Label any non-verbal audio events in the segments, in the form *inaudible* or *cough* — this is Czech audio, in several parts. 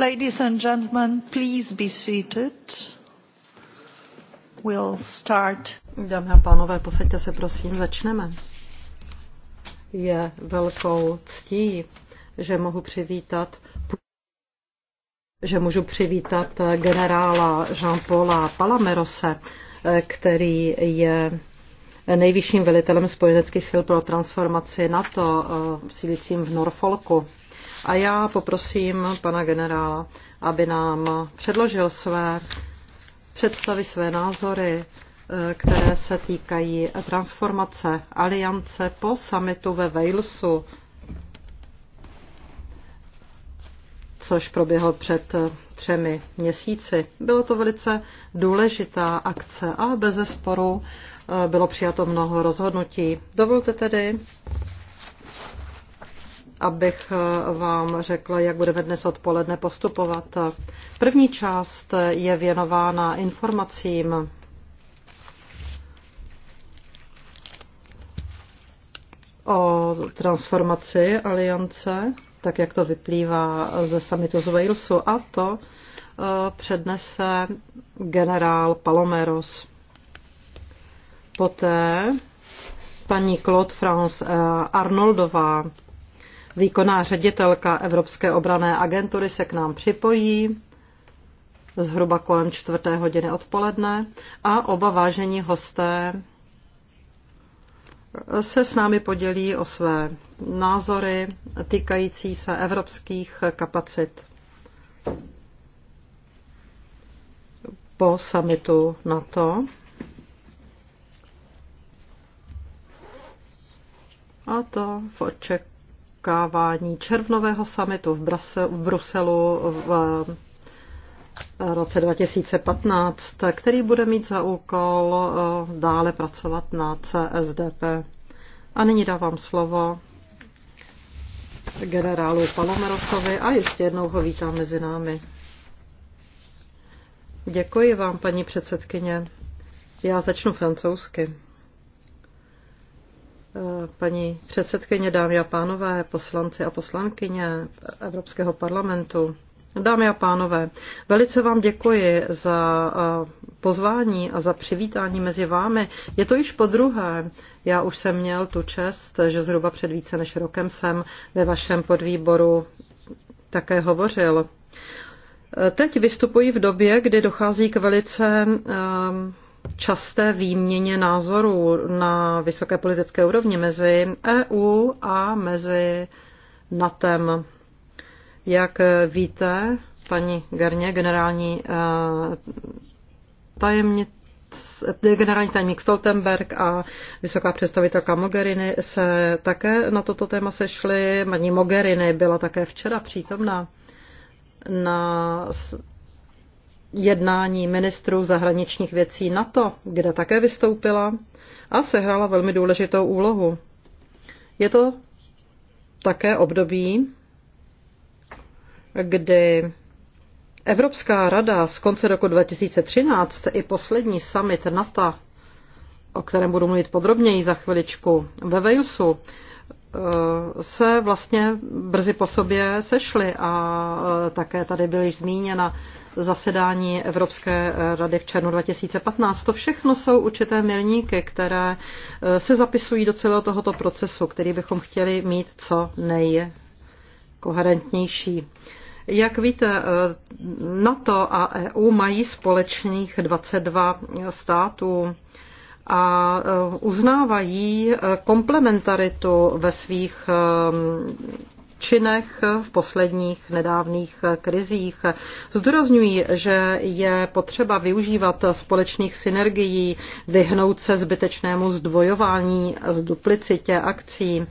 Ladies and gentlemen, please be seated. We'll start. Dámy a pánové, posaďte se prosím, začneme. Je velkou ctí, že mohu přivítat že můžu přivítat generála Jean-Paula Palamerose, který je nejvyšším velitelem spojeneckých sil pro transformaci NATO eh, sílícím v Norfolku. A já poprosím pana generála, aby nám předložil své představy, své názory, eh, které se týkají transformace aliance po summitu ve Walesu, což proběhlo před eh, třemi měsíci. Bylo to velice důležitá akce a bez zesporu eh, bylo přijato mnoho rozhodnutí. Dovolte tedy, abych eh, vám řekla, jak budeme dnes odpoledne postupovat. První část je věnována informacím. o transformaci aliance, tak jak to vyplývá ze samitu z Walesu, a to eh, přednese generál Palomeros. Poté paní Claude France Arnoldová Výkonná ředitelka Evropské obrané agentury se k nám připojí zhruba kolem čtvrté hodiny odpoledne a oba vážení hosté se s námi podělí o své názory týkající se evropských kapacit po samitu NATO. A to v Oček očekávání červnového samitu v, Brase, v Bruselu v eh, roce 2015, který bude mít za úkol eh, dále pracovat na CSDP. A nyní dávám slovo generálu Palomerosovi a ještě jednou ho vítám mezi námi. Děkuji vám, paní předsedkyně. Já začnu francouzsky paní předsedkyně, dámy a pánové, poslanci a poslankyně Evropského parlamentu. Dámy a pánové, velice vám děkuji za pozvání a za přivítání mezi vámi. Je to již po druhé. Já už jsem měl tu čest, že zhruba před více než rokem jsem ve vašem podvýboru také hovořil. Teď vystupuji v době, kdy dochází k velice časté výměně názorů na vysoké politické úrovni mezi EU a mezi NATEM. Jak víte, paní Garně, generální eh, tajemnice, generální tajemník Stoltenberg a vysoká představitelka Mogherini se také na toto téma sešly. Maní Mogherini byla také včera přítomná na jednání ministrů zahraničních věcí NATO, kde také vystoupila a sehrála velmi důležitou úlohu. Je to také období, kdy Evropská rada z konce roku 2013 i poslední summit NATO, o kterém budu mluvit podrobněji za chviličku, ve Vejusu, Eh, se vlastně brzy po sobě sešly a eh, také tady byly zmíněna zasedání Evropské rady v červnu 2015. To všechno jsou určité milníky, které eh, se zapisují do celého tohoto procesu, který bychom chtěli mít co nejkoherentnější. Jak víte, NATO a EU mají společných 22 států a e, uznávají e, komplementaritu ve svých e, činech v posledních nedávných krizích. Zdůrazňují, že je potřeba využívat společných synergií, vyhnout se zbytečnému zdvojování, zduplicitě akcí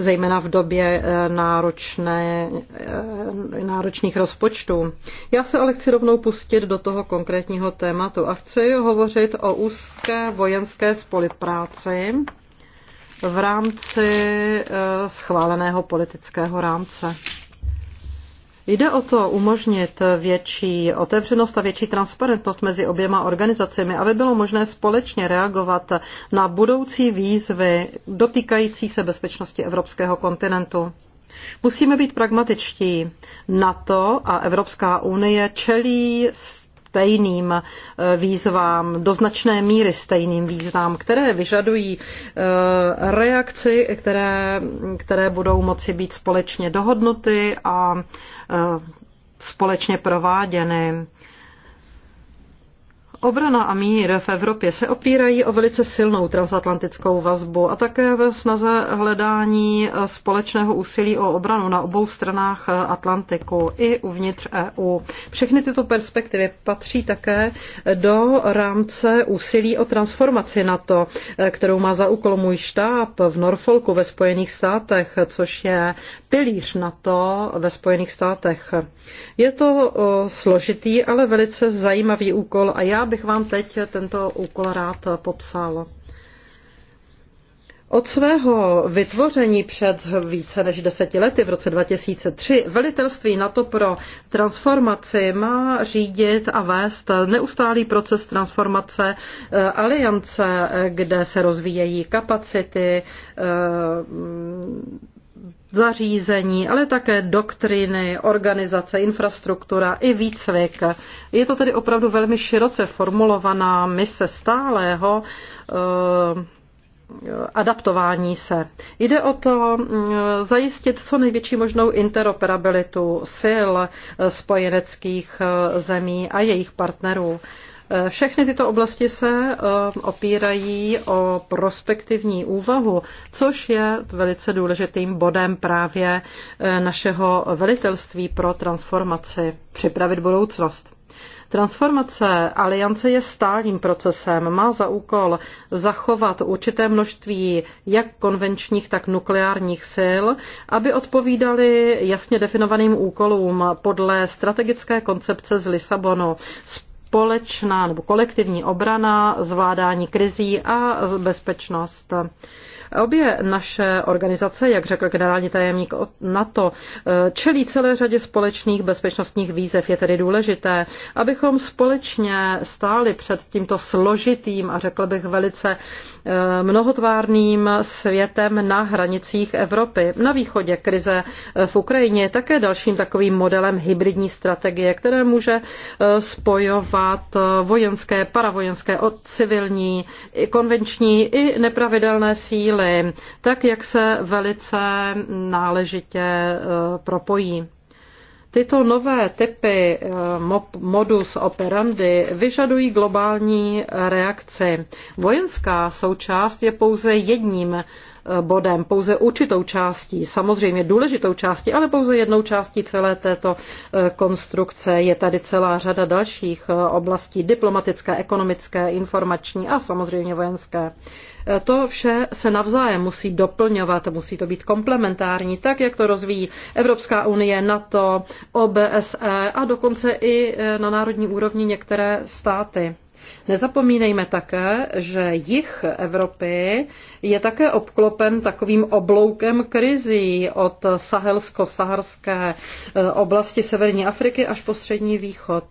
zejména v době eh, náročné, eh, náročných rozpočtů. Já se ale chci rovnou pustit do toho konkrétního tématu a chci hovořit o úzké vojenské spolupráci v rámci eh, schváleného politického rámce. Jde o to umožnit větší otevřenost a větší transparentnost mezi oběma organizacemi, aby bylo možné společně reagovat na budoucí výzvy dotýkající se bezpečnosti evropského kontinentu. Musíme být pragmatičtí. NATO a Evropská unie čelí stejným eh, výzvám, do značné míry stejným výzvám, které vyžadují eh, reakci, které, které budou moci být společně dohodnuty a Eh, společně prováděny. Obrana a mír v Evropě se opírají o velice silnou transatlantickou vazbu a také ve snaze hledání společného úsilí o obranu na obou stranách Atlantiku i uvnitř EU. Všechny tyto perspektivy patří také do rámce úsilí o transformaci NATO, kterou má za úkol můj štáb v Norfolku ve Spojených státech, což je pilíř NATO ve Spojených státech. Je to složitý, ale velice zajímavý úkol a já bych vám teď tento úkol rád popsal. Od svého vytvoření před více než deseti lety v roce 2003 velitelství NATO pro transformaci má řídit a vést neustálý proces transformace eh, aliance, eh, kde se rozvíjejí kapacity, eh, zařízení, ale také doktriny, organizace, infrastruktura i výcvik. Je to tedy opravdu velmi široce formulovaná mise stálého eh, adaptování se. Jde o to mm, zajistit co největší možnou interoperabilitu sil eh, spojeneckých eh, zemí a jejich partnerů. Eh, všechny tyto oblasti se eh, opírají o prospektivní úvahu, což je velice důležitým bodem právě eh, našeho velitelství pro transformaci, připravit budoucnost. Transformace aliance je stálým procesem, má za úkol zachovat určité množství jak konvenčních, tak nukleárních sil, aby odpovídali jasně definovaným úkolům podle strategické koncepce z Lisabonu s společná nebo kolektivní obrana, zvládání krizí a bezpečnost. Obě naše organizace, jak řekl generální tajemník NATO, eh, čelí celé řadě společných bezpečnostních výzev. Je tedy důležité, abychom společně stáli před tímto složitým a řekl bych velice eh, mnohotvárným světem na hranicích Evropy. Na východě krize eh, v Ukrajině je také dalším takovým modelem hybridní strategie, které může spojovat vojenské, paravojenské, civilní, konvenční i nepravidelné síly síly, tak jak se velice náležitě eh, propojí. Tyto nové typy eh, modus operandi vyžadují globální reakci. Vojenská součást je pouze jedním eh, bodem, pouze určitou částí, samozřejmě důležitou částí, ale pouze jednou částí celé této konstrukce. Je tady celá řada dalších oblastí, diplomatické, ekonomické, informační a samozřejmě vojenské. Eh, to vše se navzájem musí doplňovat, musí to být komplementární, tak jak to rozvíjí Evropská unie, NATO, OBSE a dokonce i eh, na národní úrovni některé státy. Nezapomínejme také, že jich Evropy je také obklopen takovým obloukem krizí od sahelsko-saharské eh, oblasti severní Afriky až po střední východ.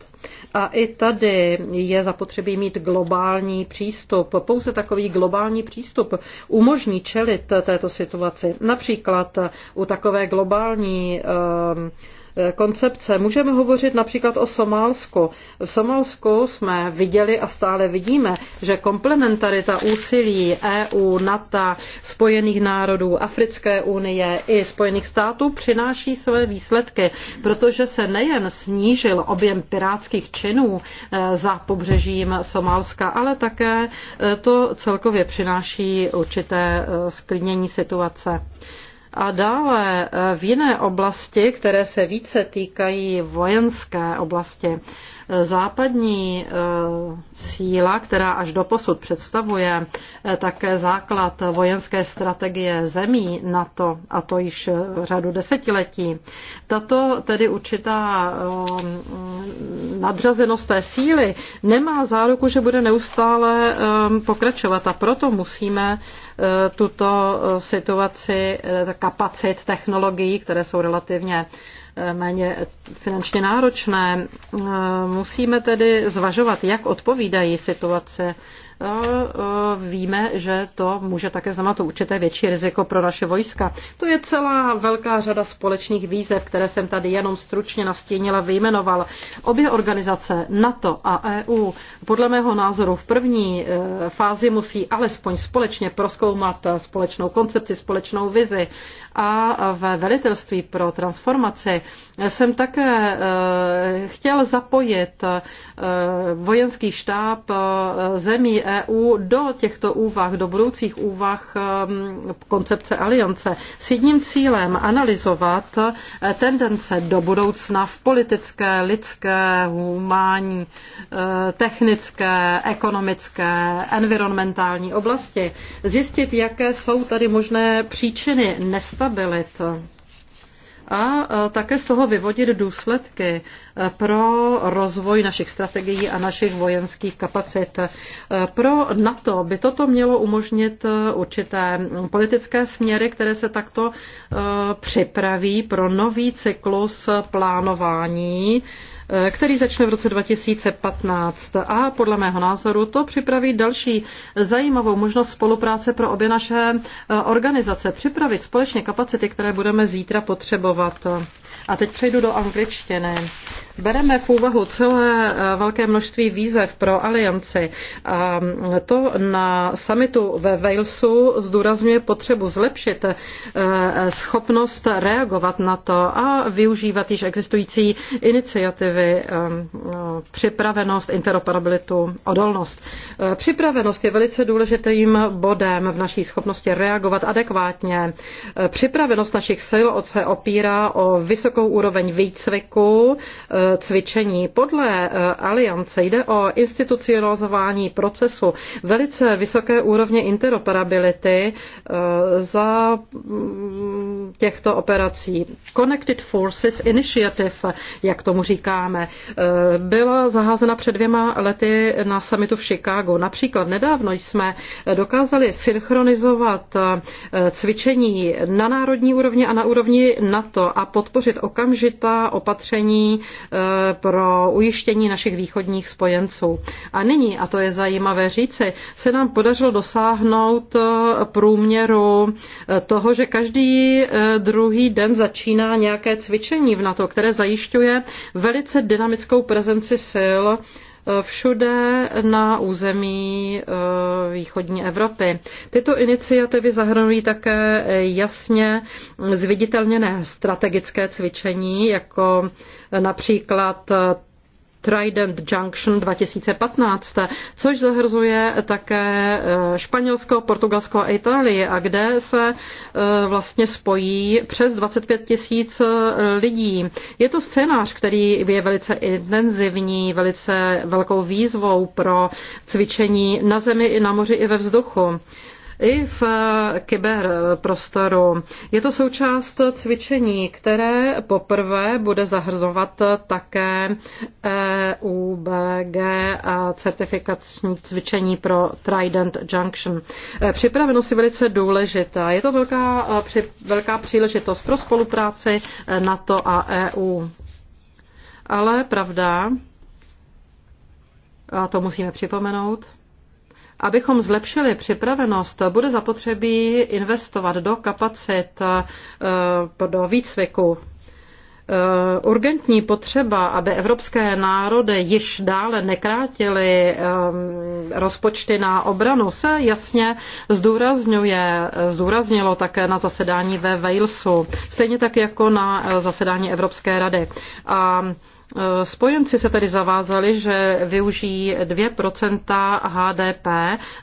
A i tady je zapotřebí mít globální přístup. Pouze takový globální přístup umožní čelit této situaci. Například u takové globální um, Eh, koncepce. Můžeme hovořit například o Somálsku. V Somálsku jsme viděli a stále vidíme, že komplementarita úsilí EU, NATO, Spojených národů, Africké unie i Spojených států přináší své výsledky, protože se nejen snížil objem pirátských činů eh, za pobřežím Somálska, ale také eh, to celkově přináší určité sklidnění situace. A dále eh, v jiné oblasti, které se více týkají vojenské oblasti, Západní eh, síla, která až do posud představuje eh, také základ vojenské strategie zemí NATO, a to již eh, řadu desetiletí, tato tedy určitá nadřazenost té síly nemá záruku, že bude neustále pokračovat a proto musíme tuto situaci kapacit technologií, které jsou relativně méně finančně náročné. Eh, musíme tedy zvažovat, jak odpovídají situace. Eh, víme, že to může také znamenat určité větší riziko pro naše vojska. To je celá velká řada společných výzev, které jsem tady jenom stručně nastínila, vyjmenovala. Obě organizace NATO a EU podle mého názoru v první eh, fázi musí alespoň společně proskoumat společnou koncepci, společnou vizi a ve velitelství pro transformaci jsem také eh, chtěl zapojit eh, vojenský štáb eh, zemí EU do těchto úvah, do budoucích úvah koncepce aliance s jedním cílem analyzovat tendence do budoucna v politické, lidské, humánní, technické, ekonomické, environmentální oblasti. Zjistit, jaké jsou tady možné příčiny nestabilnosti stabilit a e, také z toho vyvodit důsledky e, pro rozvoj našich strategií a našich vojenských kapacit. E, pro NATO by toto mělo umožnit určité politické směry, které se takto připraví pro nový cyklus plánování Eh, který začne v roce 2015. A podle mého názoru to připraví další zajímavou možnost spolupráce pro obě naše eh, organizace. Připravit společně kapacity, které budeme zítra potřebovat. A teď přejdu do angličtiny bereme v úvahu celé eh, velké množství výzev pro alianci a mm, to na samitu ve Walesu zdůrazňuje potřebu zlepšit eh, schopnost reagovat na to a využívat již existující iniciativy, eh, připravenost, interoperabilitu, odolnost. Připravenost je velice důležitým bodem v naší schopnosti reagovat adekvátně. Připravenost našich sil se opírá o vysokou úroveň výcviku, cvičení. Podle eh, Aliance jde o institucionalizování procesu velice vysoké úrovně interoperability eh, za mm, těchto operací. Connected Forces Initiative, jak tomu říkáme, eh, byla zaházena před dvěma lety na summitu v Chicagu. Například nedávno jsme dokázali synchronizovat cvičení na národní úrovni a na úrovni NATO a podpořit okamžitá opatření Eh, pro ujištění našich východních spojenců. A nyní, a to je zajímavé říci, se nám podařilo dosáhnout eh, průměru eh, toho, že každý druhý den začíná nějaké cvičení v NATO, které zajišťuje velice dynamickou prezenci sil všude na území eh, východní Evropy. Tyto iniciativy zahrnují také jasně zviditelněné strategické cvičení, jako například Trident Junction 2015, což zahrzuje také eh, Španělsko, Portugalsko a Itálii, a kde se eh, vlastně spojí přes 25 tisíc eh, lidí. Je to scénář, který je velice intenzivní, velice velkou výzvou pro cvičení na zemi i na moři i ve vzduchu i v eh, kyberprostoru. Je to součást cvičení, které poprvé bude zahrzovat také EUBG a certifikační cvičení pro Trident Junction. Eh, připravenost je velice důležitá. Je to velká, eh, velká příležitost pro spolupráci NATO a EU. Ale pravda, a to musíme připomenout, Abychom zlepšili připravenost, bude zapotřebí investovat do kapacit, eh, do výcviku eh, urgentní potřeba, aby evropské národy již dále nekrátily eh, rozpočty na obranu, se jasně zdůrazňuje, zdůraznilo také na zasedání ve Walesu, stejně tak jako na zasedání Evropské rady. A Spojenci se tedy zavázali, že využijí 2% HDP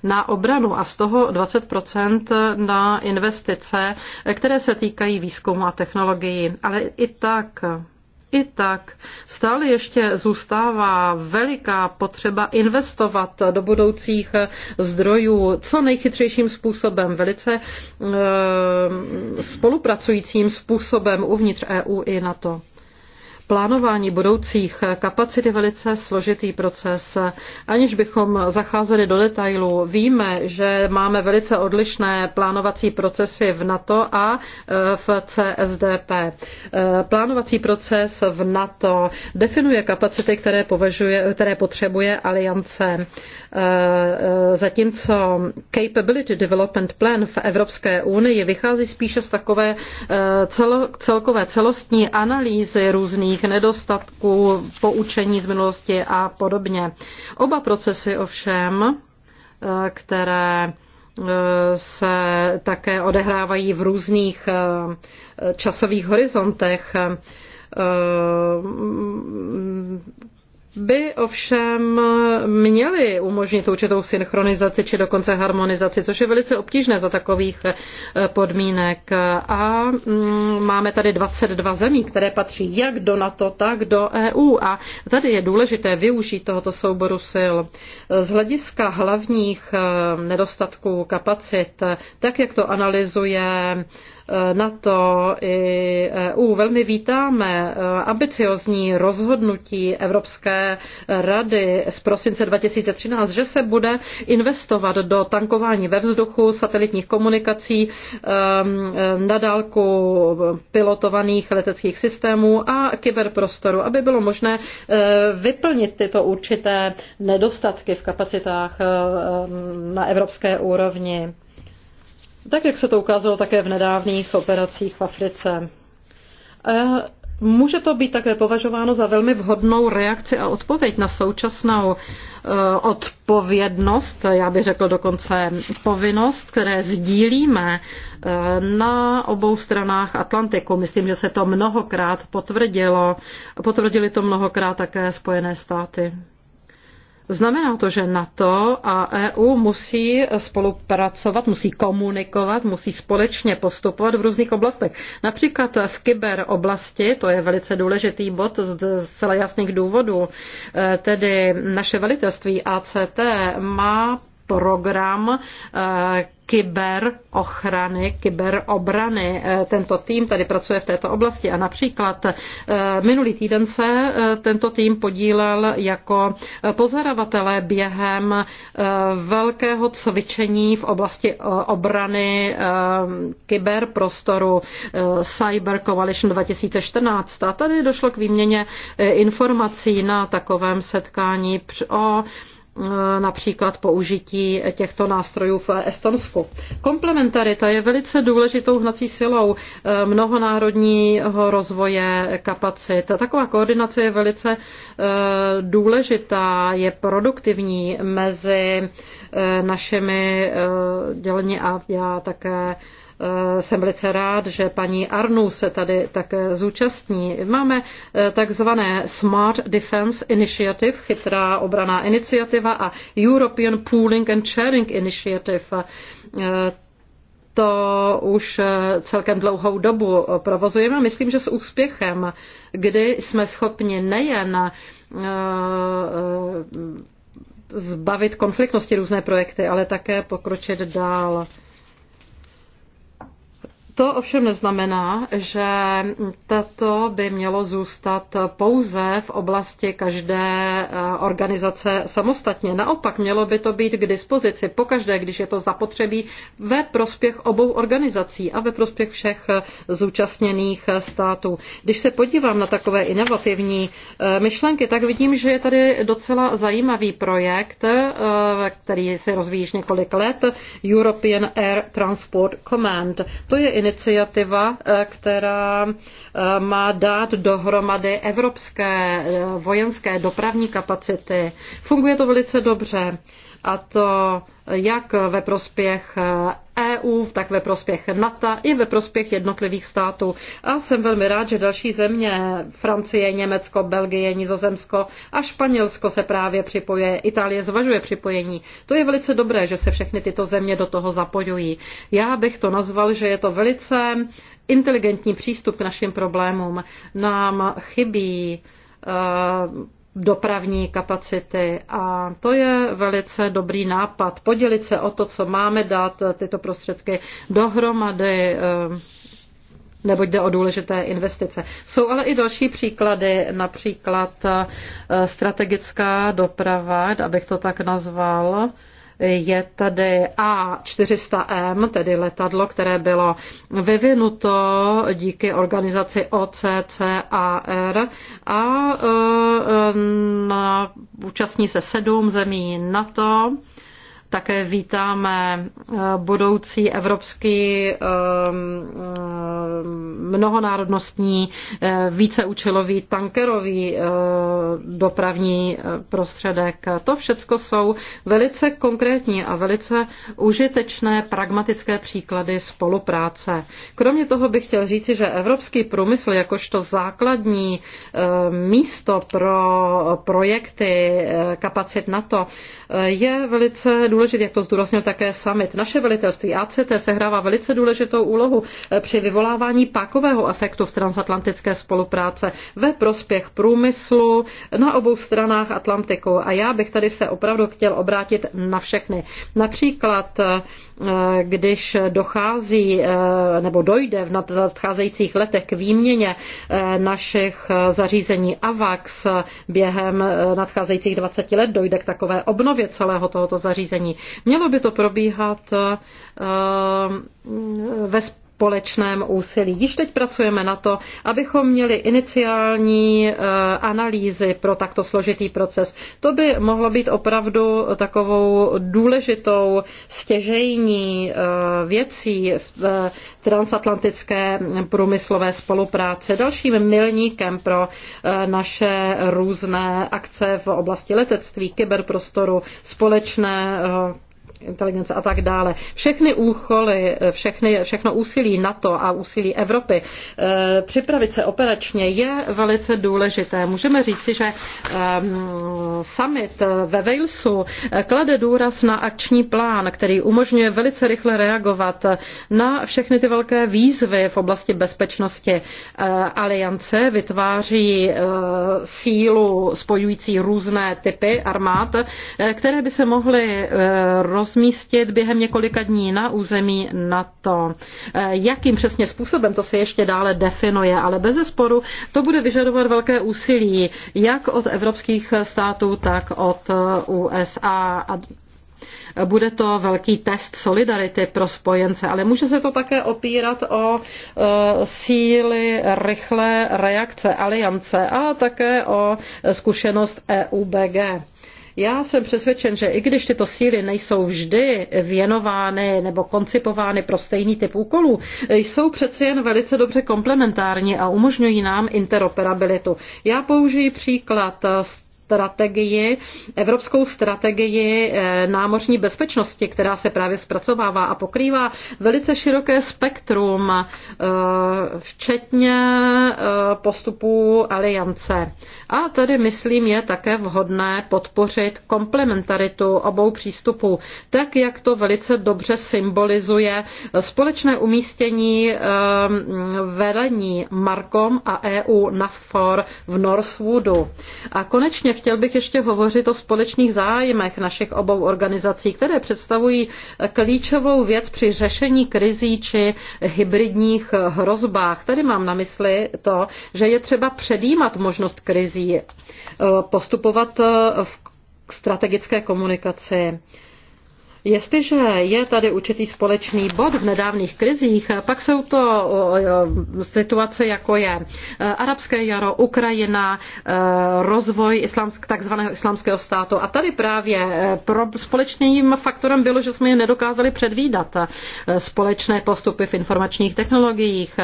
na obranu a z toho 20% na investice, které se týkají výzkumu a technologií. Ale i tak i tak stále ještě zůstává veliká potřeba investovat do budoucích zdrojů co nejchytřejším způsobem, velice e, spolupracujícím způsobem uvnitř EU i NATO plánování budoucích kapacity velice složitý proces. Aniž bychom zacházeli do detailů, víme, že máme velice odlišné plánovací procesy v NATO a e, v CSDP. E, plánovací proces v NATO definuje kapacity, které, považuje, které potřebuje aliance. E, zatímco Capability Development Plan v Evropské unii vychází spíše z takové celkové celostní analýzy různých možných nedostatků, poučení z minulosti a podobně. Oba procesy ovšem, eh, které eh, se také odehrávají v různých eh, časových horizontech, by ovšem měly umožnit určitou synchronizaci či dokonce harmonizaci, což je velice obtížné za takových eh, podmínek. A mm, máme tady 22 zemí, které patří jak do NATO, tak do EU. A tady je důležité využít tohoto souboru sil. Z hlediska hlavních eh, nedostatků kapacit, eh, tak jak to analyzuje Eh, NATO i EU velmi vítáme eh, ambiciozní rozhodnutí Evropské rady z prosince 2013, že se bude investovat do tankování ve vzduchu, satelitních komunikací, ehm, eh, na dálku pilotovaných leteckých systémů a kyberprostoru, aby bylo možné vyplnit tyto určité nedostatky v kapacitách na evropské úrovni tak jak se to ukázalo také v nedávných operacích v Africe. Může to být také považováno za velmi vhodnou reakci a odpověď na současnou e, odpovědnost, já bych řekl dokonce povinnost, které sdílíme e, na obou stranách Atlantiku. Myslím, že se to mnohokrát potvrdilo. Potvrdili to mnohokrát také Spojené státy. Znamená to, že NATO a EU musí spolupracovat, musí komunikovat, musí společně postupovat v různých oblastech. Například v kyberoblasti, to je velice důležitý bod z celé jasných důvodů, e, tedy naše velitelství ACT má program eh, kyberochrany, kyberobrany. Eh, tento tým tady pracuje v této oblasti a například eh, minulý týden se tento tým podílel jako pozorovatelé během velkého cvičení v oblasti obrany kyberprostoru Cyber Coalition 2014. A tady došlo k výměně informací na takovém setkání o Eh, například použití těchto nástrojů v Estonsku. Komplementarita je velice důležitou hnací silou eh, mnohonárodního rozvoje kapacit. Taková koordinace je velice eh, důležitá, je produktivní mezi našimi dělně a já také Eh, jsem velice rád, že paní Arnu se tady také eh, zúčastní. Máme eh, takzvané Smart Defense Initiative, chytrá obraná iniciativa a European Pooling and Sharing Initiative to už celkem dlouhou dobu provozujeme. Myslím, že s úspěchem, kdy jsme schopni nejen zbavit konfliktnosti různé projekty, ale také pokročit dál. To ovšem neznamená, že tato by mělo zůstat pouze v oblasti každé eh, organizace samostatně. Naopak mělo by to být k dispozici pokaždé, když je to zapotřebí, ve prospěch obou organizací a ve prospěch všech eh, zúčastněných eh, států. Když se podívám na takové inovativní myšlenky, tak vidím, že je tady docela zajímavý projekt, který se rozvíjí několik let, European Air Transport Command. To je iniciativa, eh, která eh, má dát dohromady evropské eh, vojenské dopravní kapacity. Funguje to velice dobře a to jak ve prospěch EU, tak ve prospěch NATO i ve prospěch jednotlivých států. A jsem velmi rád, že další země, Francie, Německo, Belgie, Nizozemsko a Španělsko se právě připojuje, Itálie zvažuje připojení. To je velice dobré, že se všechny tyto země do toho zapojují. Já bych to nazval, že je to velice inteligentní přístup k našim problémům. Nám chybí uh, dopravní kapacity a to je velice dobrý nápad. Podělit se o to, co máme, dát tyto prostředky dohromady, eh, neboť jde o důležité investice. Jsou ale i další příklady, například eh, strategická doprava, abych to tak nazval, je tady A400M, tedy letadlo, které bylo vyvinuto díky organizaci OCCAR a e, e, účastní se sedm zemí NATO také vítáme eh, budoucí evropský ehm, ehm, mnohonárodnostní eh, víceúčelový tankerový eh, dopravní prostředek. To všechno jsou velice konkrétní a velice užitečné pragmatické příklady spolupráce. Kromě toho bych chtěl říci, že evropský průmysl jakožto základní místo pro projekty kapacit NATO je velice důležitý důležité, jak to zdůraznil také summit. Naše velitelství ACT sehrává velice důležitou úlohu eh, při vyvolávání pákového efektu v transatlantické spolupráce ve prospěch průmyslu na obou stranách Atlantiku. A já bych tady se opravdu chtěl obrátit na všechny. Například, eh, když dochází eh, nebo dojde v nadcházejících letech k výměně našich zařízení AVAX během nadcházejících 20 let, dojde k takové obnově celého tohoto zařízení Mělo by to probíhat eh, ve společném úsilí. Již teď pracujeme na to, abychom měli iniciální eh, analýzy pro takto složitý proces. To by mohlo být opravdu takovou důležitou stěžejní eh, věcí v eh, transatlantické průmyslové spolupráce. Dalším milníkem pro naše různé akce v oblasti letectví, kyberprostoru, společné inteligence a tak dále. Všechny úcholy, všechny, všechno úsilí NATO a úsilí Evropy eh, připravit se operačně je velice důležité. Můžeme říci, že ehm, summit ve Walesu eh, klade důraz na akční plán, který umožňuje velice rychle reagovat na všechny ty velké výzvy v oblasti bezpečnosti. Eh, Aliance vytváří sílu spojující různé typy armád, které by se mohly roz rozmístit během několika dní na území NATO. Eh, jakým přesně způsobem, to se ještě dále definuje, ale bez zesporu to bude vyžadovat velké úsilí, jak od evropských států, tak od eh, USA. Bude to velký test solidarity pro spojence, ale může se to také opírat o e, síly rychlé reakce aliance a také o zkušenost EUBG. Já jsem přesvědčen, že i když tyto síly nejsou vždy věnovány nebo koncipovány pro stejný typ úkolů, jsou přeci jen velice dobře komplementární a umožňují nám interoperabilitu. Já použiji příklad z strategii, evropskou strategii eh, námořní bezpečnosti, která se právě zpracovává a pokrývá velice široké spektrum, eh, včetně eh, postupů aliance. A tady, myslím, je také vhodné podpořit komplementaritu obou přístupů, tak jak to velice dobře symbolizuje společné umístění velení Markom a EU na for v Northwoodu. A konečně chtěl bych ještě hovořit o společných zájmech našich obou organizací, které představují klíčovou věc při řešení krizí či hybridních hrozbách. Tady mám na mysli to, že je třeba předjímat možnost krizí, eh, postupovat eh, v strategické komunikaci. Jestliže je tady určitý společný bod v nedávných krizích, pak jsou to situace, jako je e, arabské jaro, Ukrajina, e, rozvoj islamsk, takzvaného islamského státu. A tady právě e, pro společným faktorem bylo, že jsme je nedokázali předvídat. Společné postupy v informačních technologiích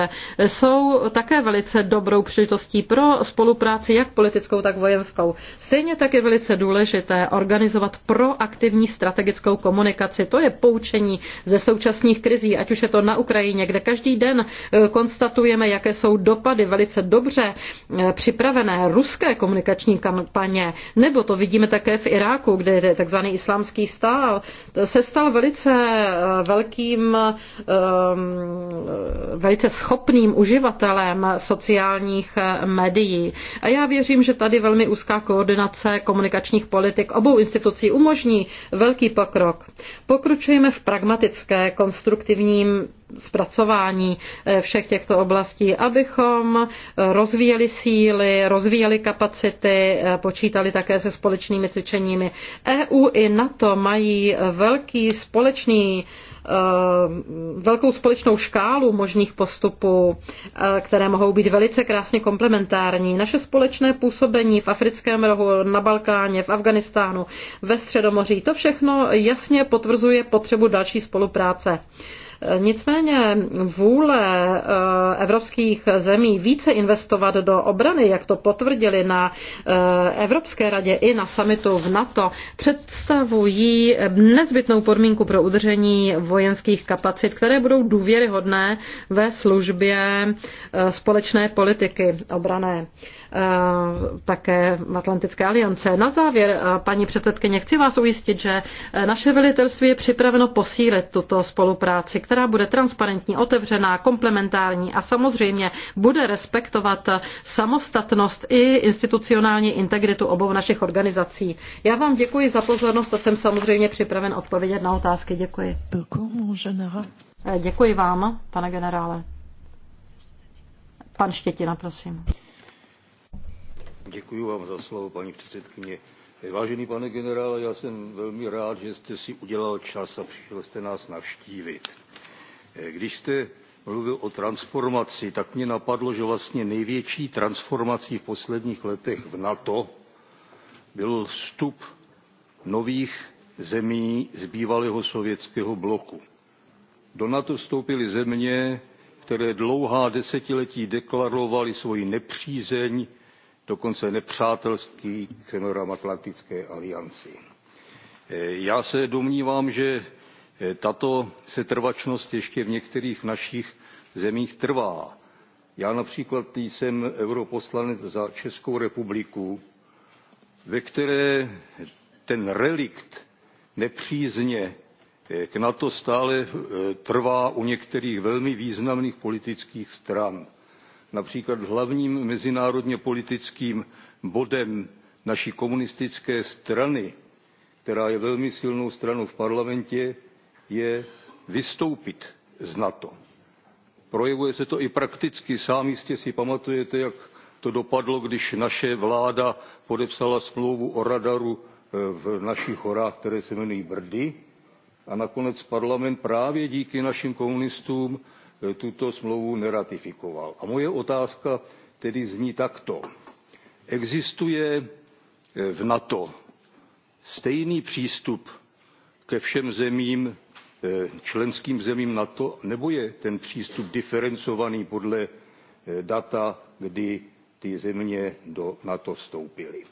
jsou také velice dobrou příležitostí pro spolupráci jak politickou, tak vojenskou. Stejně tak je velice důležité organizovat proaktivní strategickou komunikaci komunikaci. To je poučení ze současných krizí, ať už je to na Ukrajině, kde každý den eh, konstatujeme, jaké jsou dopady velice dobře eh, připravené ruské komunikační kampaně, nebo to vidíme také v Iráku, kde je tzv. islámský stál, se stal velice eh, velkým, velice schopným uživatelem sociálních médií. A já věřím, že tady velmi úzká koordinace komunikačních politik obou institucí umožní velký pokrok. Pokročujeme v pragmatické, konstruktivním zpracování eh, všech těchto oblastí, abychom rozvíjeli síly, rozvíjeli kapacity, eh, počítali také se společnými cvičeními. EU i NATO mají velký společný Eh, velkou společnou škálu možných postupů, eh, které mohou být velice krásně komplementární. Naše společné působení v africkém rohu, na Balkáně, v Afganistánu, ve Středomoří, to všechno jasně potvrzuje potřebu další spolupráce. Nicméně vůle eh, evropských zemí více investovat do obrany, jak to potvrdili na eh, Evropské radě i na samitu v NATO, představují nezbytnou podmínku pro udržení vojenských kapacit, které budou důvěryhodné ve službě eh, společné politiky obrané. Eh, také Atlantické aliance. Na závěr, eh, paní předsedkyně, chci vás ujistit, že eh, naše velitelství je připraveno posílit tuto spolupráci, která bude transparentní, otevřená, komplementární a samozřejmě bude respektovat samostatnost i institucionální integritu obou našich organizací. Já vám děkuji za pozornost a jsem samozřejmě připraven odpovědět na otázky. Děkuji. Děkuji vám, pane generále. Pan Štětina, prosím. Děkuji vám za slovo, paní předsedkyně. Vážený pane generále, já jsem velmi rád, že jste si udělal čas a přišel jste nás navštívit. Když jste mluvil o transformaci, tak mě napadlo, že vlastně největší transformací v posledních letech v NATO byl vstup nových zemí z bývalého sovětského bloku. Do NATO vstoupily země, které dlouhá desetiletí deklarovaly svoji nepřízeň dokonce nepřátelský k severoatlantické alianci. Eh, já se domnívám že eh, tato setrvačnost ještě v některých našich zemích trvá. já například jsem europoslanec za českou republiku ve které ten relikt nepřízně eh, k nato stále trvá u některých velmi významných politických stran například hlavním mezinárodně politickým bodem naší komunistické strany která je velmi silnou stranou v parlamentě je vystoupit z nato. projevuje se to i prakticky sám jistě si pamatujete jak to dopadlo když naše vláda podepsala smlouvu o radaru e, v našich horách které se jmenují brdy a nakonec parlament právě díky našim komunistům Eh, tuto smlouvu neratifikoval. A moje otázka tedy zní takto. Existuje eh, v NATO stejný přístup ke všem zemím, eh, členským zemím NATO, nebo je ten přístup diferencovaný podle data, kdy ty země do NATO vstoupily?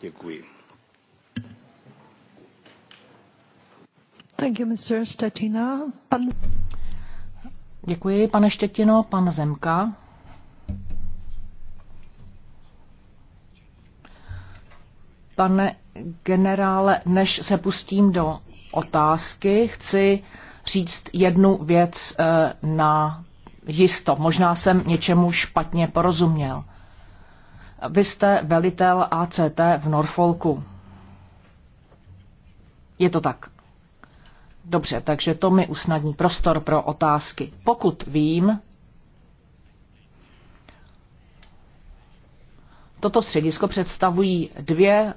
Děkuji. Thank you, Mr. Pan... Děkuji, pane Štětino. Pan Zemka. Pane generále, než se pustím do otázky, chci říct jednu věc eh, na jisto. Možná jsem něčemu špatně porozuměl. Vy jste velitel ACT v Norfolku. Je to tak. Dobře, takže to mi usnadní prostor pro otázky. Pokud vím, toto středisko představují dvě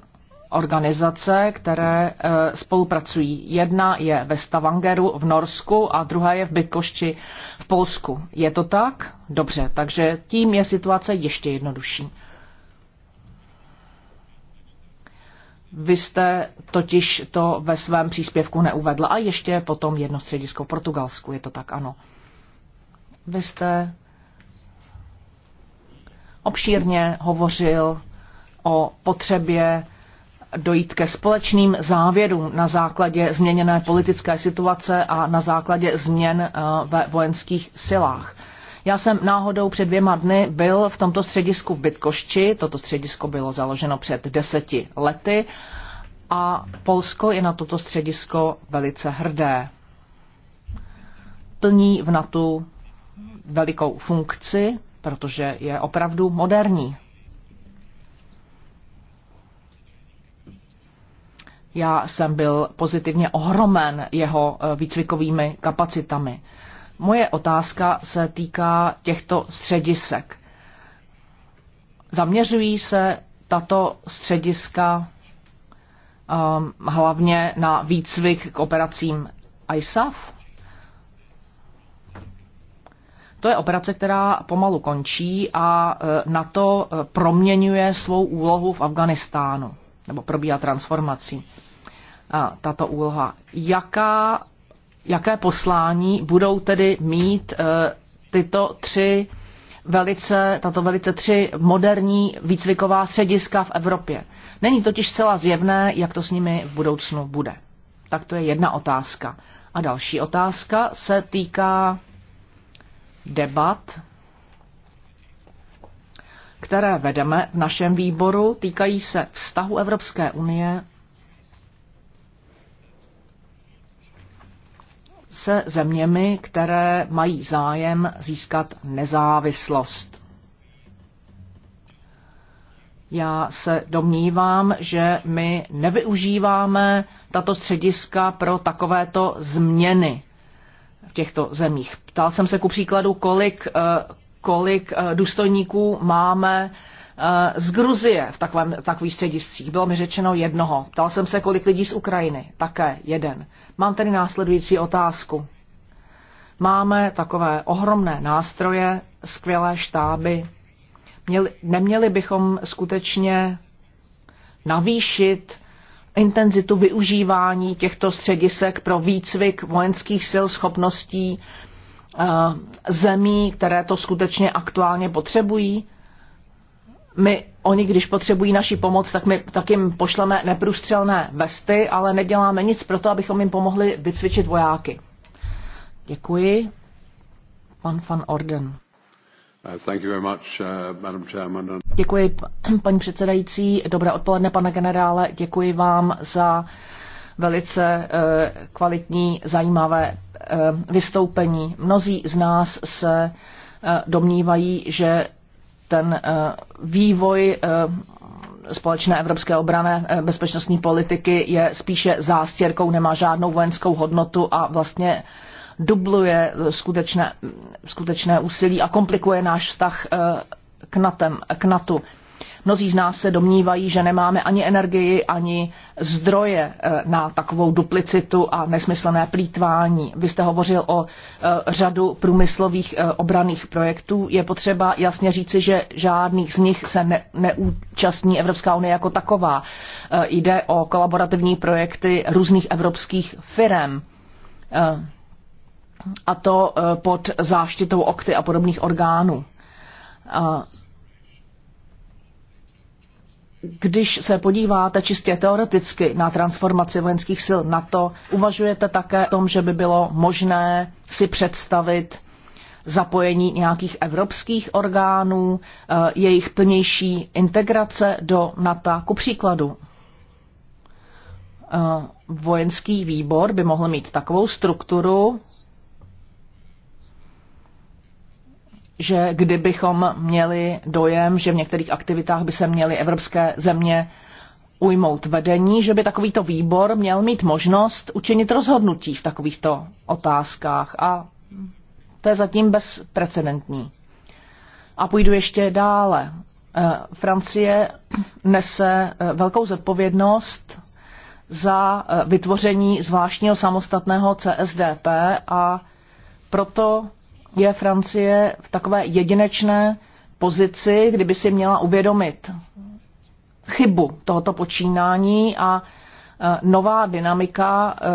organizace, které e, spolupracují. Jedna je ve Stavangeru v Norsku a druhá je v Bytkošči v Polsku. Je to tak? Dobře, takže tím je situace ještě jednodušší. Vy jste totiž to ve svém příspěvku neuvedla a ještě potom jedno středisko v Portugalsku, je to tak, ano. Vy jste obšírně hovořil o potřebě dojít ke společným závěrům na základě změněné politické situace a na základě změn eh, ve vojenských silách. Já jsem náhodou před dvěma dny byl v tomto středisku v Bytkošči. Toto středisko bylo založeno před deseti lety a Polsko je na toto středisko velice hrdé. Plní v NATO velikou funkci, protože je opravdu moderní. Já jsem byl pozitivně ohromen jeho eh, výcvikovými kapacitami. Moje otázka se týká těchto středisek. Zaměřují se tato střediska um, hlavně na výcvik k operacím ISAF? To je operace, která pomalu končí a e, na to e, proměňuje svou úlohu v Afganistánu, nebo probíhá transformací. A tato úloha. Jaká jaké poslání budou tedy mít eh, tyto tři velice, tato velice tři moderní výcviková střediska v Evropě. Není totiž zcela zjevné, jak to s nimi v budoucnu bude. Tak to je jedna otázka. A další otázka se týká debat, které vedeme v našem výboru, týkají se vztahu Evropské unie se zeměmi, které mají zájem získat nezávislost. Já se domnívám, že my nevyužíváme tato střediska pro takovéto změny v těchto zemích. Ptal jsem se ku příkladu, kolik, eh, kolik eh, důstojníků máme Eh, z Gruzie v takovém, takových střediscích. Bylo mi řečeno jednoho. Ptal jsem se, kolik lidí z Ukrajiny. Také jeden. Mám tedy následující otázku. Máme takové ohromné nástroje, skvělé štáby. Měli, neměli bychom skutečně navýšit intenzitu využívání těchto středisek pro výcvik vojenských sil, schopností eh, zemí, které to skutečně aktuálně potřebují? my, oni, když potřebují naši pomoc, tak, my, tak jim pošleme neprůstřelné vesty, ale neděláme nic pro to, abychom jim pomohli vycvičit vojáky. Děkuji. Pan van Orden. Uh, much, uh, děkuji, *clears throat* paní předsedající. Dobré odpoledne, pane generále. Děkuji vám za velice uh, kvalitní, zajímavé uh, vystoupení. Mnozí z nás se eh, domnívají, že ten eh, vývoj eh, společné evropské obrané eh, bezpečnostní politiky je spíše zástěrkou, nemá žádnou vojenskou hodnotu a vlastně dubluje skutečné, skutečné úsilí a komplikuje náš vztah k, NATem, k NATO. Mnozí z nás se domnívají, že nemáme ani energii, ani zdroje eh, na takovou duplicitu a nesmyslné plítvání. Vy jste hovořil o eh, řadu průmyslových eh, obraných projektů. Je potřeba jasně říci, že žádných z nich se ne, neúčastní Evropská unie jako taková. Jde o kolaborativní projekty různých evropských firm a to pod záštitou okty a podobných orgánů. Když se podíváte čistě teoreticky na transformaci vojenských sil NATO, uvažujete také o tom, že by bylo možné si představit zapojení nějakých evropských orgánů, eh, jejich plnější integrace do NATO. Ku příkladu, eh, vojenský výbor by mohl mít takovou strukturu, že kdybychom měli dojem, že v některých aktivitách by se měly evropské země ujmout vedení, že by takovýto výbor měl mít možnost učinit rozhodnutí v takovýchto otázkách. A to je zatím bezprecedentní. A půjdu ještě dále. Eh, Francie nese eh, velkou zodpovědnost za eh, vytvoření zvláštního samostatného CSDP a proto je Francie v takové jedinečné pozici, kdyby si měla uvědomit chybu tohoto počínání a e, nová dynamika e,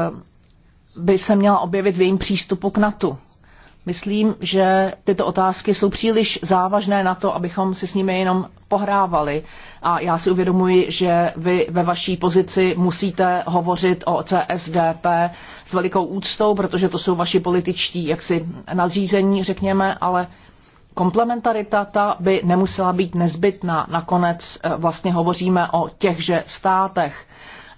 by se měla objevit v jejím přístupu k NATO. Myslím, že tyto otázky jsou příliš závažné na to, abychom si s nimi jenom pohrávali. A já si uvědomuji, že vy ve vaší pozici musíte hovořit o CSDP s velikou úctou, protože to jsou vaši političtí jaksi nadřízení, řekněme, ale Komplementarita ta by nemusela být nezbytná. Nakonec eh, vlastně hovoříme o těchže státech.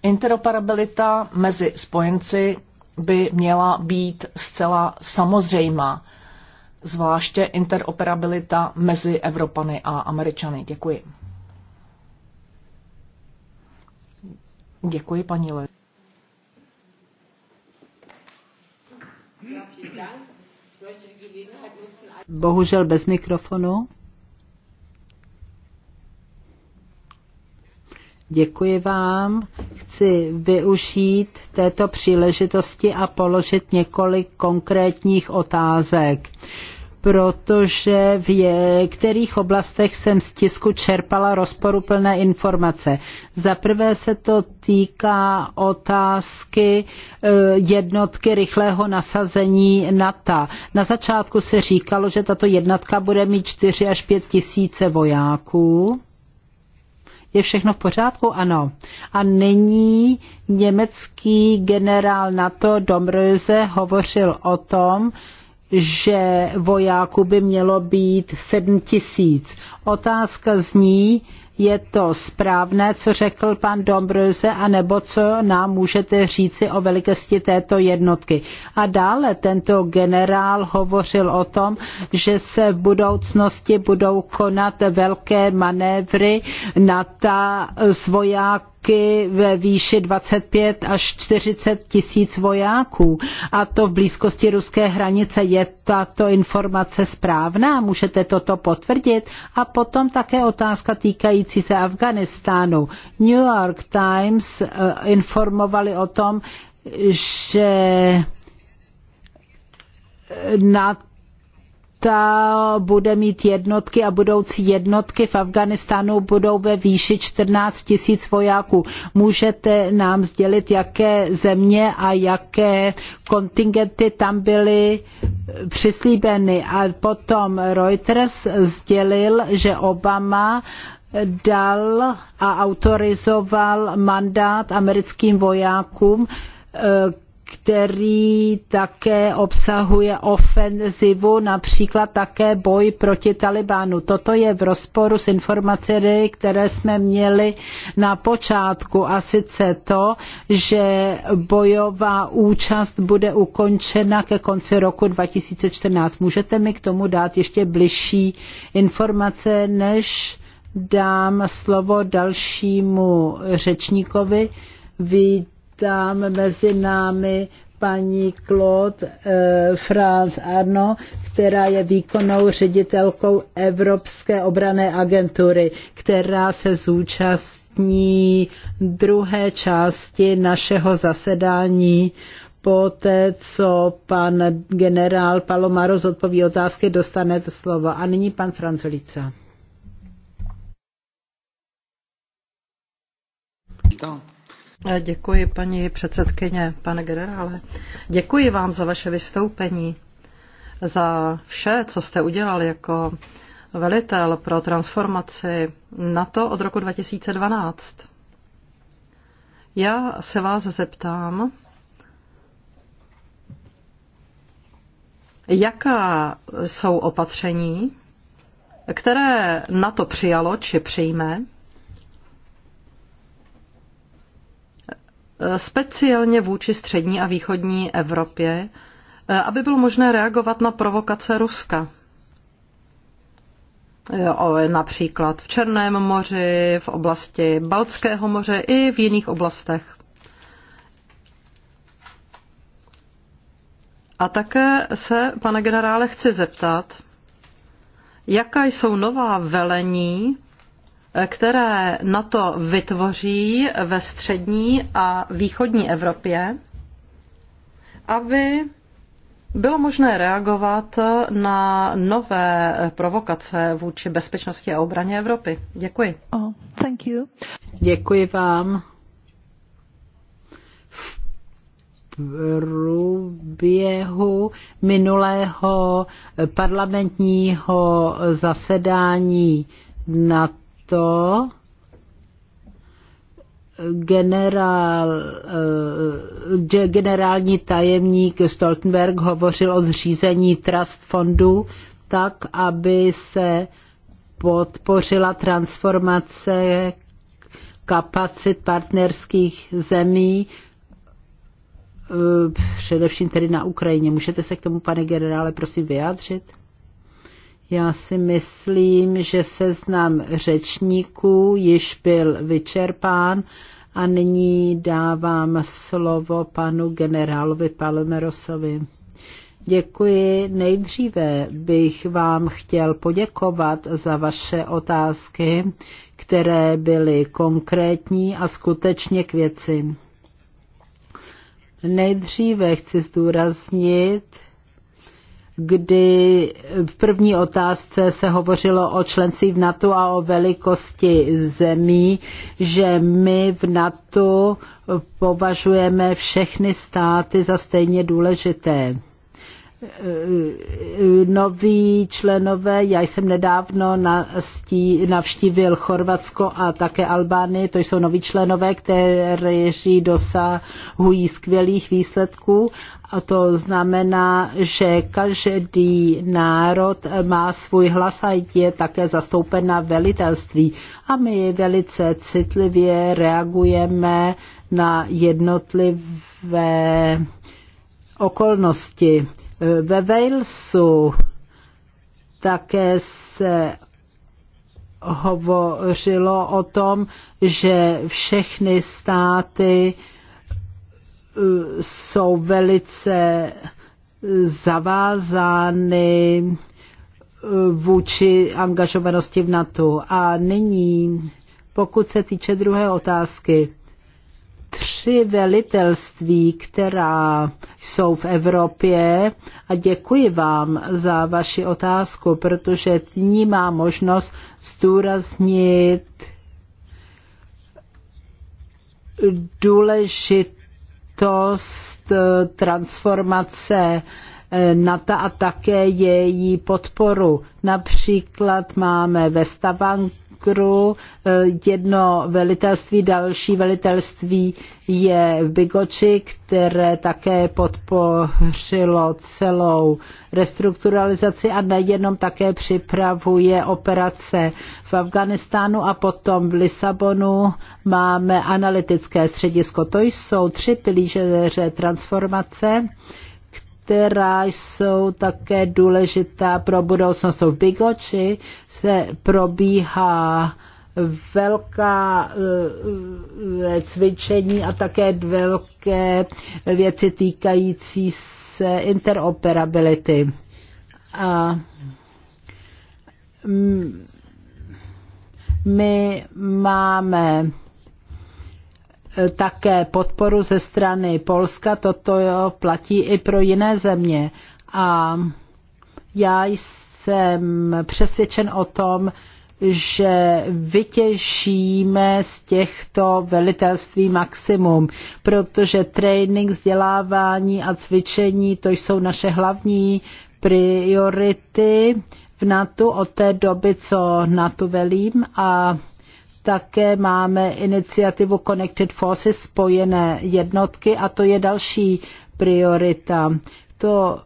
Interoperabilita mezi spojenci by měla být zcela samozřejmá, zvláště interoperabilita mezi Evropany a Američany. Děkuji. Děkuji, paní Le. Bohužel bez mikrofonu. Děkuji vám. Chci využít této příležitosti a položit několik konkrétních otázek protože v některých oblastech jsem z tisku čerpala rozporuplné informace. Za prvé se to týká otázky e, jednotky rychlého nasazení NATO. Na začátku se říkalo, že tato jednotka bude mít 4 až 5 tisíce vojáků je všechno v pořádku? Ano. A není německý generál NATO Domröse hovořil o tom, že vojáků by mělo být 7 tisíc. Otázka zní, je to správné, co řekl pan Dombruze, anebo co nám můžete říci o velikosti této jednotky. A dále tento generál hovořil o tom, že se v budoucnosti budou konat velké manévry na ta s jednotky ve výši 25 až 40 tisíc vojáků. A to v blízkosti ruské hranice. Je tato informace správná? Můžete toto potvrdit? A potom také otázka týkající se Afganistánu. New York Times eh, informovali o tom, že na ta bude mít jednotky a budoucí jednotky v Afganistánu budou ve výši 14 tisíc vojáků. Můžete nám sdělit, jaké země a jaké kontingenty tam byly přislíbeny. A potom Reuters sdělil, že Obama dal a autorizoval mandát americkým vojákům, eh, který také obsahuje ofenzivu, například také boj proti Talibánu. Toto je v rozporu s informacemi, které jsme měli na počátku, a sice to, že bojová účast bude ukončena ke konci roku 2014. Můžete mi k tomu dát ještě bližší informace, než dám slovo dalšímu řečníkovi? Vy tam mezi námi paní Claude eh, France Arno, která je výkonnou ředitelkou Evropské obrané agentury, která se zúčastní druhé části našeho zasedání poté, co pan generál Palomaro zodpoví otázky, dostane to slovo. A nyní pan Franzolica. Stop. Děkuji, paní předsedkyně, pane generále. Děkuji vám za vaše vystoupení, za vše, co jste udělal jako velitel pro transformaci NATO od roku 2012. Já se vás zeptám, jaká jsou opatření, které NATO přijalo či přijme, speciálně vůči střední a východní Evropě, eh, aby bylo možné reagovat na provokace Ruska. Eh, například v Černém moři, v oblasti Baltského moře i v jiných oblastech. A také se, pane generále, chci zeptat, jaká jsou nová velení které NATO vytvoří ve střední a východní Evropě, aby bylo možné reagovat na nové provokace vůči bezpečnosti a obraně Evropy. Děkuji. Oh, thank you. Děkuji vám. v průběhu minulého parlamentního zasedání na to generál, eh, generální tajemník Stoltenberg hovořil o zřízení trust fondu tak, aby se podpořila transformace kapacit partnerských zemí, eh, především tedy na Ukrajině. Můžete se k tomu, pane generále, prosím vyjádřit? Já si myslím, že seznam řečníků již byl vyčerpán a nyní dávám slovo panu generálovi Palmerosovi. Děkuji. Nejdříve bych vám chtěl poděkovat za vaše otázky, které byly konkrétní a skutečně k věci. Nejdříve chci zdůraznit, kdy v první otázce se hovořilo o členství v NATO a o velikosti zemí, že my v NATO považujeme všechny státy za stejně důležité. Eh, noví členové. Já jsem nedávno navštívil Chorvatsko a také Albány. To jsou noví členové, kteří dosahují skvělých výsledků. A to znamená, že každý národ má svůj hlas a je také zastoupen na velitelství. A my velice citlivě reagujeme na jednotlivé okolnosti Eh, ve Walesu také se hovořilo o tom, že všechny státy eh, jsou velice eh, zavázány vůči angažovanosti v NATO. A nyní, pokud se týče druhé otázky, tři velitelství, která jsou v Evropě a děkuji vám za vaši otázku, protože tím má možnost zdůraznit důležitost eh, transformace eh, NATO a také její podporu. Například máme ve Stavanku Magru eh, jedno velitelství, další velitelství je v Bigoči, které také podpořilo celou restrukturalizaci a nejenom také připravuje operace v Afganistánu a potom v Lisabonu máme analytické středisko. To jsou tři pilíře transformace která jsou také důležitá pro budoucnost. V Bigoči se probíhá velká eh, eh, cvičení a také velké věci týkající se interoperability. A my máme také podporu ze strany Polska, toto jo, platí i pro jiné země. A já jsem přesvědčen o tom, že vytěžíme z těchto velitelství maximum, protože trénink, vzdělávání a cvičení, to jsou naše hlavní priority v NATO od té doby, co NATO velím a také máme iniciativu Connected Forces, spojené jednotky a to je další priorita. To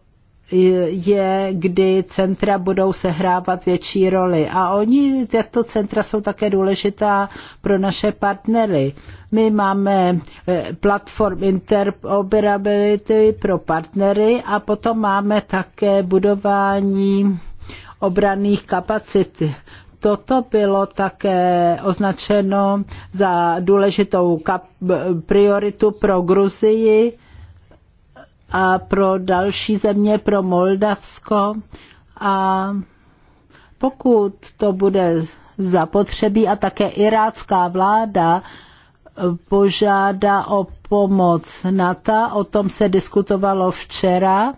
je, kdy centra budou sehrávat větší roli. A oni, tyto centra jsou také důležitá pro naše partnery. My máme eh, platform interoperability pro partnery a potom máme také budování obraných kapacit. Toto bylo také označeno za důležitou prioritu pro Gruzii a pro další země, pro Moldavsko. A pokud to bude zapotřebí a také irácká vláda požádá o pomoc NATO, o tom se diskutovalo včera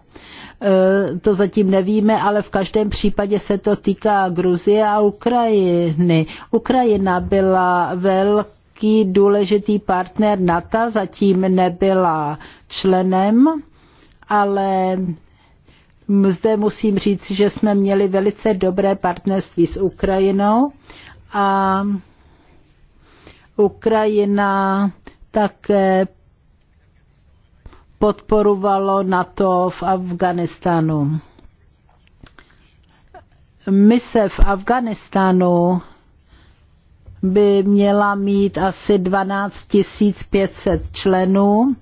Eh, to zatím nevíme, ale v každém případě se to týká Gruzie a Ukrajiny. Ukrajina byla velký důležitý partner NATO, zatím nebyla členem, ale zde musím říct, že jsme měli velice dobré partnerství s Ukrajinou a Ukrajina také podporovalo NATO v Afganistánu. Mise v Afganistánu by měla mít asi 12 500 členů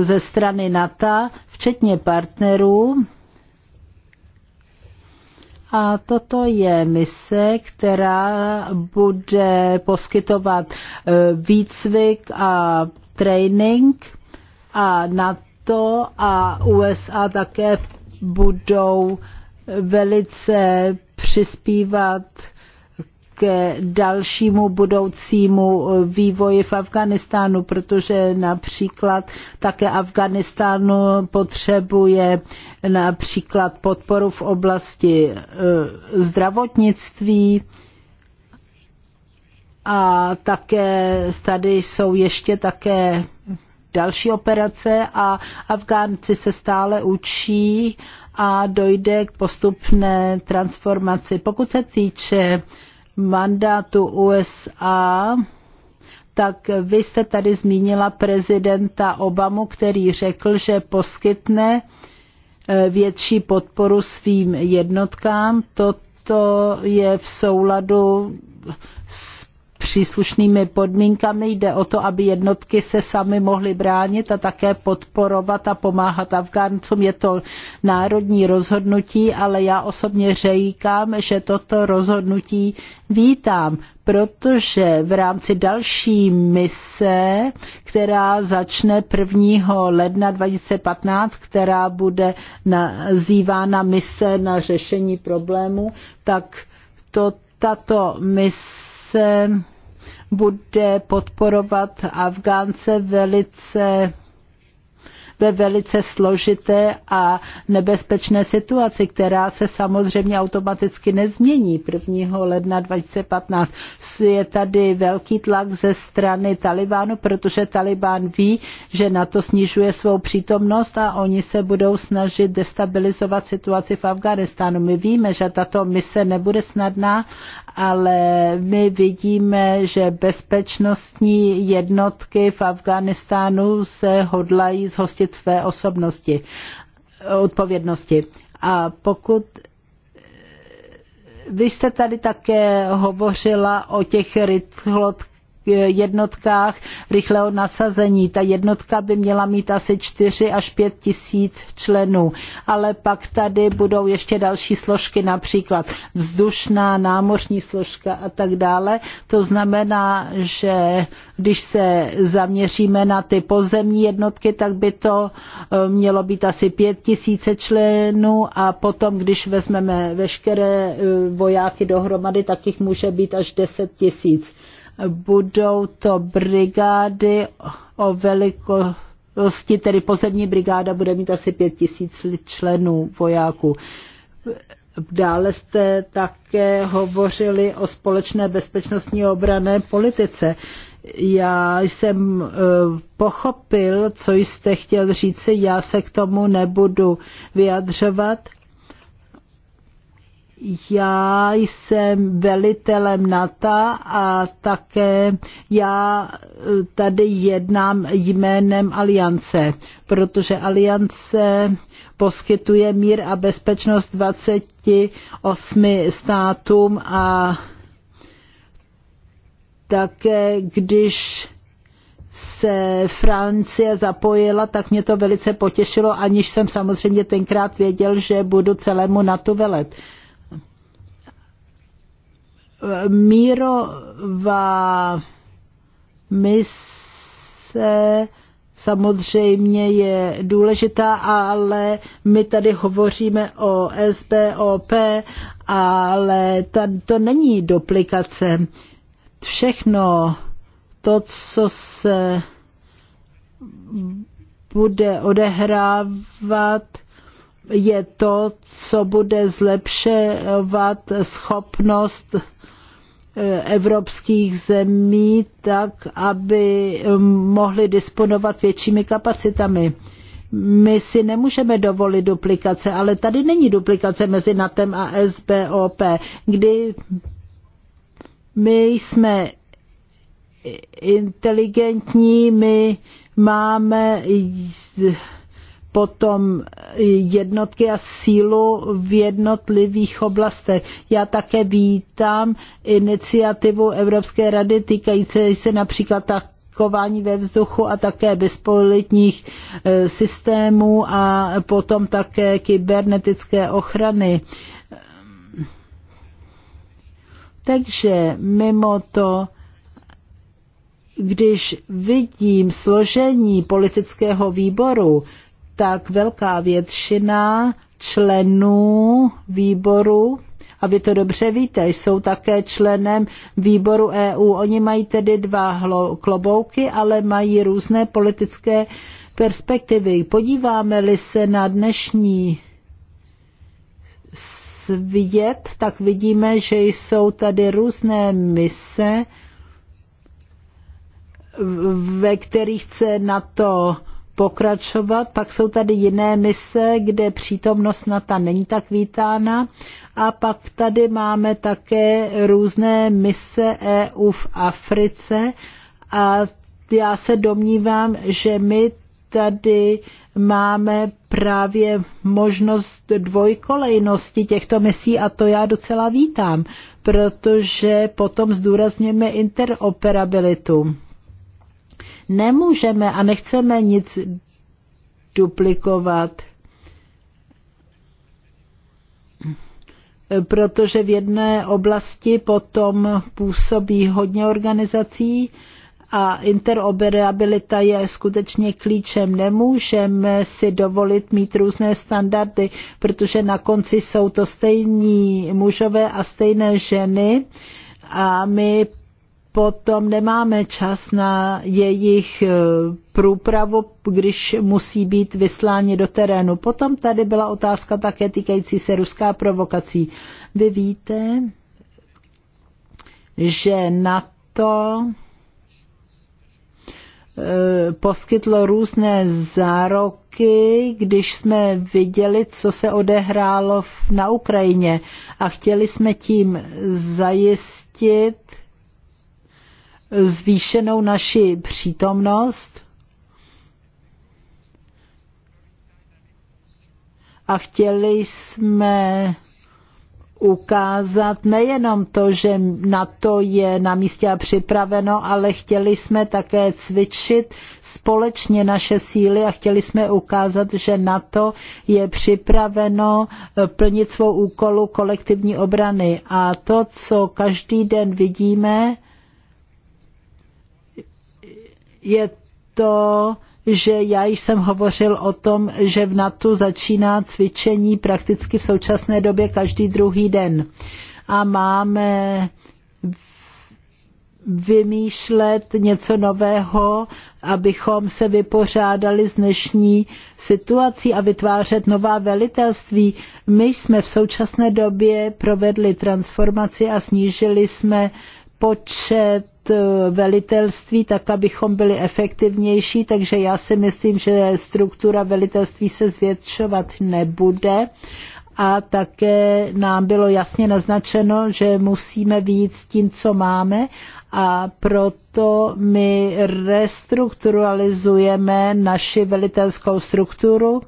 ze strany NATO, včetně partnerů. A toto je mise, která bude poskytovat eh, výcvik a trénink a NATO a USA také budou velice přispívat k dalšímu budoucímu vývoji v Afganistánu, protože například také Afganistánu potřebuje například podporu v oblasti eh, zdravotnictví a také tady jsou ještě také další operace a Afgánci se stále učí a dojde k postupné transformaci. Pokud se týče mandátu USA, tak vy jste tady zmínila prezidenta Obamu, který řekl, že poskytne eh, větší podporu svým jednotkám. Toto je v souladu příslušnými podmínkami. Jde o to, aby jednotky se sami mohly bránit a také podporovat a pomáhat Afgáncům. Je to národní rozhodnutí, ale já osobně říkám, že toto rozhodnutí vítám, protože v rámci další mise, která začne 1. ledna 2015, která bude nazývána mise na řešení problému, tak to, tato mise se bude podporovat Afgánce velice ve velice složité a nebezpečné situaci, která se samozřejmě automaticky nezmění 1. ledna 2015. Je tady velký tlak ze strany Talibánu, protože Talibán ví, že na to snižuje svou přítomnost a oni se budou snažit destabilizovat situaci v Afganistánu. My víme, že tato mise nebude snadná, ale my vidíme, že bezpečnostní jednotky v Afganistánu se hodlají zhostit zbavit své osobnosti, odpovědnosti. A pokud vy jste tady také hovořila o těch rychlot, E, jednotkách rychlého nasazení. Ta jednotka by měla mít asi 4 až 5 tisíc členů, ale pak tady budou ještě další složky, například vzdušná, námořní složka a tak dále. To znamená, že když se zaměříme na ty pozemní jednotky, tak by to e, mělo být asi 5 tisíce členů a potom, když vezmeme veškeré e, vojáky dohromady, tak jich může být až 10 tisíc. Budou to brigády o velikosti, tedy pozemní brigáda bude mít asi pět tisíc členů vojáků. Dále jste také hovořili o společné bezpečnostní obrané politice. Já jsem eh, pochopil, co jste chtěl říci, já se k tomu nebudu vyjadřovat, já jsem velitelem NATO a také já eh, tady jednám jménem Aliance, protože Aliance poskytuje mír a bezpečnost 28 státům a také když se Francie zapojila, tak mě to velice potěšilo, aniž jsem samozřejmě tenkrát věděl, že budu celému NATO velet mírová mise samozřejmě je důležitá, ale my tady hovoříme o SBOP, ale ta, to není duplikace. Všechno to, co se bude odehrávat, je to, co bude zlepšovat schopnost eh, evropských zemí tak, aby hm, mohly disponovat většími kapacitami. My si nemůžeme dovolit duplikace, ale tady není duplikace mezi NATEM a SBOP, kdy my jsme inteligentní, my máme potom jednotky a sílu v jednotlivých oblastech. Já také vítám iniciativu Evropské rady týkající se například tak ve vzduchu a také bezpolitních e, systémů a potom také kybernetické ochrany. Takže mimo to, když vidím složení politického výboru, tak velká většina členů výboru a vy to dobře víte, jsou také členem výboru EU. Oni mají tedy dva klobouky, ale mají různé politické perspektivy. Podíváme-li se na dnešní svět, tak vidíme, že jsou tady různé mise, ve kterých se na to pokračovat. Pak jsou tady jiné mise, kde přítomnost NATO není tak vítána. A pak tady máme také různé mise EU v Africe. A já se domnívám, že my tady máme právě možnost dvojkolejnosti těchto misí a to já docela vítám, protože potom zdůrazněme interoperabilitu nemůžeme a nechceme nic duplikovat. Protože v jedné oblasti potom působí hodně organizací, a interoperabilita je skutečně klíčem. Nemůžeme si dovolit mít různé standardy, protože na konci jsou to stejní mužové a stejné ženy a my potom nemáme čas na jejich eh, průpravu, když musí být vysláni do terénu. Potom tady byla otázka také týkající se ruská provokací. Vy víte, že NATO eh, poskytlo různé zároky, když jsme viděli, co se odehrálo na Ukrajině a chtěli jsme tím zajistit, zvýšenou naši přítomnost a chtěli jsme ukázat nejenom to, že na to je na místě a připraveno, ale chtěli jsme také cvičit společně naše síly a chtěli jsme ukázat, že na to je připraveno eh, plnit svou úkolu kolektivní obrany. A to, co každý den vidíme, je to, že já jsem hovořil o tom, že v NATO začíná cvičení prakticky v současné době každý druhý den. A máme vymýšlet něco nového, abychom se vypořádali s dnešní situací a vytvářet nová velitelství. My jsme v současné době provedli transformaci a snížili jsme počet E, velitelství, tak abychom byli efektivnější, takže já si myslím, že struktura velitelství se zvětšovat nebude a také nám bylo jasně naznačeno, že musíme víc s tím, co máme a proto my restrukturalizujeme naši velitelskou strukturu,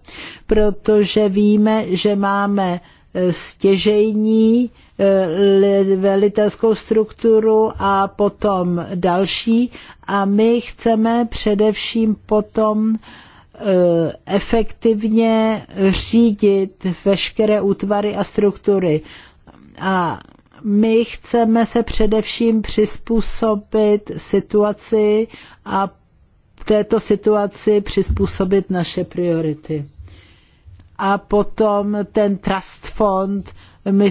protože víme, že máme e, stěžejní Eh, velitelskou strukturu a potom další. A my chceme především potom eh, efektivně řídit veškeré útvary a struktury. A my chceme se především přizpůsobit situaci a v této situaci přizpůsobit naše priority. A potom ten trust fond, my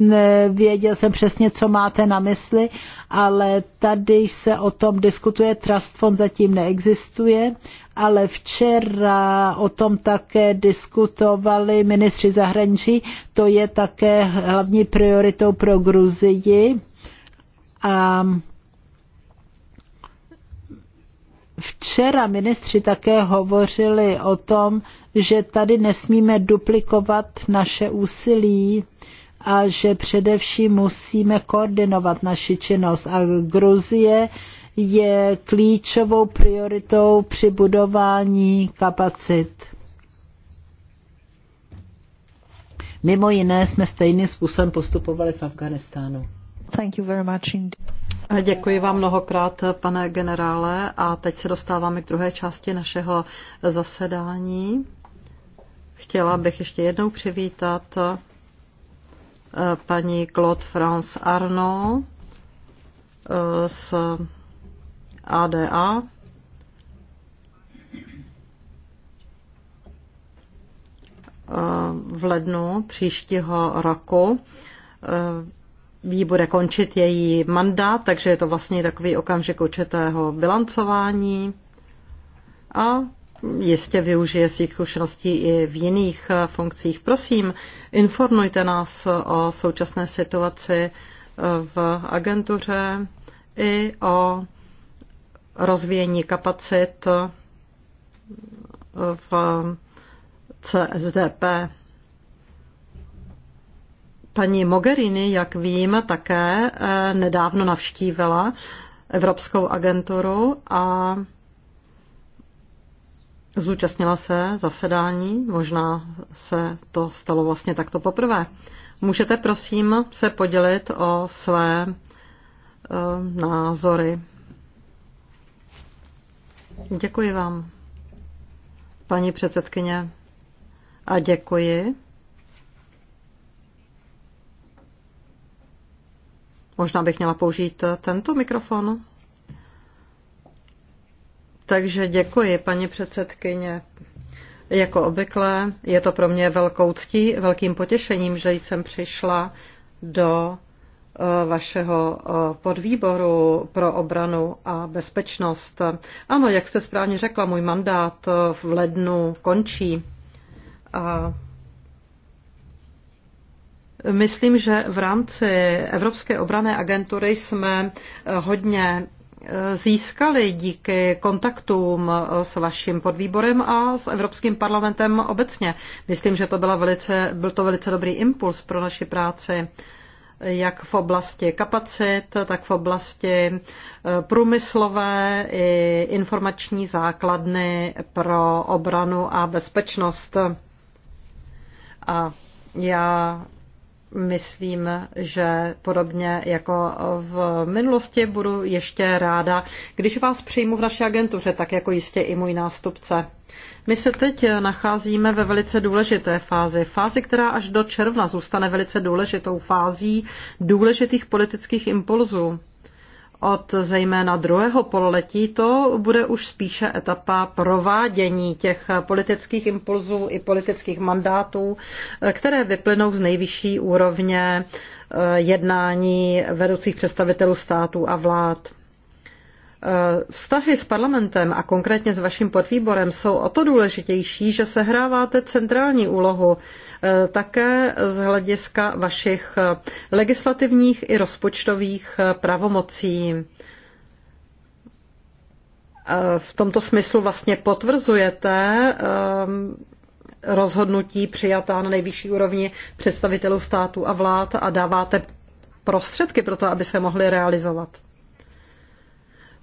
nevěděl jsem přesně, co máte na mysli, ale tady se o tom diskutuje, Trust Fund zatím neexistuje, ale včera o tom také diskutovali ministři zahraničí, to je také hlavní prioritou pro Gruzii. A Včera ministři také hovořili o tom, že tady nesmíme duplikovat naše úsilí a že především musíme koordinovat naši činnost. A Gruzie je klíčovou prioritou při budování kapacit. Mimo jiné jsme stejným způsobem postupovali v Afganistánu. Thank you very much Děkuji vám mnohokrát, pane generále, a teď se dostáváme k druhé části našeho zasedání. Chtěla bych ještě jednou přivítat paní Claude France Arno eh, z ADA. Eh, v lednu příštího roku eh, jí bude končit její mandát, takže je to vlastně takový okamžik určitého bilancování. A jistě využije svých zkušeností i v jiných eh, funkcích. Prosím, informujte nás o současné situaci eh, v agentuře i o rozvíjení kapacit eh, v CSDP. Paní Mogherini, jak vím, také nedávno navštívila Evropskou agenturu a Zúčastnila se zasedání, možná se to stalo vlastně takto poprvé. Můžete prosím se podělit o své uh, názory. Děkuji vám, paní předsedkyně, a děkuji. Možná bych měla použít tento mikrofon. Takže děkuji, paní předsedkyně. Jako obvykle je to pro mě velkou ctí, velkým potěšením, že jsem přišla do eh, vašeho eh, podvýboru pro obranu a bezpečnost. Ano, jak jste správně řekla, můj mandát eh, v lednu končí. A Myslím, že v rámci Evropské obrané agentury jsme hodně získali díky kontaktům s vaším podvýborem a s Evropským parlamentem obecně. Myslím, že to byla velice, byl to velice dobrý impuls pro naši práci jak v oblasti kapacit, tak v oblasti eh, průmyslové i informační základny pro obranu a bezpečnost. A já myslím, že podobně jako v minulosti budu ještě ráda, když vás přijmu v naší agentuře, tak jako jistě i můj nástupce. My se teď nacházíme ve velice důležité fázi. Fázi, která až do června zůstane velice důležitou fází důležitých politických impulzů od zejména druhého pololetí to bude už spíše etapa provádění těch politických impulzů i politických mandátů, které vyplynou z nejvyšší úrovně eh, jednání vedoucích představitelů států a vlád. Eh, vztahy s parlamentem a konkrétně s vaším podvýborem jsou o to důležitější, že sehráváte centrální úlohu E, také z hlediska vašich e, legislativních i rozpočtových e, pravomocí. V tomto smyslu vlastně potvrzujete rozhodnutí přijatá na nejvyšší úrovni představitelů států a vlád a dáváte prostředky pro to, aby se mohly realizovat.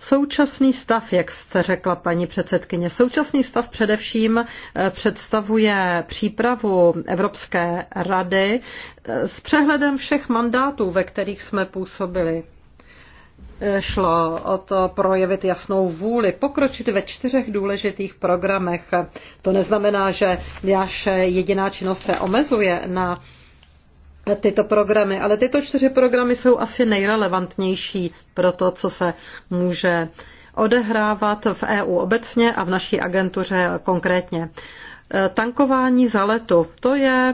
Současný stav, jak jste řekla paní předsedkyně, současný stav především eh, představuje přípravu Evropské rady eh, s přehledem všech mandátů, ve kterých jsme působili. Eh, šlo o to projevit jasnou vůli, pokročit ve čtyřech důležitých programech. To neznamená, že naše jediná činnost se omezuje na tyto programy, ale tyto čtyři programy jsou asi nejrelevantnější pro to, co se může odehrávat v EU obecně a v naší agentuře konkrétně. E, tankování za letu, to je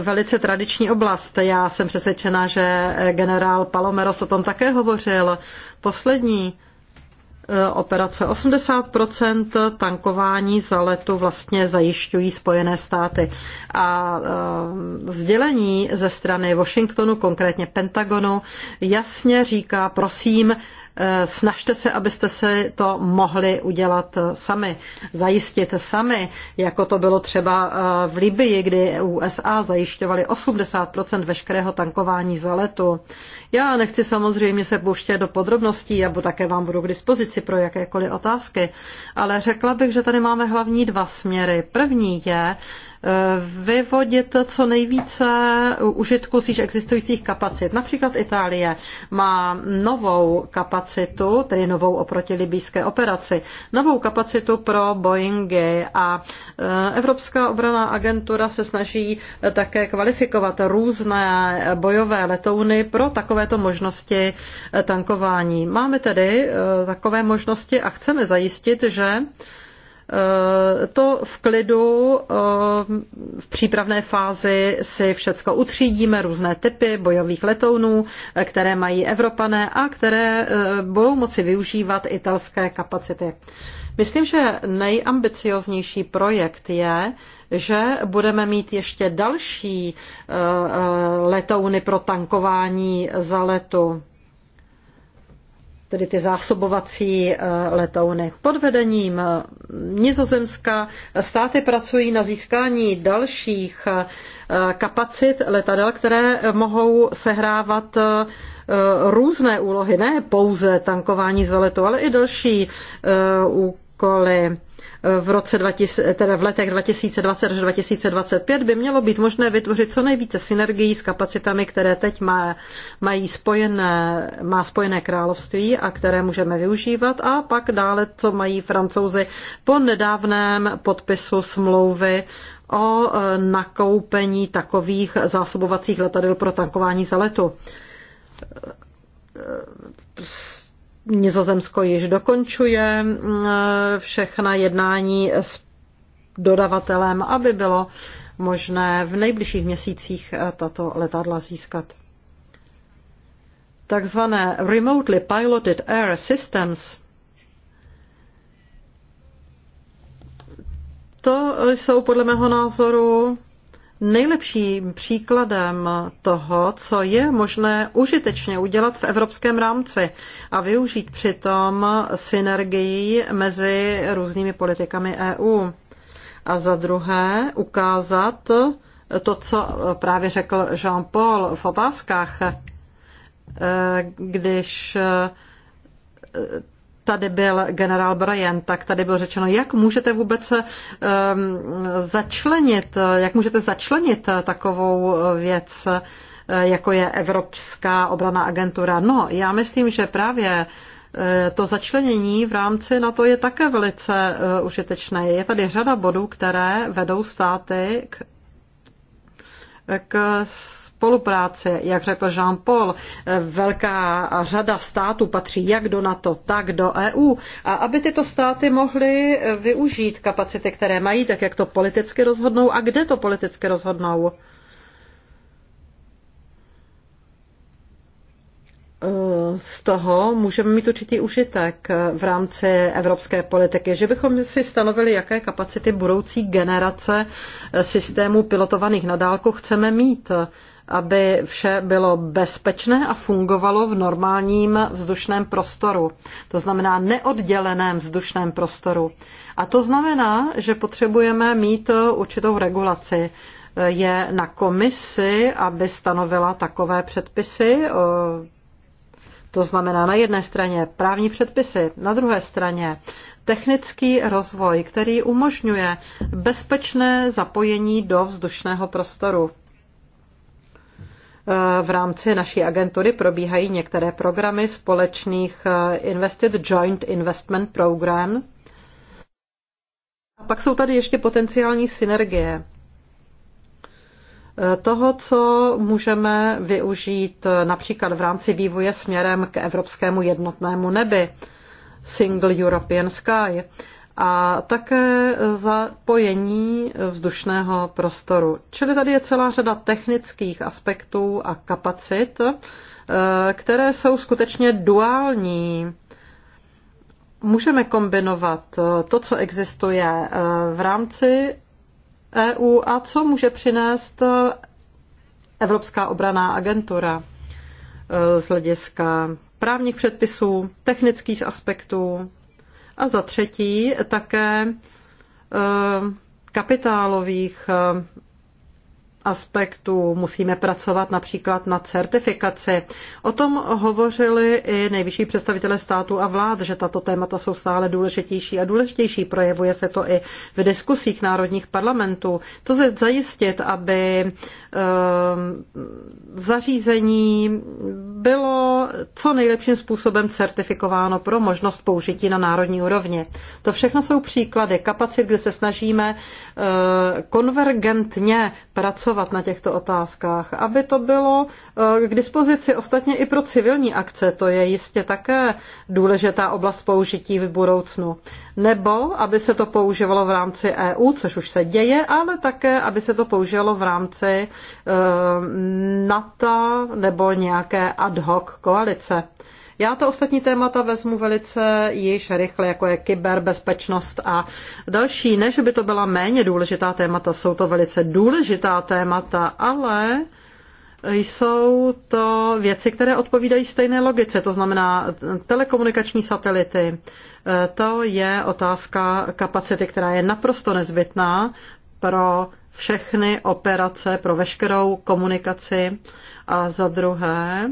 velice tradiční oblast. Já jsem přesvědčena, že generál Palomeros o tom také hovořil. Poslední Eh, operace. 80 tankování za letu vlastně zajišťují Spojené státy. A eh, sdělení ze strany Washingtonu, konkrétně Pentagonu, jasně říká, prosím, Eh, snažte se, abyste se to mohli udělat eh, sami, zajistit sami, jako to bylo třeba eh, v Libii, kdy USA zajišťovali 80% veškerého tankování za letu. Já nechci samozřejmě se pouštět do podrobností, nebo také vám budu k dispozici pro jakékoliv otázky, ale řekla bych, že tady máme hlavní dva směry. První je, vyvodit co nejvíce užitku z již existujících kapacit. Například Itálie má novou kapacitu, tedy novou oproti libýské operaci, novou kapacitu pro Boeingy a e, Evropská obraná agentura se snaží také kvalifikovat různé bojové letouny pro takovéto možnosti e, tankování. Máme tedy e, takové možnosti a chceme zajistit, že Eh, to v klidu eh, v přípravné fázi si všecko utřídíme, různé typy bojových letounů, eh, které mají Evropané a které budou moci využívat italské kapacity. Myslím, že nejambicioznější projekt je, že budeme mít ještě další letouny pro tankování za letu tedy ty zásobovací eh, letouny. Pod vedením eh, Nizozemska státy pracují na získání dalších eh, kapacit letadel, které mohou sehrávat různé úlohy, ne pouze tankování z letu, ale i další úkoly v, roce 20, teda v letech 2020 až 2025 by mělo být možné vytvořit co nejvíce synergií s kapacitami, které teď má, mají spojené, má spojené království a které můžeme využívat a pak dále, co mají francouzi po nedávném podpisu smlouvy o e, nakoupení takových zásobovacích letadel pro tankování za letu e, e, Nizozemsko již dokončuje mm, všechna jednání s dodavatelem, aby bylo možné v nejbližších měsících eh, tato letadla získat. Takzvané Remotely Piloted Air Systems to jsou podle mého názoru nejlepším příkladem toho, co je možné užitečně udělat v evropském rámci a využít přitom synergii mezi různými politikami EU. A za druhé ukázat to, co právě řekl Jean-Paul v otázkách, eh, když eh, tady byl generál Brian, tak tady bylo řečeno, jak můžete vůbec um, začlenit, eh, jak můžete začlenit eh, takovou věc, jako je Evropská obraná agentura. No, já myslím, že právě to začlenění v rámci na to je také velice užitečné. Je tady řada bodů, které vedou státy k, k spolupráce, jak řekl Jean-Paul, velká řada států patří jak do NATO, tak do EU. A aby tyto státy mohly využít kapacity, které mají, tak jak to politicky rozhodnou a kde to politicky rozhodnou. z toho můžeme mít určitý užitek v rámci evropské politiky, že bychom si stanovili, jaké kapacity budoucí generace systémů pilotovaných na dálku chceme mít aby vše bylo bezpečné a fungovalo v normálním vzdušném prostoru, to znamená neodděleném vzdušném prostoru. A to znamená, že potřebujeme mít určitou regulaci. Je na komisi, aby stanovila takové předpisy, to znamená na jedné straně právní předpisy, na druhé straně technický rozvoj, který umožňuje bezpečné zapojení do vzdušného prostoru. Eh, v rámci naší agentury probíhají některé programy společných eh, Invested Joint Investment Program. A pak jsou tady ještě potenciální synergie eh, toho, co můžeme využít například v rámci vývoje směrem k evropskému jednotnému nebi, Single European Sky a také zapojení vzdušného prostoru. Čili tady je celá řada technických aspektů a kapacit, eh, které jsou skutečně duální. Můžeme kombinovat eh, to, co existuje eh, v rámci EU a co může přinést Evropská obraná agentura z hlediska právních předpisů, technických aspektů, a za třetí také eh, kapitálových eh, aspektů. Musíme pracovat například na certifikaci. O tom hovořili i nejvyšší představitelé státu a vlád, že tato témata jsou stále důležitější a důležitější. Projevuje se to i v diskusích národních parlamentů. To se zajistit, aby ehm, zařízení bylo co nejlepším způsobem certifikováno pro možnost použití na národní úrovni. To všechno jsou příklady kapacit, kde se snažíme eh, konvergentně pracovat pracovat na těchto otázkách, aby to bylo eh, k dispozici ostatně i pro civilní akce. To je jistě také důležitá oblast použití v budoucnu. Nebo aby se to používalo v rámci EU, což už se děje, ale také, aby se to používalo v rámci eh, NATO nebo nějaké ad hoc koalice. Já ta ostatní témata vezmu velice již rychle, jako je kyberbezpečnost a další. Ne, že by to byla méně důležitá témata, jsou to velice důležitá témata, ale jsou to věci, které odpovídají stejné logice, to znamená telekomunikační satelity. To je otázka kapacity, která je naprosto nezbytná pro všechny operace, pro veškerou komunikaci. A za druhé,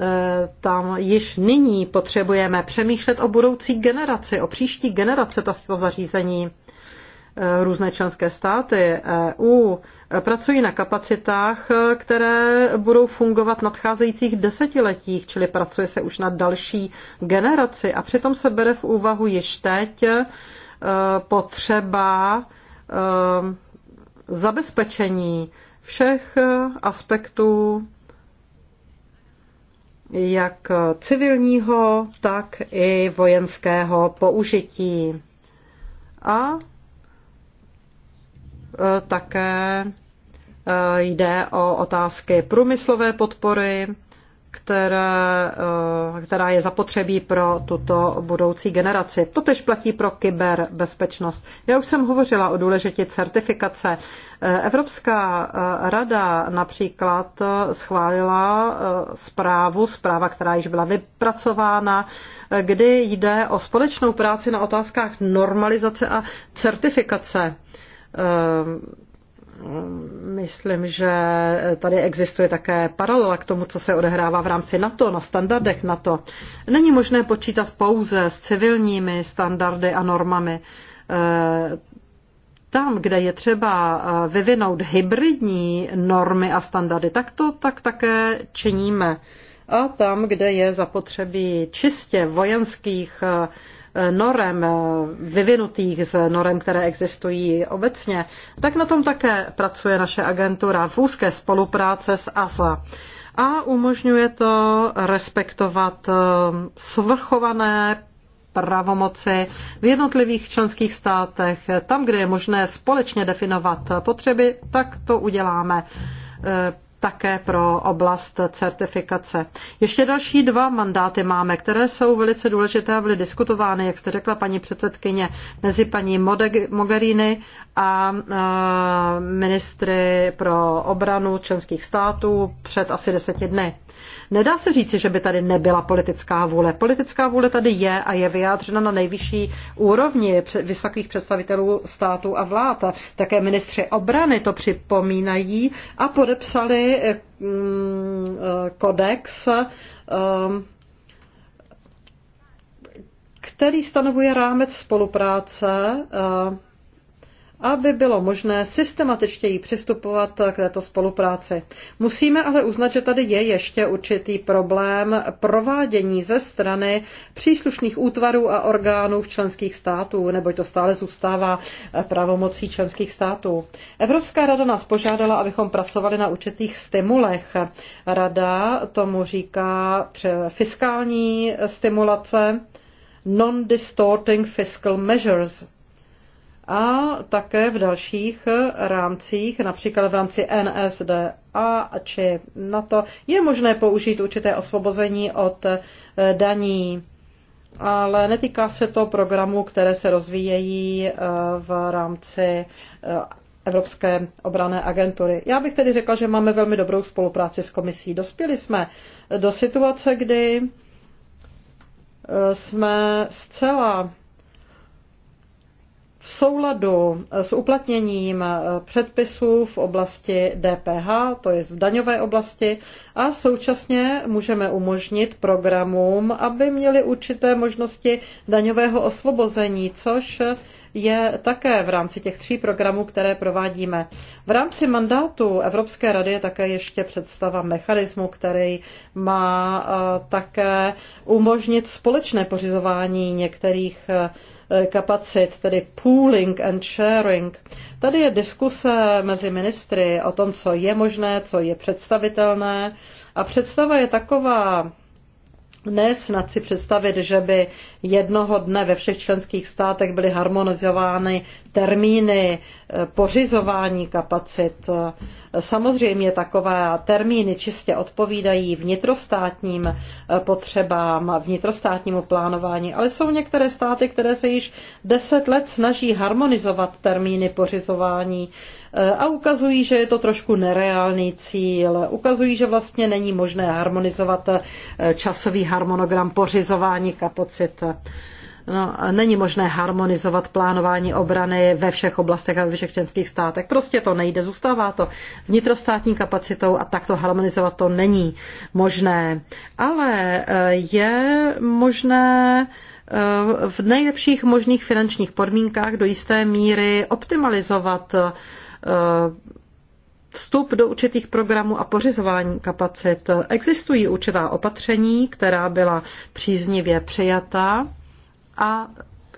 Eh, tam již nyní potřebujeme přemýšlet o budoucí generaci, o příští generace tohoto zařízení. Eh, různé členské státy EU eh, pracují na kapacitách, které budou fungovat v nadcházejících desetiletích, čili pracuje se už na další generaci a přitom se bere v úvahu již teď potřeba zabezpečení všech aspektů jak civilního, tak i vojenského použití. A e, také e, jde o otázky průmyslové podpory, které, eh, která je zapotřebí pro tuto budoucí generaci. To tež platí pro kyberbezpečnost. Já už jsem hovořila o důležitě certifikace. Eh, Evropská eh, rada například schválila zprávu, zpráva, která již byla vypracována, kdy jde o společnou práci na otázkách normalizace a certifikace Myslím, že tady existuje také paralela k tomu, co se odehrává v rámci NATO, na standardech NATO. Není možné počítat pouze s civilními standardy a normami. Eh, tam, kde je třeba eh, vyvinout hybridní normy a standardy, tak to tak také činíme. A tam, kde je zapotřebí čistě vojenských eh, Eh, norem eh, vyvinutých z norem, které existují obecně, tak na tom také pracuje naše agentura v úzké spolupráce s ASA. A umožňuje to respektovat eh, svrchované pravomoci v jednotlivých členských státech. Tam, kde je možné společně definovat potřeby, tak to uděláme také pro oblast certifikace. Ještě další dva mandáty máme, které jsou velice důležité a byly diskutovány, jak jste řekla paní předsedkyně, mezi paní Mogherini a e, ministry pro obranu členských států před asi deseti dny. Nedá se říci, že by tady nebyla politická vůle. Politická vůle tady je a je vyjádřena na nejvyšší úrovni vysokých představitelů států a vlád. Také ministři obrany to připomínají a podepsali eh, mm, eh, kodex eh, který stanovuje rámec spolupráce aby bylo možné systematičtěji přistupovat k této spolupráci. Musíme ale uznat, že tady je ještě určitý problém provádění ze strany příslušných útvarů a orgánů v členských států, neboť to stále zůstává eh, pravomocí členských států. Evropská rada nás požádala, abychom pracovali na určitých stimulech. Rada tomu říká fiskální stimulace, non-distorting fiscal measures a také v dalších rámcích, například v rámci NSDA či NATO, je možné použít určité osvobození od eh, daní, ale netýká se to programů, které se rozvíjejí eh, v rámci eh, Evropské obrané agentury. Já bych tedy řekla, že máme velmi dobrou spolupráci s komisí. Dospěli jsme do situace, kdy jsme zcela v souladu s uplatněním eh, předpisů v oblasti DPH, to je v daňové oblasti, a současně můžeme umožnit programům, aby měli určité možnosti daňového osvobození, což je také v rámci těch tří programů, které provádíme. V rámci mandátu Evropské rady je také ještě představa mechanismu, který má eh, také umožnit společné pořizování některých eh, Eh, kapacit, tedy pooling and sharing. Tady je diskuse mezi ministry o tom, co je možné, co je představitelné. A představa je taková, ne snad si představit, že by jednoho dne ve všech členských státech byly harmonizovány termíny eh, pořizování kapacit. Eh, samozřejmě takové termíny čistě odpovídají vnitrostátním eh, potřebám, vnitrostátnímu plánování, ale jsou některé státy, které se již deset let snaží harmonizovat termíny pořizování a ukazují, že je to trošku nereálný cíl. Ukazují, že vlastně není možné harmonizovat časový harmonogram pořizování kapacit. No, není možné harmonizovat plánování obrany ve všech oblastech a ve všech členských státech. Prostě to nejde, zůstává to vnitrostátní kapacitou a takto harmonizovat to není možné. Ale eh, je možné eh, v nejlepších možných finančních podmínkách do jisté míry optimalizovat eh, vstup do určitých programů a pořizování kapacit. Existují určitá opatření, která byla příznivě přijata a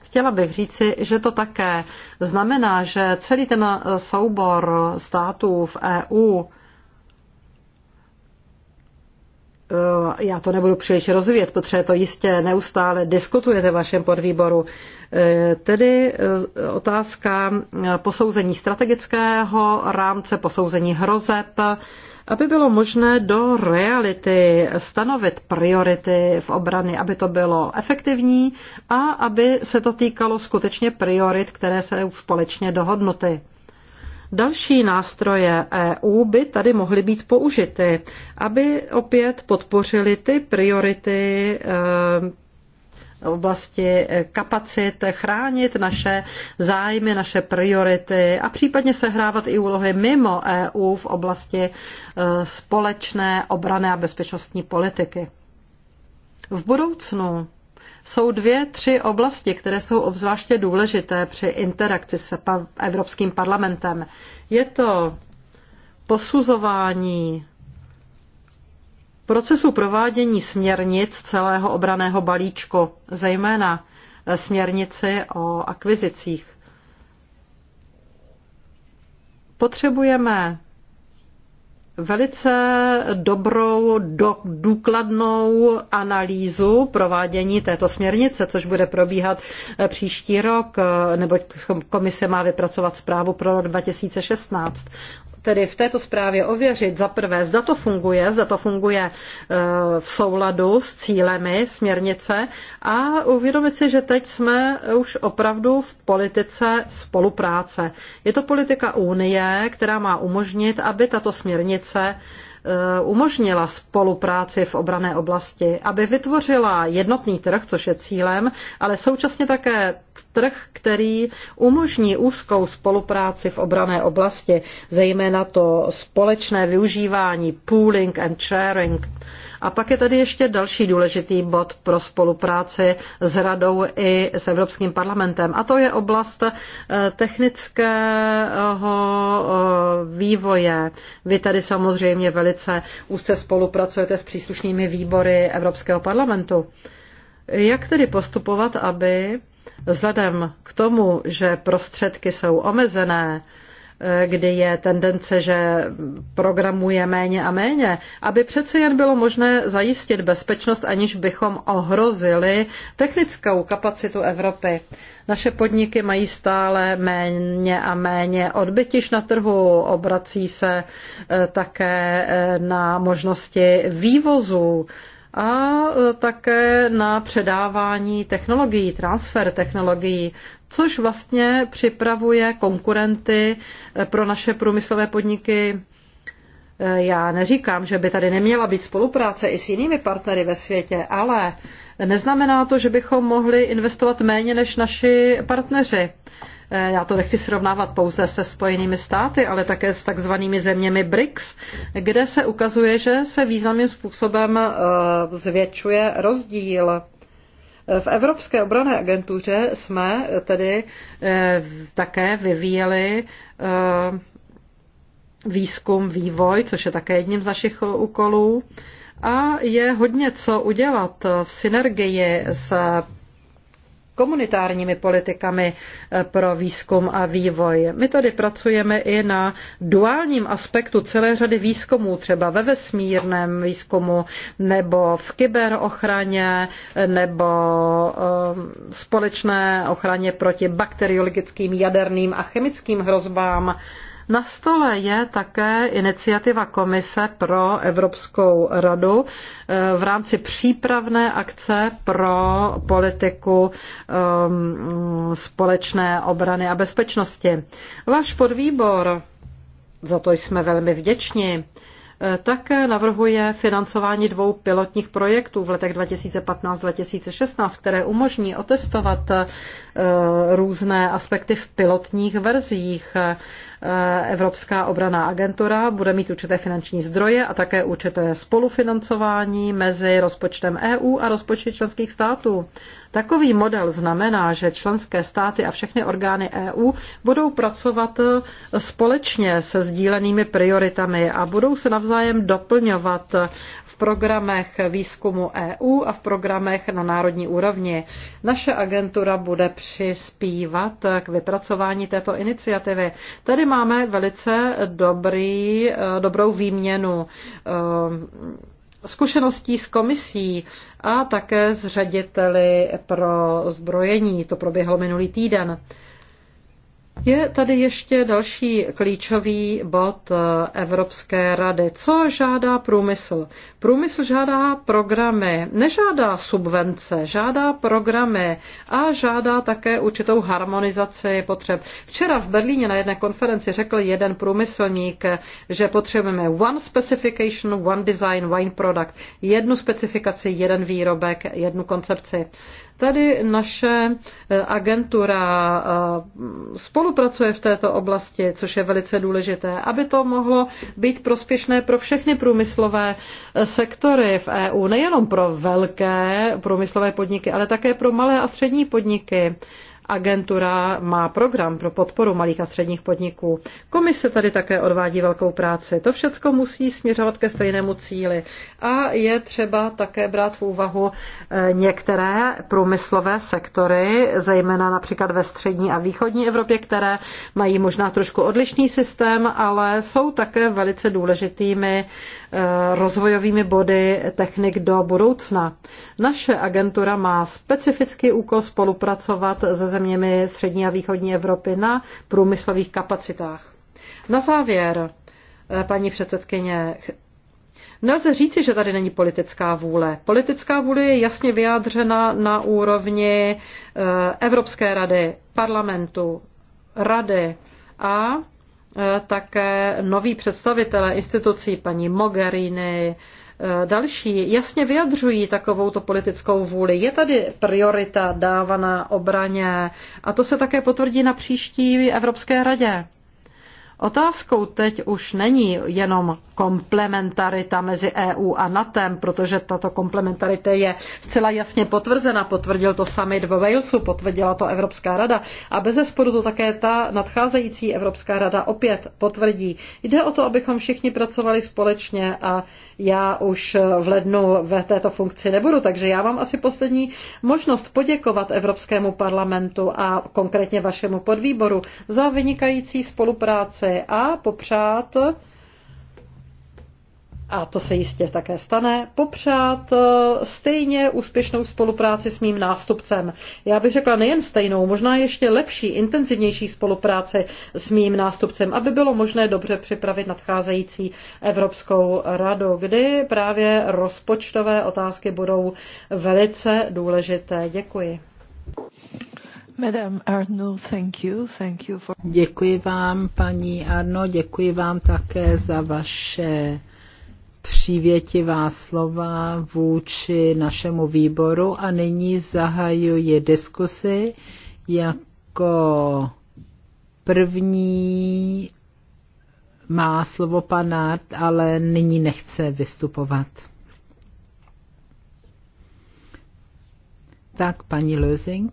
chtěla bych říci, že to také znamená, že celý ten soubor států v EU eh, já to nebudu příliš rozvíjet, protože to jistě neustále diskutujete v vašem podvýboru. Eh, tedy eh, otázka posouzení strategického rámce, posouzení hrozeb, aby bylo možné do reality stanovit priority v obrany, aby to bylo efektivní a aby se to týkalo skutečně priorit, které se společně dohodnuty. Další nástroje EU by tady mohly být použity, aby opět podpořili ty priority eh, oblasti eh, kapacit chránit naše zájmy, naše priority a případně sehrávat i úlohy mimo EU v oblasti eh, společné obrané a bezpečnostní politiky. V budoucnu jsou dvě, tři oblasti, které jsou obzvláště důležité při interakci se Evropským parlamentem. Je to posuzování procesu provádění směrnic celého obraného balíčku, zejména eh, směrnici o akvizicích. Potřebujeme velice dobrou, do, důkladnou analýzu provádění této směrnice, což bude probíhat eh, příští rok, eh, neboť komise má vypracovat zprávu pro rok 2016 tedy v této zprávě ověřit za prvé, zda to funguje, zda to funguje e, v souladu s cílemi směrnice a uvědomit si, že teď jsme už opravdu v politice spolupráce. Je to politika Unie, která má umožnit, aby tato směrnice Eh, umožnila spolupráci v obrané oblasti, aby vytvořila jednotný trh, což je cílem, ale současně také trh, který umožní úzkou spolupráci v obrané oblasti, zejména to společné využívání pooling and sharing a pak je tady ještě další důležitý bod pro spolupráci s radou i s Evropským parlamentem. A to je oblast eh, technického eh, vývoje. Vy tady samozřejmě velice úzce spolupracujete s příslušnými výbory Evropského parlamentu. Jak tedy postupovat, aby vzhledem k tomu, že prostředky jsou omezené, Eh, kdy je tendence, že programuje méně a méně, aby přece jen bylo možné zajistit bezpečnost, aniž bychom ohrozili technickou kapacitu Evropy. Naše podniky mají stále méně a méně odbytiš na trhu, obrací se eh, také eh, na možnosti vývozu a e, také na předávání technologií, transfer technologií, což vlastně připravuje konkurenty e, pro naše průmyslové podniky. E, já neříkám, že by tady neměla být spolupráce i s jinými partnery ve světě, ale neznamená to, že bychom mohli investovat méně než naši partneři. Eh, já to nechci srovnávat pouze se Spojenými státy, ale také s takzvanými zeměmi BRICS, kde se ukazuje, že se významným způsobem eh, zvětšuje rozdíl. V Evropské obrané agentuře jsme tedy eh, také vyvíjeli výzkum, vývoj, což je také jedním z našich úkolů. A je hodně co udělat v synergii s komunitárními politikami eh, pro výzkum a vývoj. My tady pracujeme i na duálním aspektu celé řady výzkumů, třeba ve vesmírném výzkumu, nebo v kyberochraně, nebo eh, společné ochraně proti bakteriologickým, jaderným a chemickým hrozbám na stole je také iniciativa Komise pro Evropskou radu eh, v rámci přípravné akce pro politiku ehm, společné obrany a bezpečnosti. Váš podvýbor, za to jsme velmi vděční, Eh, také navrhuje financování dvou pilotních projektů v letech 2015-2016, které umožní otestovat eh, různé aspekty v pilotních verzích. Eh, Evropská obraná agentura bude mít určité finanční zdroje a také určité spolufinancování mezi rozpočtem EU a rozpočty členských států. Takový model znamená, že členské státy a všechny orgány EU budou pracovat eh, společně se sdílenými prioritami a budou se navzájem doplňovat eh, v programech výzkumu EU a v programech na národní úrovni. Naše agentura bude přispívat eh, k vypracování této iniciativy. Tady máme velice dobrý, dobrou výměnu zkušeností s komisí a také s řediteli pro zbrojení. To proběhlo minulý týden. Je tady ještě další klíčový bod eh, Evropské rady. Co žádá průmysl? Průmysl žádá programy, nežádá subvence, žádá programy a žádá také určitou harmonizaci potřeb. Včera v Berlíně na jedné konferenci řekl jeden průmyslník, že potřebujeme one specification, one design, one product, jednu specifikaci, jeden výrobek, jednu koncepci. Tady naše eh, agentura eh, spolupracuje v této oblasti, což je velice důležité, aby to mohlo být prospěšné pro všechny průmyslové eh, sektory v EU, nejenom pro velké průmyslové podniky, ale také pro malé a střední podniky. Agentura má program pro podporu malých a středních podniků. Komise tady také odvádí velkou práci. To všechno musí směřovat ke stejnému cíli. A je třeba také brát v úvahu eh, některé průmyslové sektory, zejména například ve střední a východní Evropě, které mají možná trošku odlišný systém, ale jsou také velice důležitými rozvojovými body technik do budoucna. Naše agentura má specifický úkol spolupracovat se zeměmi střední a východní Evropy na průmyslových kapacitách. Na závěr, eh, paní předsedkyně, Nelze říci, že tady není politická vůle. Politická vůle je jasně vyjádřena na úrovni eh, Evropské rady, parlamentu, rady a Eh, také noví představitelé institucí, paní Mogherini, eh, další, jasně vyjadřují takovouto politickou vůli. Je tady priorita dávaná obraně a to se také potvrdí na příští Evropské radě. Otázkou teď už není jenom komplementarita mezi EU a NATEM, protože tato komplementarita je zcela jasně potvrzena. Potvrdil to summit v Walesu, potvrdila to Evropská rada a bez zesporu to také ta nadcházející Evropská rada opět potvrdí. Jde o to, abychom všichni pracovali společně a já už v lednu ve této funkci nebudu, takže já mám asi poslední možnost poděkovat Evropskému parlamentu a konkrétně vašemu podvýboru za vynikající spolupráci CA a popřát, a to se jistě také stane, popřát eh, stejně úspěšnou spolupráci s mým nástupcem. Já bych řekla nejen stejnou, možná ještě lepší, intenzivnější spolupráci s mým nástupcem, aby bylo možné dobře připravit nadcházející Evropskou radu, kdy právě rozpočtové otázky budou velice důležité. Děkuji. Děkuji vám, paní Arno, děkuji vám také za vaše přívětivá slova vůči našemu výboru a nyní zahajuji diskusy jako první má slovo pan Art, ale nyní nechce vystupovat. Tak, paní Lösing.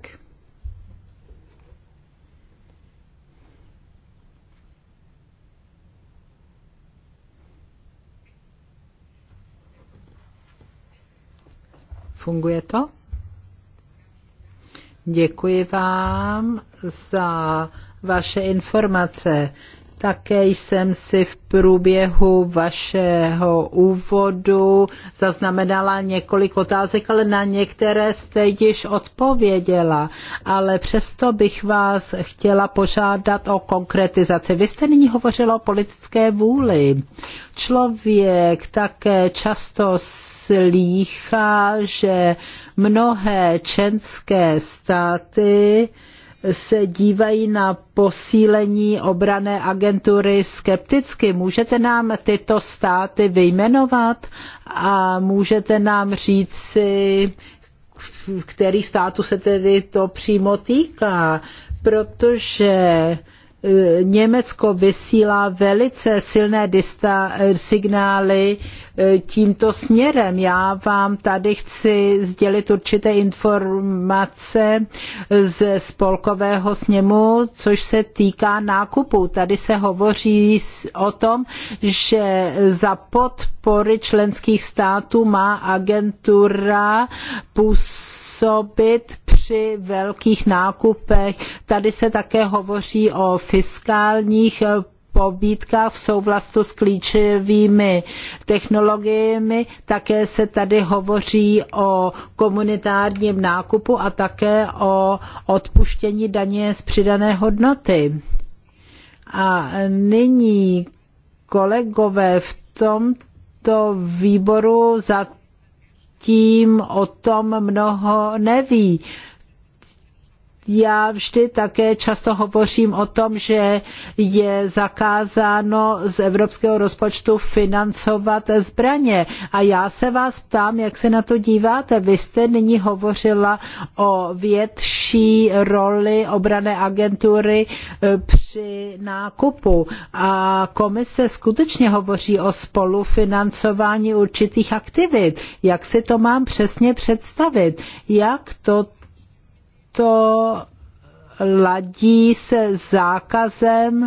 Funguje to? Děkuji vám za vaše informace. Také jsem si v průběhu vašeho úvodu zaznamenala několik otázek, ale na některé jste již odpověděla. Ale přesto bych vás chtěla požádat o konkretizaci. Vy jste nyní hovořila o politické vůli. Člověk také často slýchá, že mnohé čenské státy se dívají na posílení obrané agentury skepticky. Můžete nám tyto státy vyjmenovat a můžete nám říci, který státu se tedy to přímo týká, protože Eh, Německo vysílá velice silné dista- eh, signály eh, tímto směrem. Já vám tady chci sdělit určité informace z spolkového sněmu, což se týká nákupu. Tady se hovoří o tom, že za podpory členských států má agentura působit při velkých nákupech. Tady se také hovoří o fiskálních eh, pobídkách v souvlastu s klíčovými technologiemi. Také se tady hovoří o komunitárním nákupu a také o odpuštění daně z přidané hodnoty. A nyní kolegové v tomto výboru za tím o tom mnoho neví já vždy také často hovořím o tom, že je zakázáno z evropského rozpočtu financovat zbraně. A já se vás ptám, jak se na to díváte. Vy jste nyní hovořila o větší roli obrané agentury e, při nákupu. A komise skutečně hovoří o spolufinancování určitých aktivit. Jak si to mám přesně představit? Jak to to ladí se zákazem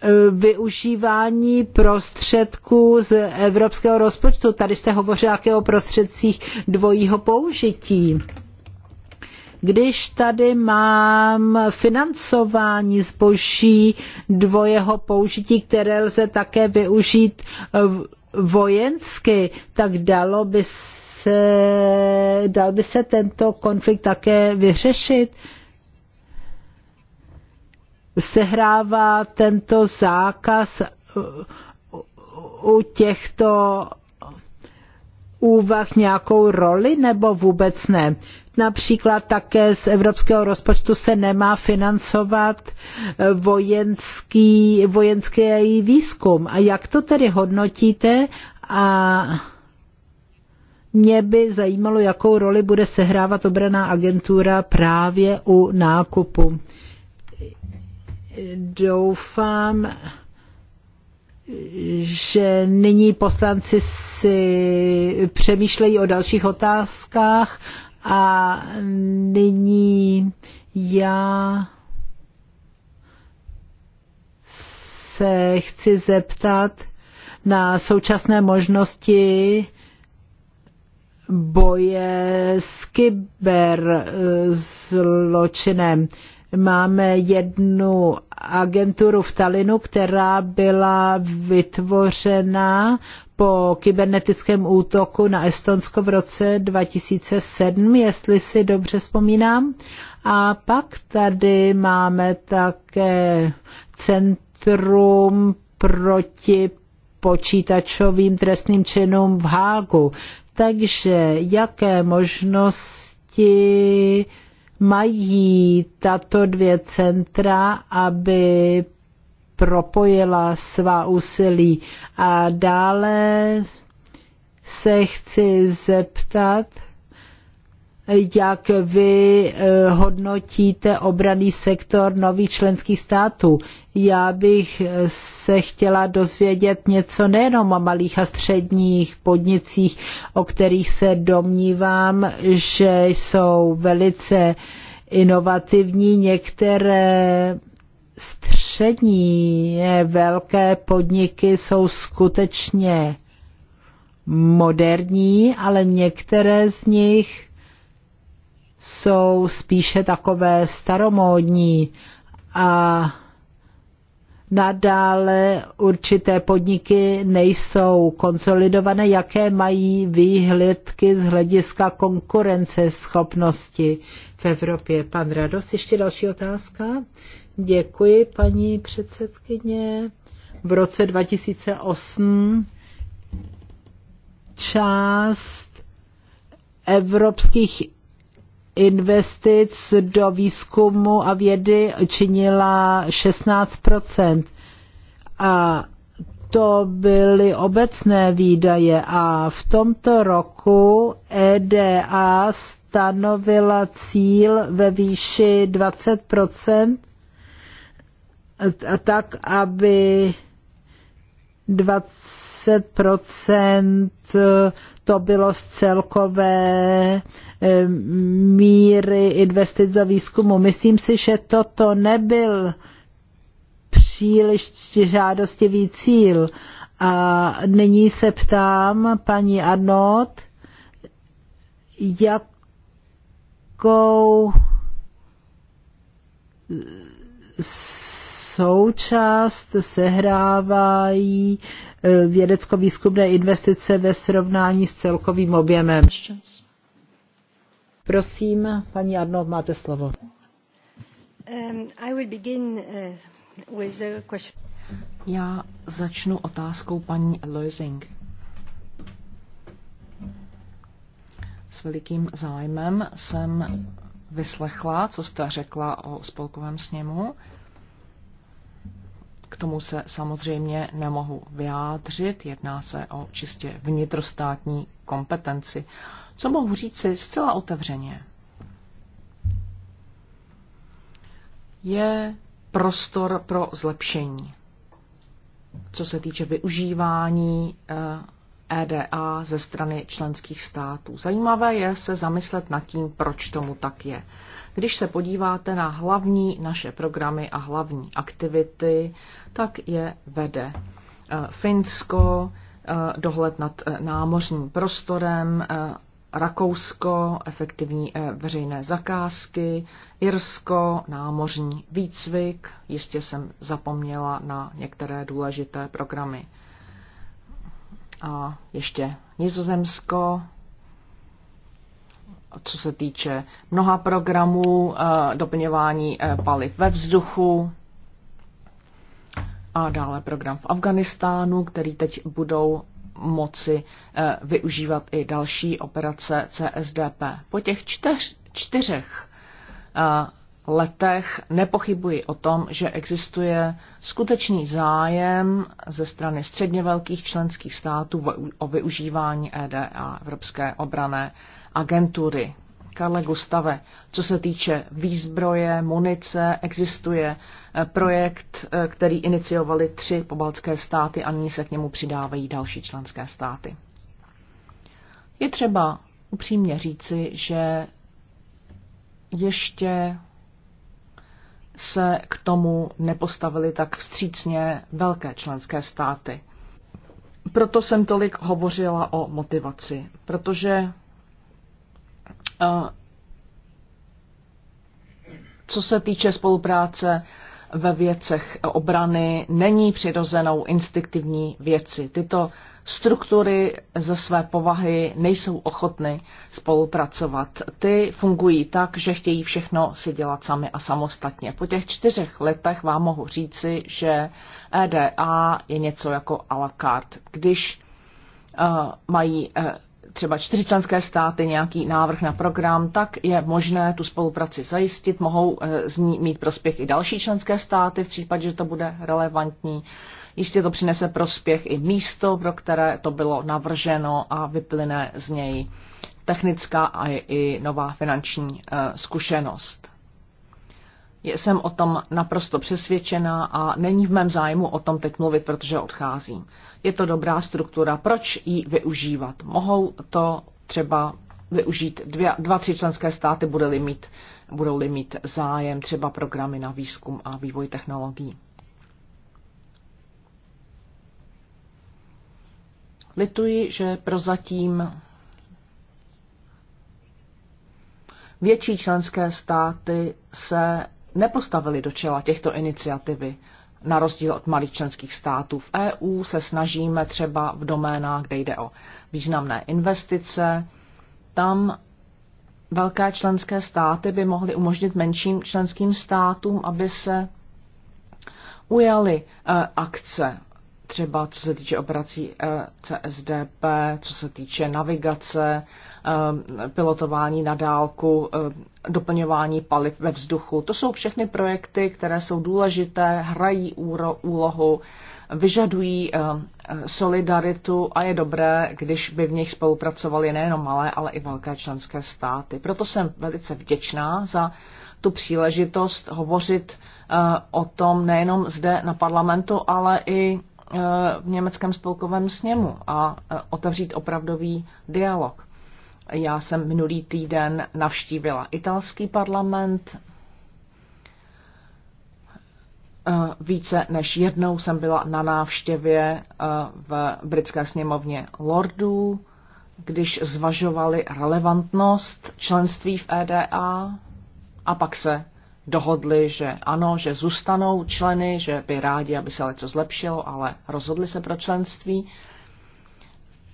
eh, využívání prostředků z evropského rozpočtu. Tady jste hovořil také o prostředcích dvojího použití. Když tady mám financování zboží dvojeho použití, které lze také využít vojensky, tak dalo by se, dal by se tento konflikt také vyřešit? Sehrává tento zákaz u těchto úvah nějakou roli nebo vůbec ne? Například také z evropského rozpočtu se nemá financovat vojenský, vojenský výzkum. A jak to tedy hodnotíte? A mě by zajímalo, jakou roli bude sehrávat obraná agentura právě u nákupu. Doufám, že nyní poslanci si přemýšlejí o dalších otázkách a nyní já se chci zeptat na současné možnosti boje s kyberzločinem. Máme jednu agenturu v Talinu, která byla vytvořena po kybernetickém útoku na Estonsko v roce 2007, jestli si dobře vzpomínám. A pak tady máme také Centrum proti počítačovým trestným činům v Hágu. Takže jaké možnosti mají tato dvě centra, aby propojila svá úsilí? A dále se chci zeptat, jak vy eh, hodnotíte obraný sektor nových členských států. Já bych eh, se chtěla dozvědět něco nejenom o malých a středních podnicích, o kterých se domnívám, že jsou velice inovativní. Některé střední eh, velké podniky jsou skutečně moderní, ale některé z nich jsou spíše takové staromódní a nadále určité podniky nejsou konsolidované, jaké mají výhledky z hlediska konkurenceschopnosti v Evropě. Pan Radost, ještě další otázka. Děkuji, paní předsedkyně. V roce 2008 část evropských investic do výzkumu a vědy činila 16 A to byly obecné výdaje a v tomto roku EDA stanovila cíl ve výši 20 tak, aby 20 20% to bylo z celkové eh, míry investic do výzkumu. Myslím si, že toto nebyl příliš žádostivý cíl. A nyní se ptám paní Arnot, jakou součást sehrávají Eh, vědecko-výzkumné investice ve srovnání s celkovým objemem. Prosím, paní Arno, máte slovo. Um, uh, Já začnu otázkou paní Loising. S velikým zájmem jsem vyslechla, co jste řekla o spolkovém sněmu k tomu se samozřejmě nemohu vyjádřit, jedná se o čistě vnitrostátní kompetenci. Co mohu říci zcela otevřeně? Je prostor pro zlepšení, co se týče využívání EDA eh, e ze strany členských států. Zajímavé je se zamyslet nad tím, proč tomu tak je. Když se podíváte na hlavní naše programy a hlavní aktivity, tak je vede eh, Finsko, eh, dohled nad eh, námořním prostorem, Rakousko, efektivní veřejné zakázky, Irsko, námořní výcvik, jistě jsem zapomněla na některé důležité programy. A ještě Nizozemsko, co se týče mnoha programů, eh, doplňování eh, paliv ve vzduchu a dále program v Afganistánu, který teď budou moci eh, využívat i další operace CSDP. Po těch čtyř, čtyřech letech nepochybuji o tom, že existuje skutečný zájem ze strany středně velkých členských států o využívání EDA, Evropské obrané agentury. Karle Gustave, co se týče výzbroje, munice, existuje eh, projekt, eh, který iniciovali tři pobaltské státy a nyní se k němu přidávají další členské státy. Je třeba upřímně říci, že ještě se k tomu nepostavili tak vstřícně velké členské státy. Proto jsem tolik hovořila o motivaci, protože co se týče spolupráce ve věcech obrany, není přirozenou instinktivní věci. Tyto struktury ze své povahy nejsou ochotny spolupracovat. Ty fungují tak, že chtějí všechno si dělat sami a samostatně. Po těch čtyřech letech vám mohu říci, že EDA je něco jako à la carte. Když eh, mají eh, třeba čtyři členské státy nějaký návrh na program, tak je možné tu spolupráci zajistit, mohou eh, z ní mít prospěch i další členské státy v případě, že to bude relevantní. Jistě to přinese prospěch i místo, pro které to bylo navrženo a vyplyne z něj technická a i nová finanční eh, zkušenost jsem o tom naprosto přesvědčená a není v mém zájmu o tom teď mluvit, protože odcházím. Je to dobrá struktura, proč ji využívat? Mohou to třeba využít dvě, dva, tři členské státy, budou li mít, budou-li mít zájem třeba programy na výzkum a vývoj technologií. Lituji, že prozatím větší členské státy se nepostavili do čela těchto iniciativy. Na rozdíl od malých členských států v EU se snažíme třeba v doménách, kde jde o významné investice, tam velké členské státy by mohly umožnit menším členským státům, aby se ujali eh, akce třeba co se týče operací eh, CSDP, co se týče navigace, eh, pilotování na dálku, eh, doplňování paliv ve vzduchu. To jsou všechny projekty, které jsou důležité, hrají úlohu, vyžadují solidaritu a je dobré, když by v nich spolupracovaly nejenom malé, ale i velké členské státy. Proto jsem velice vděčná za tu příležitost hovořit o tom nejenom zde na parlamentu, ale i Eh, v německém spolkovém sněmu a eh, otevřít opravdový dialog. Já jsem minulý týden navštívila italský parlament. Eh, více než jednou jsem byla na návštěvě v britské sněmovně Lordů, když zvažovali relevantnost členství v EDA a pak se dohodli, že ano, že zůstanou členy, že by rádi, aby se něco zlepšilo, ale rozhodli se pro členství.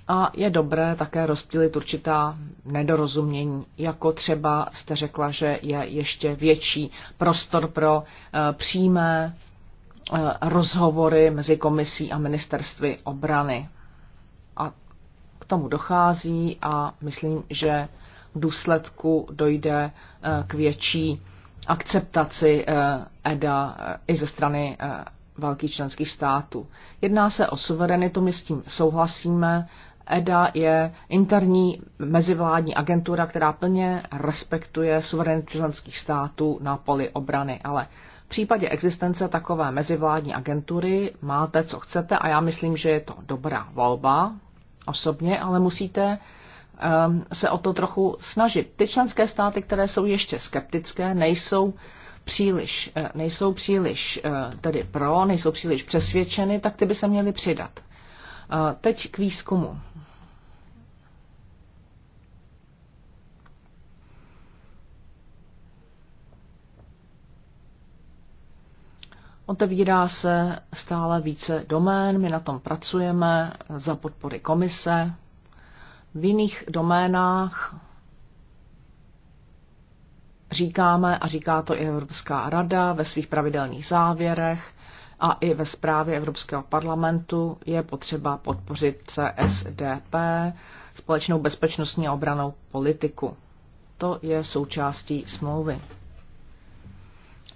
A je dobré také rozptýlit určitá nedorozumění, jako třeba jste řekla, že je ještě větší prostor pro eh, přímé eh, rozhovory mezi komisí a ministerství obrany. A k tomu dochází a myslím, že v důsledku dojde eh, k větší akceptaci EDA eh, e eh, i ze strany eh, velkých členských států. Jedná se o suverenitu, my s tím souhlasíme. EDA je interní mezivládní agentura, která plně respektuje suverenitu členských států na poli obrany, ale v případě existence takové mezivládní agentury máte, co chcete a já myslím, že je to dobrá volba osobně, ale musíte Um, se o to trochu snažit. Ty členské státy, které jsou ještě skeptické, nejsou příliš, eh, nejsou příliš eh, tedy pro, nejsou příliš přesvědčeny, tak ty by se měly přidat. Eh, teď k výzkumu. Otevírá se stále více domén, my na tom pracujeme za podpory komise, v jiných doménách říkáme, a říká to i Evropská rada ve svých pravidelných závěrech a i ve zprávě Evropského parlamentu, je potřeba podpořit CSDP, společnou bezpečnostní a obranou politiku. To je součástí smlouvy.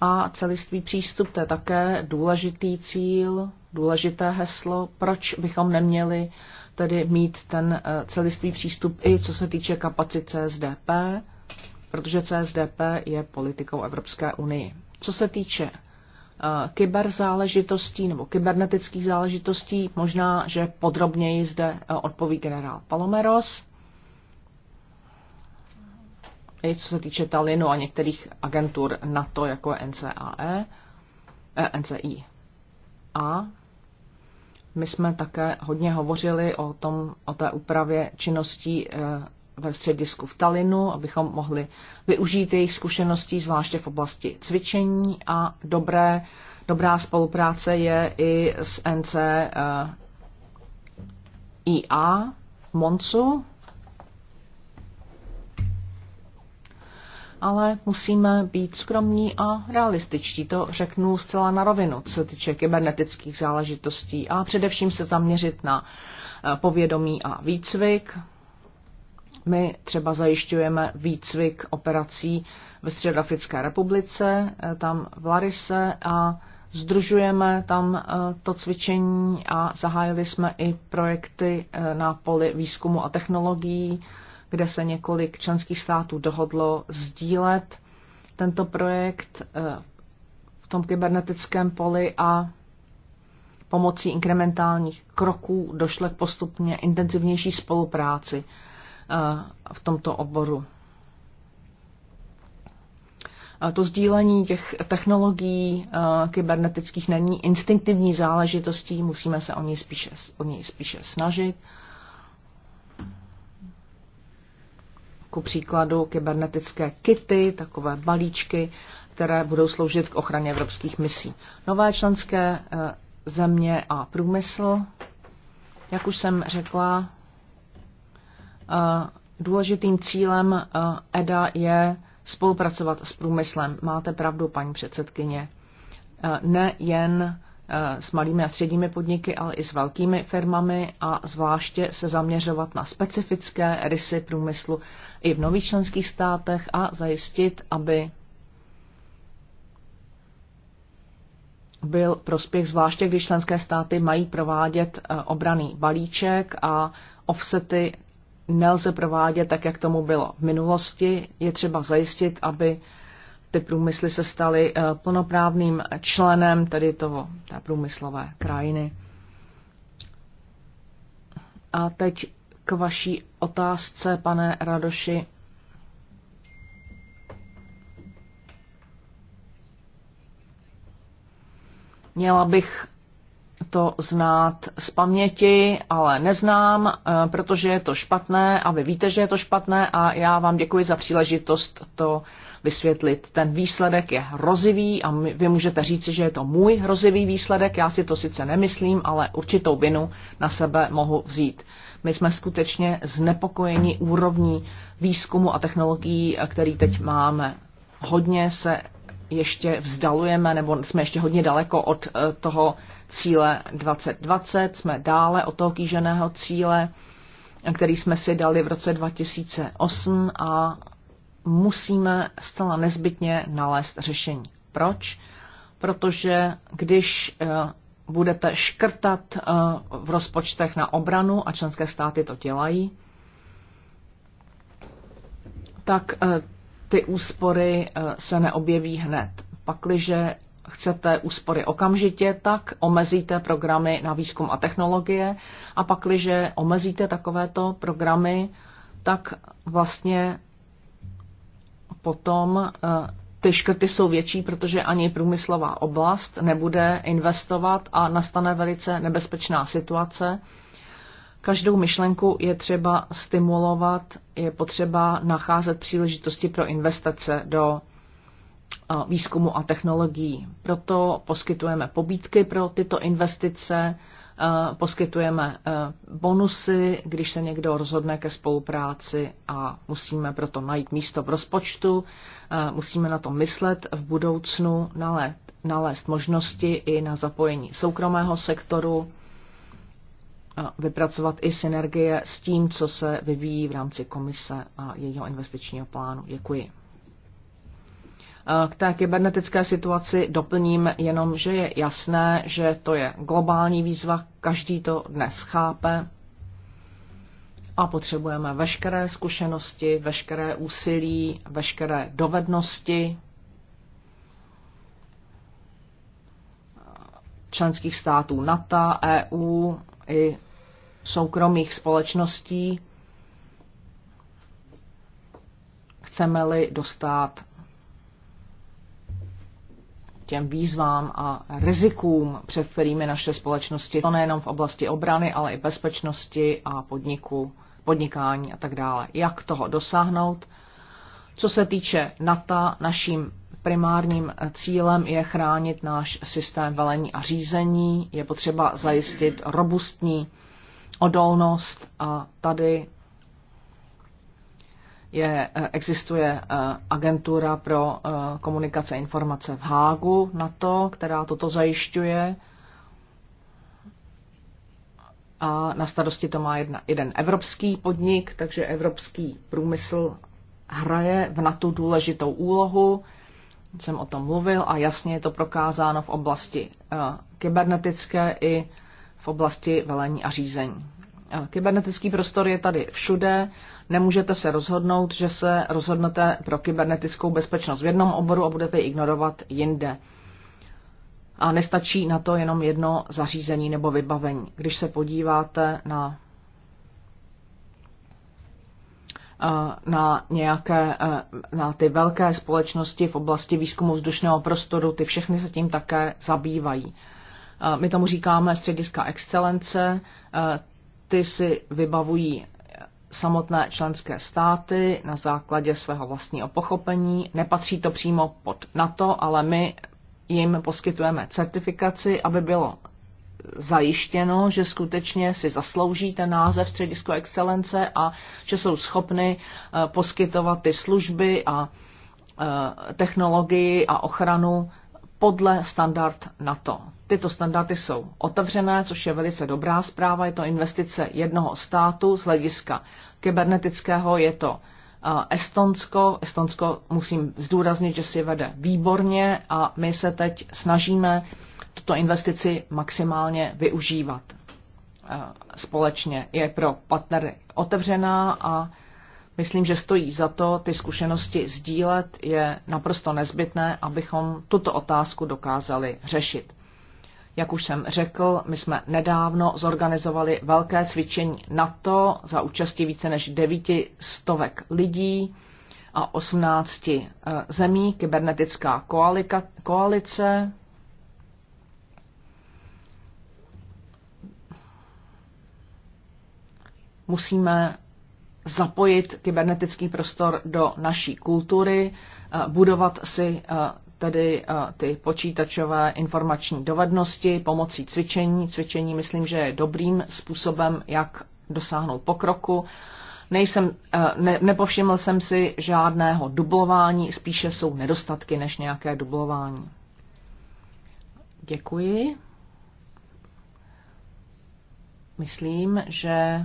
A celistvý přístup, to je také důležitý cíl, důležité heslo, proč bychom neměli tedy mít ten eh, celistvý přístup i co se týče kapacit CSDP, protože CSDP je politikou Evropské unie. Co se týče eh, kyber záležitostí nebo kybernetických záležitostí, možná, že podrobněji zde eh, odpoví generál Palomeros. I co se týče Talinu a některých agentur NATO, jako je NCAE, eh, NCI. A my jsme také hodně hovořili o, tom, o té úpravě činností eh, ve středisku v Talinu, abychom mohli využít jejich zkušeností, zvláště v oblasti cvičení a dobré, dobrá spolupráce je i s NC eh, IA v Moncu, ale musíme být skromní a realističtí. To řeknu zcela na rovinu, co se týče kybernetických záležitostí a především se zaměřit na eh, povědomí a výcvik. My třeba zajišťujeme výcvik operací ve Středoafrické republice, eh, tam v Larise a združujeme tam eh, to cvičení a zahájili jsme i projekty na poli výzkumu a technologií kde se několik členských států dohodlo sdílet tento projekt eh, v tom kybernetickém poli a pomocí inkrementálních kroků došle k postupně intenzivnější spolupráci eh, v tomto oboru. To sdílení těch technologií eh, kybernetických není instinktivní záležitostí, musíme se o něj spíše, o spíše snažit. ku příkladu kybernetické kity, takové balíčky, které budou sloužit k ochraně evropských misí. Nové členské eh, země a průmysl, jak už jsem řekla, eh, důležitým cílem EDA eh, e je spolupracovat s průmyslem. Máte pravdu, paní předsedkyně. Nejen Eh, s malými a středními podniky, ale i s velkými firmami a zvláště se zaměřovat na specifické rysy průmyslu i v nových členských státech a zajistit, aby byl prospěch, zvláště když členské státy mají provádět eh, obraný balíček a offsety nelze provádět tak, jak tomu bylo v minulosti. Je třeba zajistit, aby ty průmysly se staly eh, plnoprávným členem tedy toho, té průmyslové krajiny. A teď k vaší otázce, pane Radoši. Měla bych to znát z paměti, ale neznám, eh, protože je to špatné a vy víte, že je to špatné a já vám děkuji za příležitost to vysvětlit. Ten výsledek je hrozivý a my, vy můžete říci, že je to můj hrozivý výsledek, já si to sice nemyslím, ale určitou vinu na sebe mohu vzít. My jsme skutečně znepokojeni úrovní výzkumu a technologií, eh, který teď máme. Hodně se ještě vzdalujeme, nebo jsme ještě hodně daleko od eh, toho cíle 2020, jsme dále od toho kýženého cíle, který jsme si dali v roce 2008 a musíme zcela nezbytně nalézt řešení. Proč? Protože když eh, budete škrtat eh, v rozpočtech na obranu, a členské státy to dělají, tak ty úspory eh, se neobjeví hned. Pakliže chcete úspory okamžitě, tak omezíte programy na výzkum a technologie a pakliže omezíte takovéto programy, tak vlastně potom eh, ty škrty jsou větší, protože ani průmyslová oblast nebude investovat a nastane velice nebezpečná situace, Každou myšlenku je třeba stimulovat, je potřeba nacházet příležitosti pro investice do výzkumu a technologií. Proto poskytujeme pobídky pro tyto investice, poskytujeme bonusy, když se někdo rozhodne ke spolupráci a musíme proto najít místo v rozpočtu, musíme na to myslet v budoucnu, nalézt, možnosti i na zapojení soukromého sektoru vypracovat i synergie s tím, co se vyvíjí v rámci komise a jejího investičního plánu. Děkuji. K té kybernetické situaci doplním jenom, že je jasné, že to je globální výzva, každý to dnes chápe a potřebujeme veškeré zkušenosti, veškeré úsilí, veškeré dovednosti členských států NATO, EU i soukromých společností, chceme-li dostat těm výzvám a rizikům, před kterými naše společnosti, to nejenom v oblasti obrany, ale i bezpečnosti a podniku, podnikání a tak dále. Jak toho dosáhnout? Co se týče NATO, naším primárním cílem je chránit náš systém velení a řízení. Je potřeba zajistit robustní odolnost a tady je, eh, existuje eh, agentura pro eh, komunikace a informace v Hágu na to, která toto zajišťuje. A na starosti to má jedna, jeden evropský podnik, takže evropský průmysl hraje v NATO důležitou úlohu. Jsem o tom mluvil a jasně je to prokázáno v oblasti kybernetické i v oblasti velení a řízení. Kybernetický prostor je tady všude, nemůžete se rozhodnout, že se rozhodnete pro kybernetickou bezpečnost v jednom oboru a budete ignorovat jinde. A nestačí na to jenom jedno zařízení nebo vybavení. Když se podíváte na na nějaké, na ty velké společnosti v oblasti výzkumu vzdušného prostoru, ty všechny se tím také zabývají. Eh, my tomu říkáme střediska excelence, eh, ty si vybavují samotné členské státy na základě svého vlastního pochopení. Nepatří to přímo pod NATO, ale my jim poskytujeme certifikaci, aby bylo zajištěno, že skutečně si zaslouží ten název Středisko excelence a že jsou schopny eh, poskytovat ty služby a technologii a ochranu podle standard NATO. Tyto standardy jsou otevřené, což je velice dobrá zpráva. Je to investice jednoho státu z hlediska kybernetického. Je to Estonsko. Estonsko musím zdůraznit, že si vede výborně a my se teď snažíme tuto investici maximálně využívat společně. Je pro partnery otevřená a Myslím, že stojí za to ty zkušenosti sdílet. Je naprosto nezbytné, abychom tuto otázku dokázali řešit. Jak už jsem řekl, my jsme nedávno zorganizovali velké cvičení NATO za účasti více než devíti stovek lidí a 18 eh, zemí, kybernetická koalika, koalice. Musíme zapojit kybernetický prostor do naší kultury, eh, budovat si eh, tedy eh, ty počítačové informační dovednosti pomocí cvičení. Cvičení myslím, že je dobrým způsobem, jak dosáhnout pokroku. Nejsem, ne, nepovšiml jsem si žádného dublování, spíše jsou nedostatky než nějaké dublování. Děkuji. Myslím, že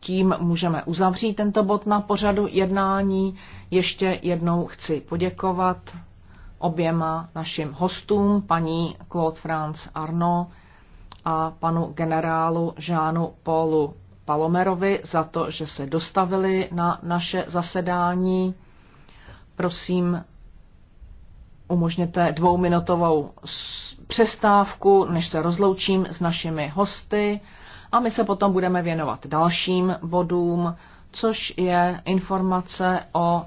tím můžeme uzavřít tento bod na pořadu jednání. Ještě jednou chci poděkovat oběma našim hostům, paní Claude France Arno a panu generálu Žánu Paulu Palomerovi za to, že se dostavili na naše zasedání. Prosím, umožněte dvouminutovou přestávku, než se rozloučím s našimi hosty. A my se potom budeme věnovat dalším bodům, což je informace o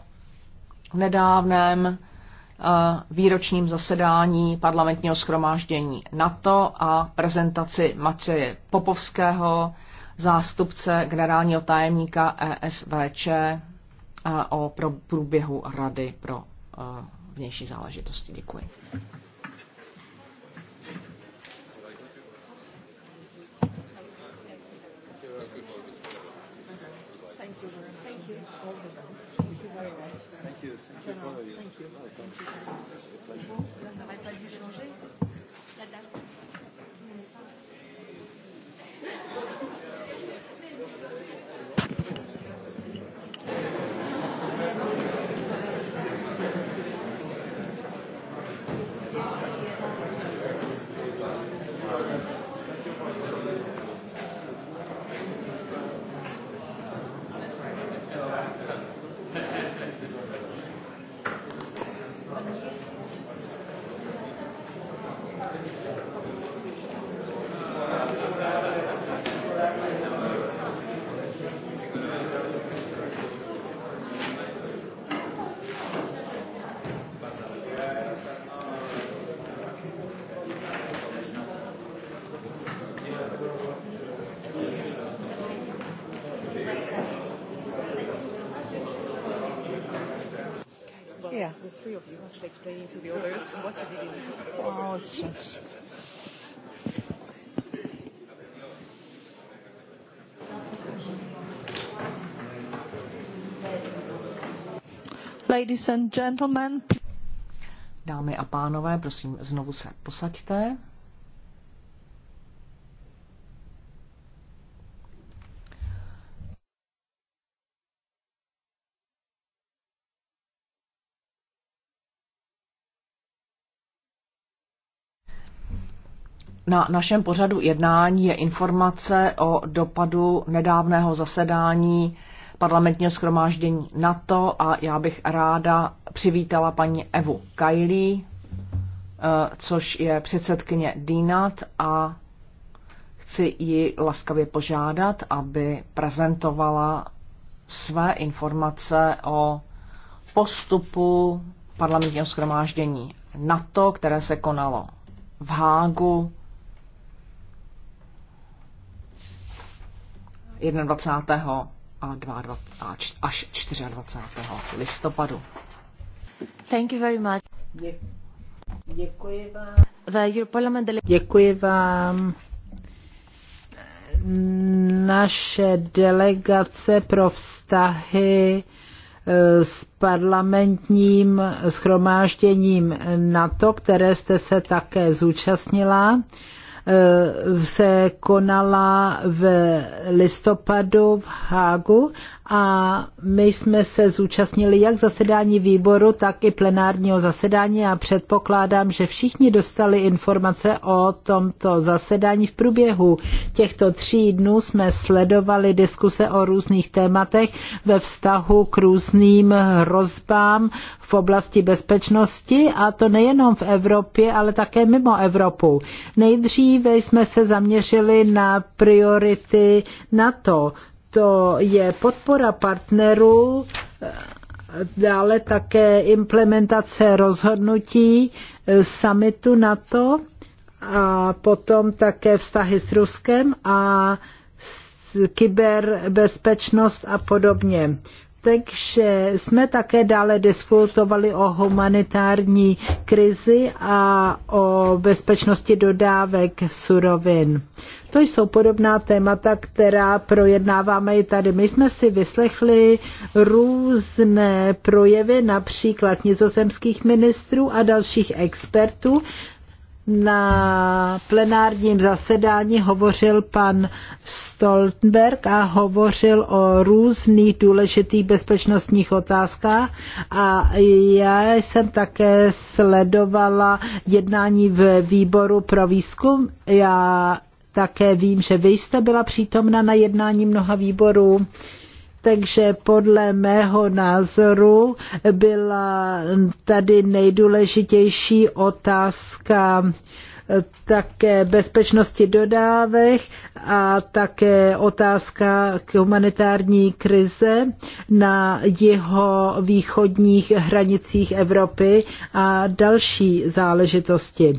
nedávném eh, výročním zasedání parlamentního schromáždění NATO a prezentaci Matěje Popovského, zástupce generálního tajemníka ESVČ eh, o průběhu Rady pro eh, vnější záležitosti. Děkuji. Thank you. actually explaining to the others what you did in the Oh, it's such. Ladies and gentlemen, Dámy a pánové, prosím, znovu se posaďte. Na našem pořadu jednání je informace o dopadu nedávného zasedání parlamentního schromáždění NATO a já bych ráda přivítala paní Evu Kajlí, eh, což je předsedkyně DINAT a chci ji laskavě požádat, aby prezentovala své informace o postupu parlamentního schromáždění NATO, které se konalo v Hágu 21. a 22. až 24. listopadu. Thank you very much. Děkuji vám. Děkuji vám naše delegace pro vztahy eh, s parlamentním schromážděním NATO, které jste se také zúčastnila. Eh, se konala v listopadu v Hagu a my jsme se zúčastnili jak zasedání výboru, tak i plenárního zasedání a předpokládám, že všichni dostali informace o tomto zasedání. V průběhu těchto tří dnů jsme sledovali diskuse o různých tématech ve vztahu k různým hrozbám v oblasti bezpečnosti a to nejenom v Evropě, ale také mimo Evropu. Nejdříve jsme se zaměřili na priority NATO to je podpora partnerů, dále také implementace rozhodnutí eh, samitu NATO a potom také vztahy s Ruskem a kyberbezpečnost a podobně. Takže jsme také dále diskutovali o humanitární krizi a o bezpečnosti dodávek surovin. To jsou podobná témata, která projednáváme i tady. My jsme si vyslechli různé projevy, například nizozemských ministrů a dalších expertů, na plenárním zasedání hovořil pan Stoltenberg a hovořil o různých důležitých bezpečnostních otázkách a já jsem také sledovala jednání v výboru pro výzkum. Já také vím, že vy jste byla přítomna na jednání mnoha výborů. Takže podle mého názoru byla tady nejdůležitější otázka eh, také bezpečnosti dodávek a také otázka k humanitární krize na jeho východních hranicích Evropy a další záležitosti.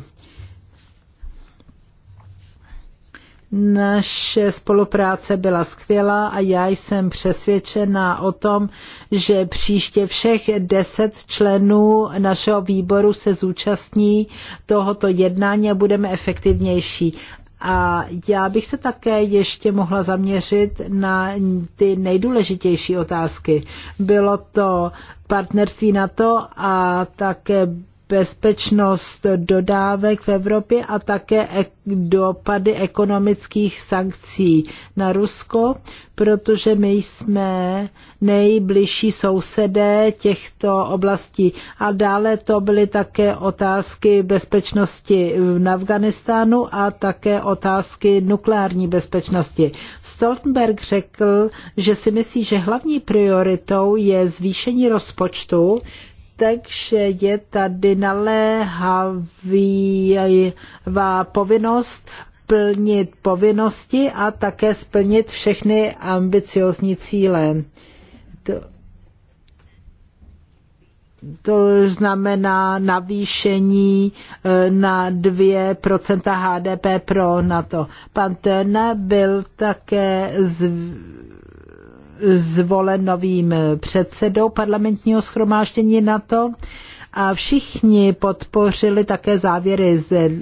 Naše spolupráce byla skvělá a já jsem přesvědčená o tom, že příště všech deset členů našeho výboru se zúčastní tohoto jednání a budeme efektivnější. A já bych se také ještě mohla zaměřit na ty nejdůležitější otázky. Bylo to partnerství NATO a také bezpečnost dodávek v Evropě a také dopady ekonomických sankcí na Rusko, protože my jsme nejbližší sousedé těchto oblastí. A dále to byly také otázky bezpečnosti v Afganistánu a také otázky nukleární bezpečnosti. Stoltenberg řekl, že si myslí, že hlavní prioritou je zvýšení rozpočtu, že je tady naléhavá povinnost plnit povinnosti a také splnit všechny ambiciozní cíle. To, to znamená navýšení eh, na 2% HDP pro NATO. Pan Turner byl také zv zvolen novým předsedou parlamentního schromáždění NATO a všichni podpořili také závěry z, eh,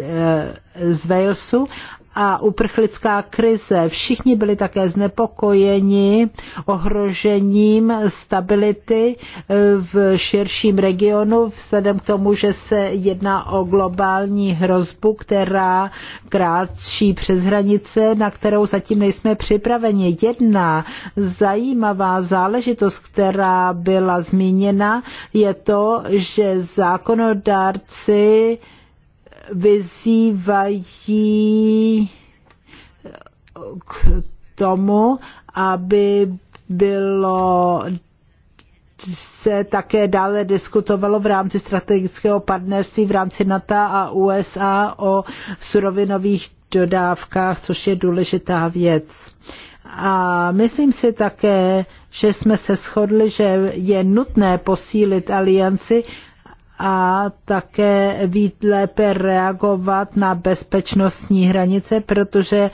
z Walesu a uprchlická krize. Všichni byli také znepokojeni ohrožením stability eh, v širším regionu, vzhledem k tomu, že se jedná o globální hrozbu, která krátší přes hranice, na kterou zatím nejsme připraveni. Jedna zajímavá záležitost, která byla zmíněna, je to, že zákonodárci vyzývají k tomu, aby bylo se také dále diskutovalo v rámci strategického partnerství v rámci NATO a USA o surovinových dodávkách, což je důležitá věc. A myslím si také, že jsme se shodli, že je nutné posílit alianci a také víc lépe reagovat na bezpečnostní hranice, protože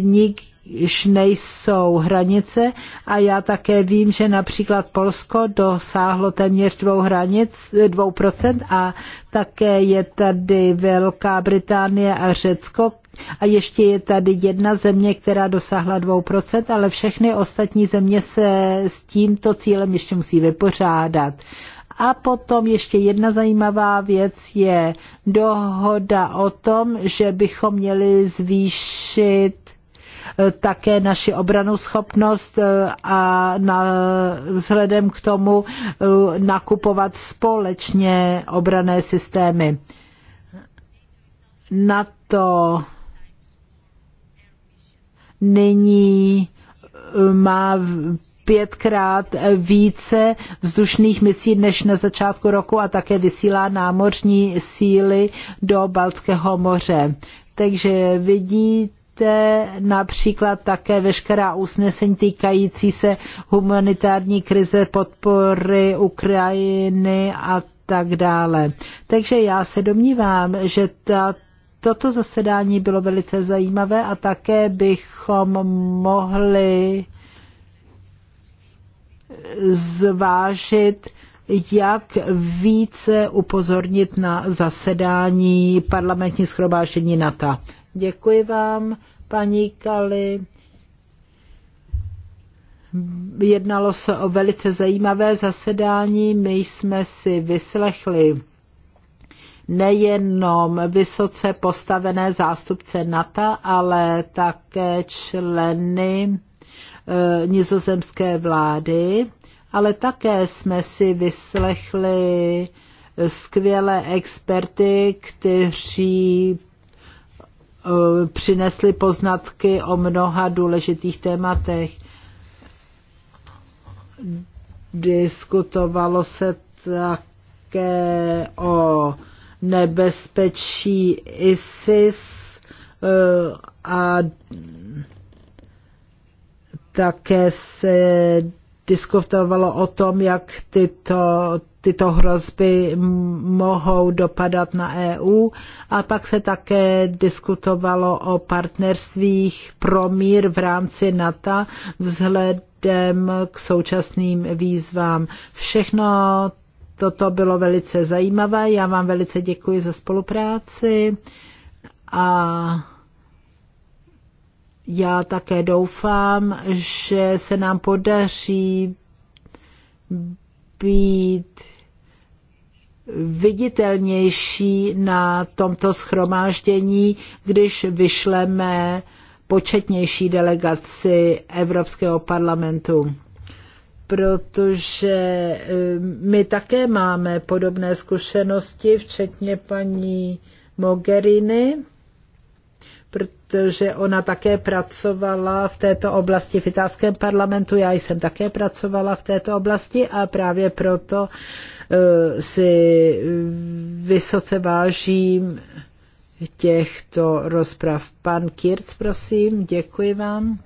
nik, již nejsou hranice a já také vím, že například Polsko dosáhlo téměř dvou hranic, dvou procent a také je tady Velká Británie a Řecko a ještě je tady jedna země, která dosáhla dvou procent, ale všechny ostatní země se s tímto cílem ještě musí vypořádat. A potom ještě jedna zajímavá věc je dohoda o tom, že bychom měli zvýšit eh, také naši obranu schopnost eh, a na, vzhledem k tomu eh, nakupovat společně obrané systémy. Na to nyní má pětkrát více vzdušných misí než na začátku roku a také vysílá námořní síly do Baltského moře. Takže vidíte, například také veškerá usnesení týkající se humanitární krize, podpory Ukrajiny a tak dále. Takže já se domnívám, že ta Toto zasedání bylo velice zajímavé a také bychom mohli zvážit, jak více upozornit na zasedání parlamentní schromáždění NATO. Děkuji vám, paní Kali. Jednalo se o velice zajímavé zasedání. My jsme si vyslechli nejenom vysoce postavené zástupce NATO, ale také členy Eh, nizozemské vlády, ale také jsme si vyslechli skvělé experty, kteří eh, přinesli poznatky o mnoha důležitých tématech. Diskutovalo se také o nebezpečí ISIS eh, a také se diskutovalo o tom, jak tyto, tyto hrozby mohou dopadat na EU a pak se také diskutovalo o partnerstvích pro mír v rámci NATO vzhledem k současným výzvám. Všechno toto bylo velice zajímavé. Já vám velice děkuji za spolupráci a já také doufám, že se nám podaří být viditelnější na tomto schromáždění, když vyšleme početnější delegaci Evropského parlamentu. Protože eh, my také máme podobné zkušenosti, včetně paní Mogherini protože ona také pracovala v této oblasti v italském parlamentu, já jsem také pracovala v této oblasti a právě proto eh, si vysoce vážím těchto rozprav. Pan Kirc, prosím, děkuji vám.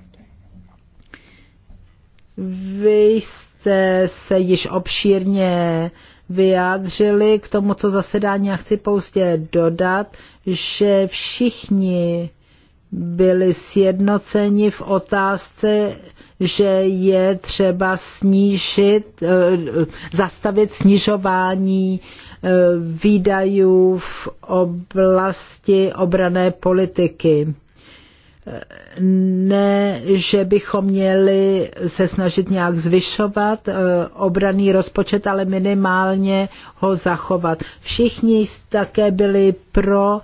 Vy jste se již obšírně vyjádřili k tomuto zasedání a chci pouze dodat, že všichni byli sjednoceni v otázce, že je třeba snížit, eh, zastavit snižování eh, výdajů v oblasti obrané politiky ne, že bychom měli se snažit nějak zvyšovat eh, obraný rozpočet, ale minimálně ho zachovat. Všichni také byli pro eh,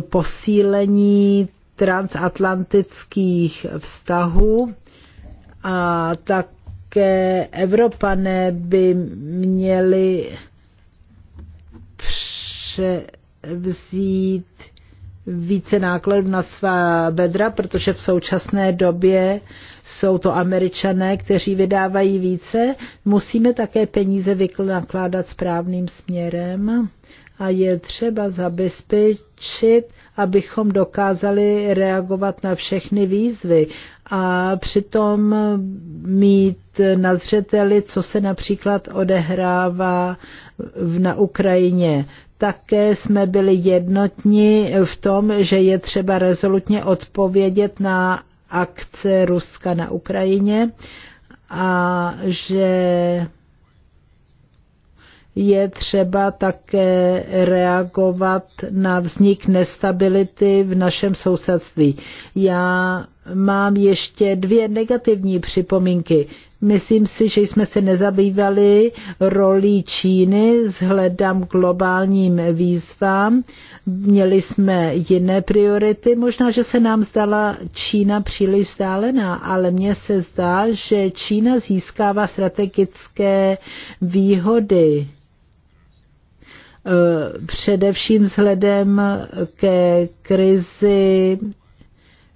posílení transatlantických vztahů a také Evropané by měli převzít více nákladů na svá bedra, protože v současné době jsou to američané, kteří vydávají více. Musíme také peníze vykládat správným směrem a je třeba zabezpečit, abychom dokázali reagovat na všechny výzvy a přitom mít na zřeteli, co se například odehrává na Ukrajině. Také jsme byli jednotní v tom, že je třeba rezolutně odpovědět na akce Ruska na Ukrajině a že je třeba také reagovat na vznik nestability v našem sousedství. Já mám ještě dvě negativní připomínky. Myslím si, že jsme se nezabývali rolí Číny vzhledem globálním výzvám. Měli jsme jiné priority. Možná, že se nám zdala Čína příliš vzdálená, ale mně se zdá, že Čína získává strategické výhody eh, především vzhledem ke krizi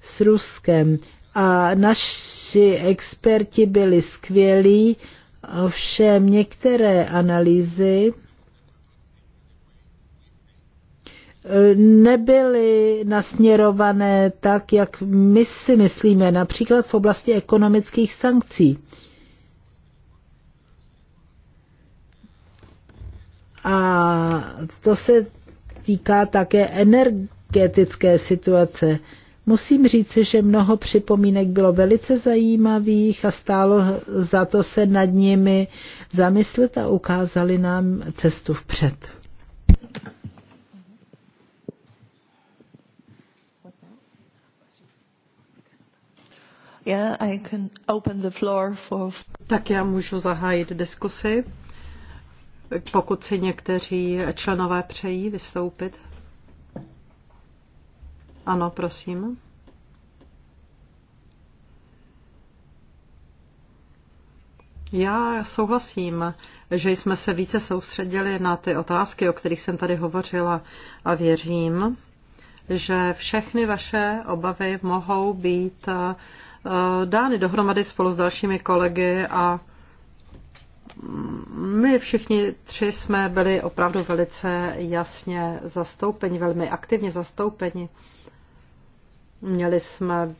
s Ruskem a naši experti byli skvělí, ovšem některé analýzy eh, nebyly nasměrované tak, jak my si myslíme, například v oblasti ekonomických sankcí. A to se týká také energetické situace. Musím říci, že mnoho připomínek bylo velice zajímavých a stálo za to se nad nimi zamyslet a ukázali nám cestu vpřed. Yeah, I can open the floor for... Tak já můžu zahájit diskusi. Pokud si někteří členové přejí vystoupit, ano, prosím. Já souhlasím, že jsme se více soustředili na ty otázky, o kterých jsem tady hovořila a věřím, že všechny vaše obavy mohou být eh, dány dohromady spolu s dalšími kolegy a mm, my všichni tři jsme byli opravdu velice jasně zastoupeni, velmi aktivně zastoupeni. Měli jsme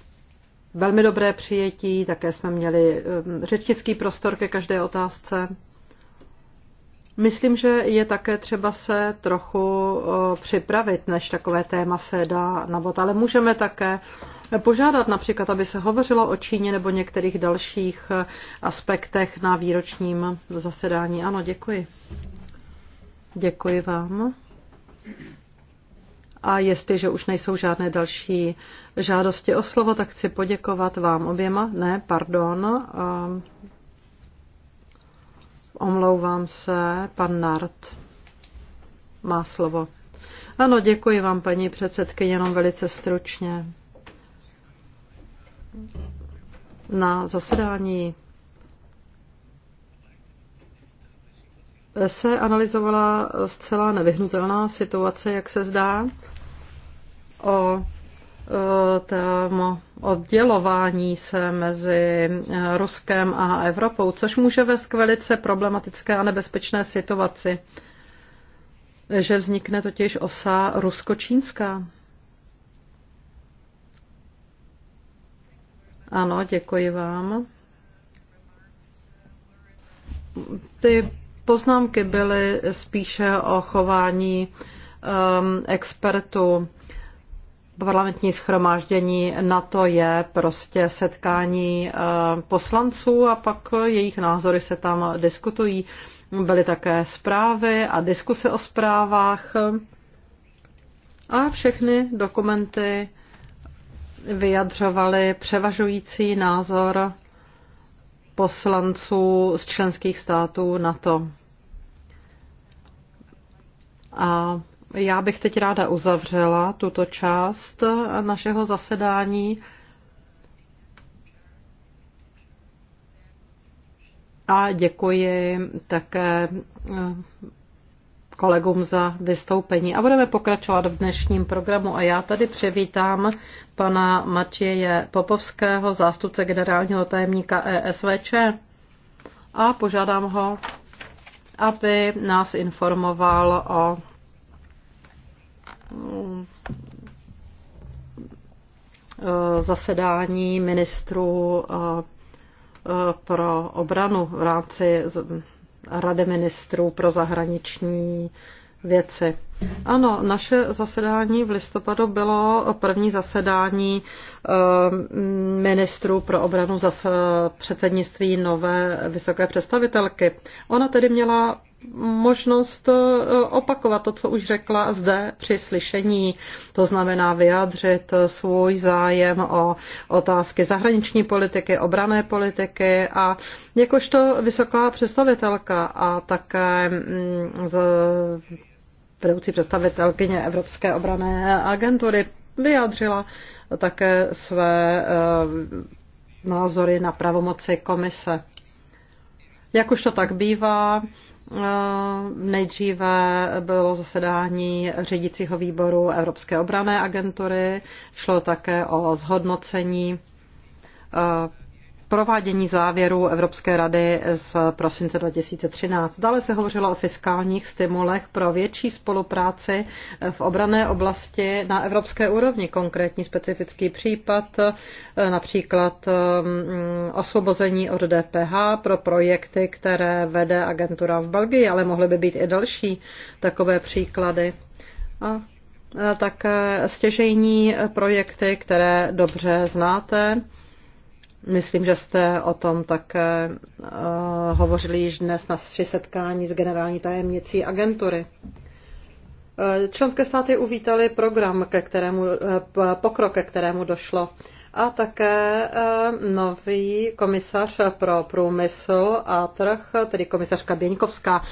velmi dobré přijetí, také jsme měli um, řečnický prostor ke každé otázce. Myslím, že je také třeba se trochu připravit, než takové téma se dá na bod, ale můžeme také požádat například, aby se hovořilo o Číně nebo některých dalších e, aspektech na výročním zasedání. Ano, děkuji. Děkuji vám. A jestliže už nejsou žádné další žádosti o slovo, tak chci poděkovat vám oběma. Ne, pardon. Omlouvám se, pan Nart má slovo. Ano, děkuji vám, paní předsedkyně, jenom velice stručně. Na zasedání se analyzovala zcela nevyhnutelná situace, jak se zdá o tom oddělování se mezi e, Ruskem a Evropou, což může vést k velice problematické a nebezpečné situaci, že vznikne totiž osa rusko-čínská. Ano, děkuji vám. Ty poznámky byly spíše o chování um, expertů parlamentní schromáždění na to je prostě setkání eh, poslanců a pak jejich názory se tam diskutují. Byly také zprávy a diskuse o zprávách a všechny dokumenty vyjadřovaly převažující názor poslanců z členských států na to A já bych teď ráda uzavřela tuto část našeho zasedání. A děkuji také eh, kolegům za vystoupení. A budeme pokračovat v dnešním programu. A já tady přivítám pana Matěje Popovského, zástupce generálního tajemníka ESVČ. A požádám ho, aby nás informoval o Eh, zasedání ministrů eh, eh, pro obranu v rámci Rady ministrů pro zahraniční věci. Ano, naše zasedání v listopadu bylo první zasedání ministrů pro obranu za předsednictví nové vysoké představitelky. Ona tedy měla možnost eh, opakovat to, co už řekla zde při slyšení, to znamená vyjádřit svůj zájem o otázky zahraniční politiky, obrané politiky a jakožto vysoká představitelka a také mm, z vedoucí představitelkyně Evropské obrané agentury vyjádřila také své eh, názory na pravomoci komise. Jak už to tak bývá, Eh, nejdříve bylo zasedání řídícího výboru Evropské obrané agentury, šlo také o zhodnocení eh, provádění závěrů Evropské rady z prosince 2013. Dále se hovořilo o fiskálních stimulech pro větší spolupráci v obrané oblasti na evropské úrovni. Konkrétní specifický případ, eh, například mm, osvobození od DPH pro projekty, které vede agentura v Belgii, ale mohly by být i další takové příklady. A eh, také stěžejní projekty, které dobře znáte Myslím, že jste o tom také uh, hovořili již dnes na naši setkání s generální tajemnicí agentury. Eh, členské státy uvítali program, ke kterému, eh, pokrok, ke kterému došlo a také nový komisař pro průmysl a trh, tedy komisařka Běňkovská,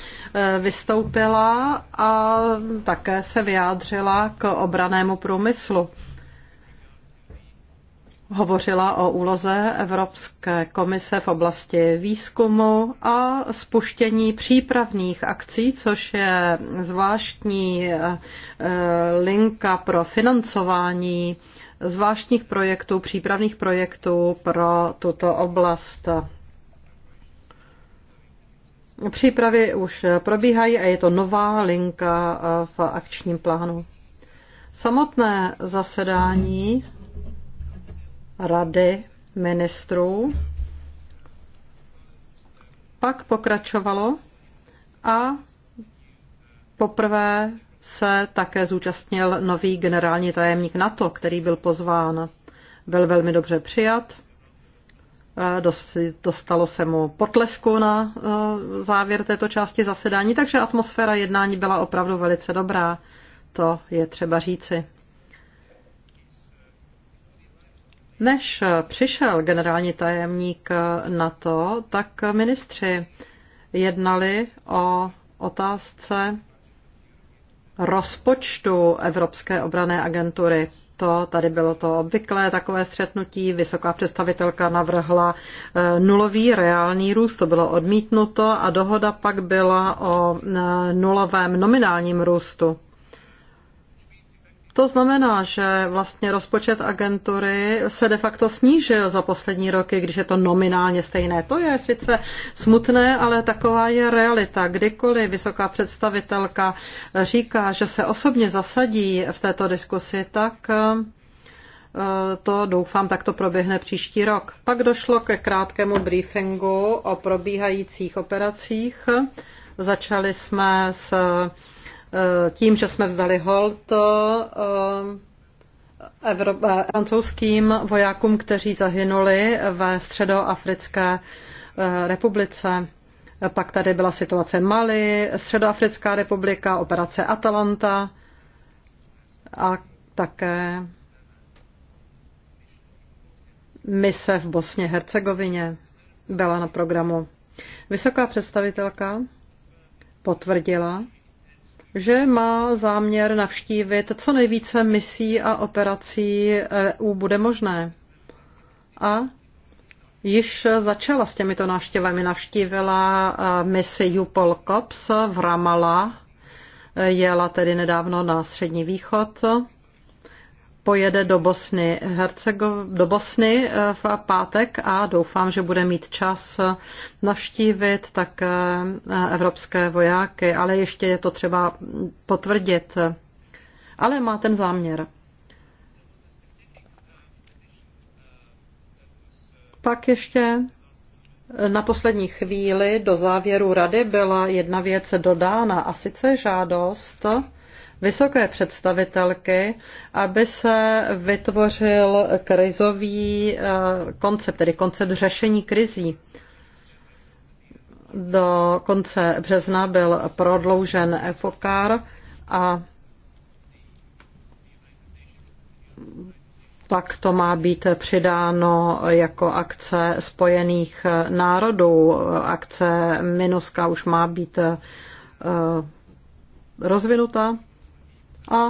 vystoupila a také se vyjádřila k obranému průmyslu hovořila o úloze Evropské komise v oblasti výzkumu a spuštění přípravných akcí, což je zvláštní eh, linka pro financování zvláštních projektů, přípravných projektů pro tuto oblast. Přípravy už probíhají a je to nová linka eh, v akčním plánu. Samotné zasedání rady ministrů. Pak pokračovalo a poprvé se také zúčastnil nový generální tajemník NATO, který byl pozván. Byl velmi dobře přijat. E, dostalo se mu potlesku na e, závěr této části zasedání, takže atmosféra jednání byla opravdu velice dobrá. To je třeba říci. Než přišel generální tajemník na to, tak ministři jednali o otázce rozpočtu Evropské obrané agentury. To tady bylo to obvyklé takové střetnutí. Vysoká představitelka navrhla eh, nulový reálný růst, to bylo odmítnuto a dohoda pak byla o eh, nulovém nominálním růstu. To znamená, že vlastně rozpočet agentury se de facto snížil za poslední roky, když je to nominálně stejné. To je sice smutné, ale taková je realita. Kdykoliv vysoká představitelka říká, že se osobně zasadí v této diskusi, tak eh, to doufám, tak to proběhne příští rok. Pak došlo ke krátkému briefingu o probíhajících operacích. Začali jsme s Eh, tím, že jsme vzdali hold eh, eh, francouzským vojákům, kteří zahynuli ve středoafrické republice. Pak tady byla situace Mali, Středoafrická republika, operace Atalanta a také mise v Bosně Hercegovině byla na programu. Vysoká představitelka potvrdila, že má záměr navštívit co nejvíce misí a operací EU bude možné. A již začala s těmito návštěvami. Navštívila e, misi Jupol COPS v Ramala, e, jela tedy nedávno na Střední východ pojede do Bosny, Hercego, do Bosny eh, v pátek a doufám, že bude mít čas eh, navštívit také eh, evropské vojáky, ale ještě je to třeba potvrdit. Ale má ten záměr. Pak ještě na poslední chvíli do závěru rady byla jedna věc dodána, a sice žádost vysoké představitelky, aby se vytvořil krizový eh, koncept, tedy koncept řešení krizí. Do konce března byl prodloužen FOKAR a tak to má být přidáno jako akce spojených národů. Akce Minuska už má být eh, rozvinuta a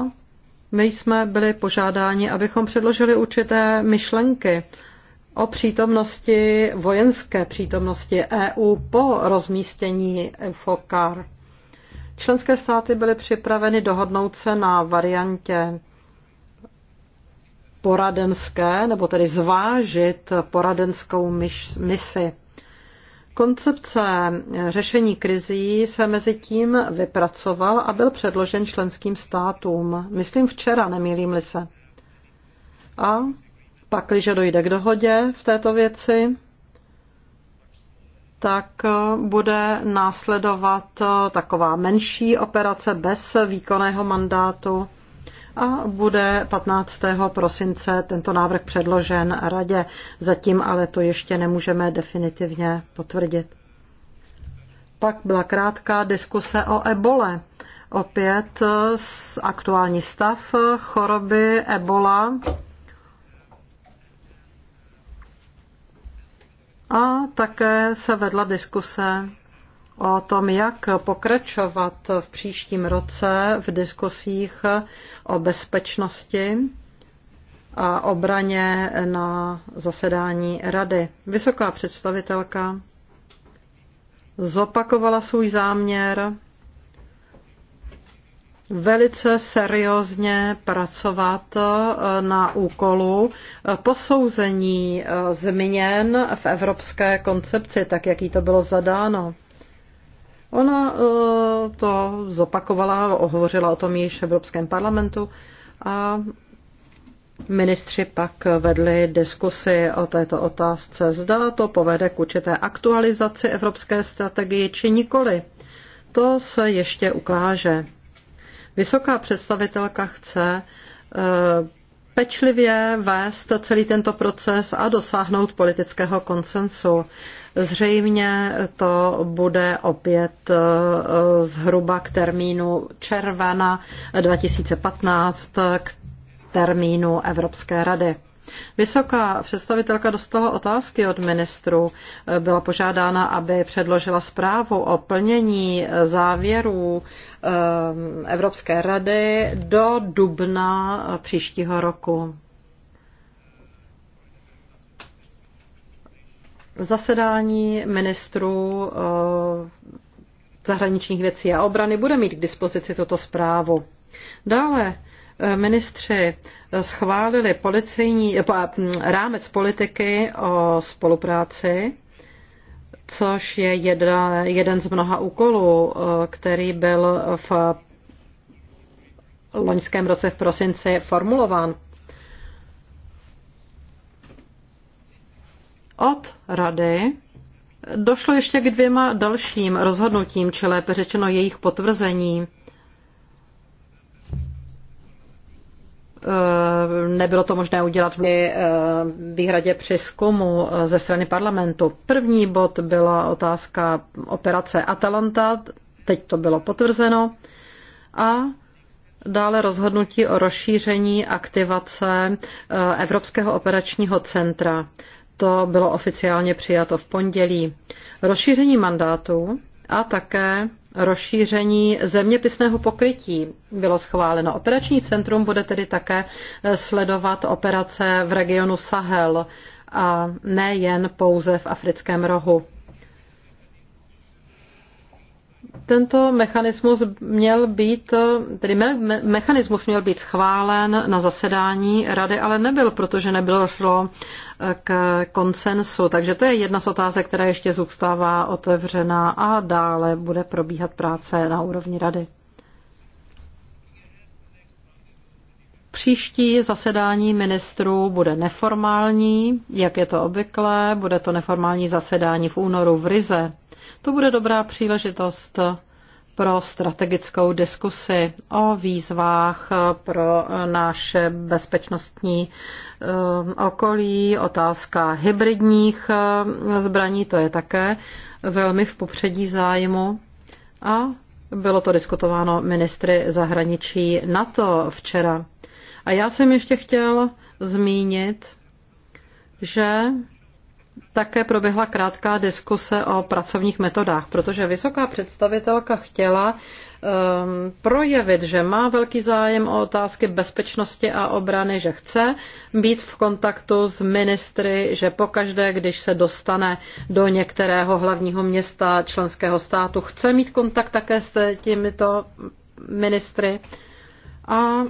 my jsme byli požádáni, abychom předložili určité myšlenky o přítomnosti, vojenské přítomnosti EU po rozmístění EUFOCAR. Členské státy byly připraveny dohodnout se na variantě poradenské, nebo tedy zvážit poradenskou misi. Koncepce řešení krizí se mezi tím vypracoval a byl předložen členským státům. Myslím včera, nemýlím-li se. A pak, když dojde k dohodě v této věci, tak bude následovat taková menší operace bez výkonného mandátu a bude 15. prosince tento návrh předložen radě. Zatím ale to ještě nemůžeme definitivně potvrdit. Pak byla krátká diskuse o ebole. Opět eh, aktuální stav choroby ebola. A také se vedla diskuse o tom, jak pokračovat v příštím roce v diskusích o bezpečnosti a obraně na zasedání Rady. Vysoká představitelka zopakovala svůj záměr velice seriózně pracovat na úkolu posouzení změn v evropské koncepci, tak jak jí to bylo zadáno. Ona eh, to zopakovala, hovořila o tom již v Evropském parlamentu a Ministři pak vedli diskusy o této otázce. Zda to povede k určité aktualizaci evropské strategie či nikoli. To se ještě ukáže. Vysoká představitelka chce eh, pečlivě vést celý tento proces a dosáhnout politického konsensu. Zřejmě to bude opět e, zhruba k termínu června 2015 k termínu Evropské rady. Vysoká představitelka dostala otázky od ministru. E, byla požádána, aby předložila zprávu o plnění závěrů e, Evropské rady do dubna příštího roku. Zasedání ministru eh, zahraničních věcí a obrany bude mít k dispozici tuto zprávu. Dále eh, ministři schválili policejní, eh, rámec politiky o spolupráci, což je jedna, jeden z mnoha úkolů, který byl v loňském roce v prosinci formulován. Od rady došlo ještě k dvěma dalším rozhodnutím, či lépe řečeno jejich potvrzení. Eh, nebylo to možné udělat v eh, výhradě přeskumu eh, ze strany parlamentu. První bod byla otázka operace Atalanta, teď to bylo potvrzeno. A dále rozhodnutí o rozšíření aktivace Evropského operačního centra. To bylo oficiálně přijato v pondělí. Rozšíření mandátu a také rozšíření zeměpisného pokrytí bylo schváleno. Operační centrum bude tedy také eh, sledovat operace v regionu Sahel a nejen pouze v africkém rohu. Tento mechanismus měl být, tedy me, mechanismus měl být schválen na zasedání rady, ale nebyl, protože nebylo šlo eh, k konsensu. Takže to je jedna z otázek, která ještě zůstává otevřená a dále bude probíhat práce na úrovni rady. Příští zasedání ministrů bude neformální, jak je to obvyklé, bude to neformální zasedání v únoru v Rize. To bude dobrá příležitost pro strategickou diskusi o výzvách pro naše bezpečnostní um, okolí, otázka hybridních um, zbraní, to je také velmi v popředí zájmu. A bylo to diskutováno ministry zahraničí NATO včera. A já jsem ještě chtěl zmínit, že také proběhla krátká diskuse o pracovních metodách, protože vysoká představitelka chtěla um, projevit, že má velký zájem o otázky bezpečnosti a obrany, že chce být v kontaktu s ministry, že pokaždé, když se dostane do některého hlavního města členského státu, chce mít kontakt také s těmito ministry. A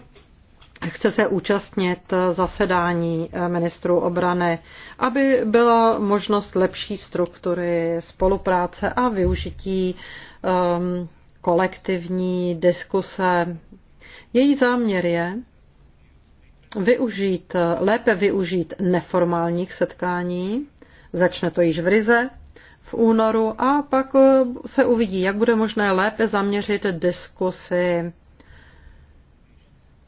chce se účastnit zasedání ministrů obrany, aby byla možnost lepší struktury spolupráce a využití um, kolektivní diskuse. Její záměr je využít, lépe využít neformálních setkání. Začne to již v Rize v únoru a pak se uvidí, jak bude možné lépe zaměřit diskusy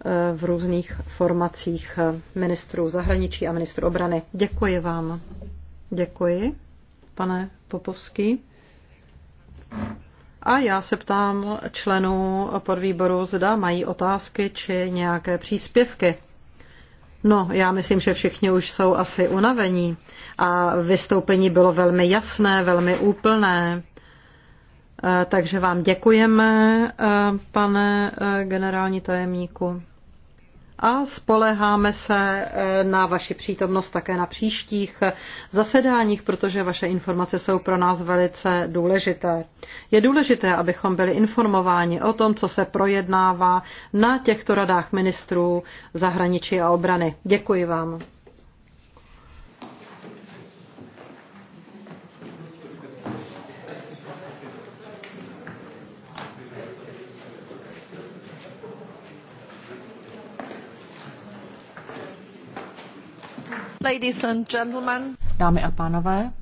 Eh, v různých formacích ministrů zahraničí a ministrů obrany. Děkuji vám. Děkuji, pane Popovský. A já se ptám členů podvýboru, zda mají otázky či nějaké příspěvky. No, já myslím, že všichni už jsou asi unavení a vystoupení bylo velmi jasné, velmi úplné. Eh, takže vám děkujeme, eh, pane generální tajemníku a spoleháme se e, na vaši přítomnost také na příštích e, zasedáních, protože vaše informace jsou pro nás velice důležité. Je důležité, abychom byli informováni o tom, co se projednává na těchto radách ministrů zahraničí a obrany. Děkuji vám. Ladies and gentlemen. Dámy a pánové,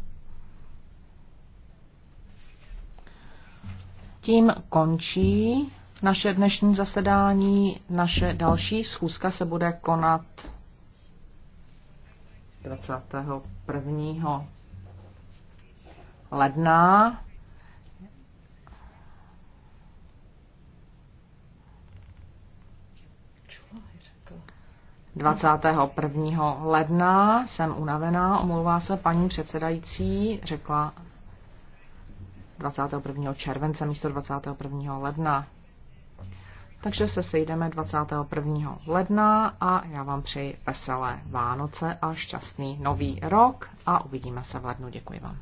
tím končí naše dnešní zasedání. Naše další schůzka se bude konat 21. ledna 21. ledna. Jsem unavená, omlouvá se paní předsedající, řekla 21. července místo 21. ledna. Takže se sejdeme 21. ledna a já vám přeji veselé Vánoce a šťastný nový rok a uvidíme se v lednu. Děkuji vám.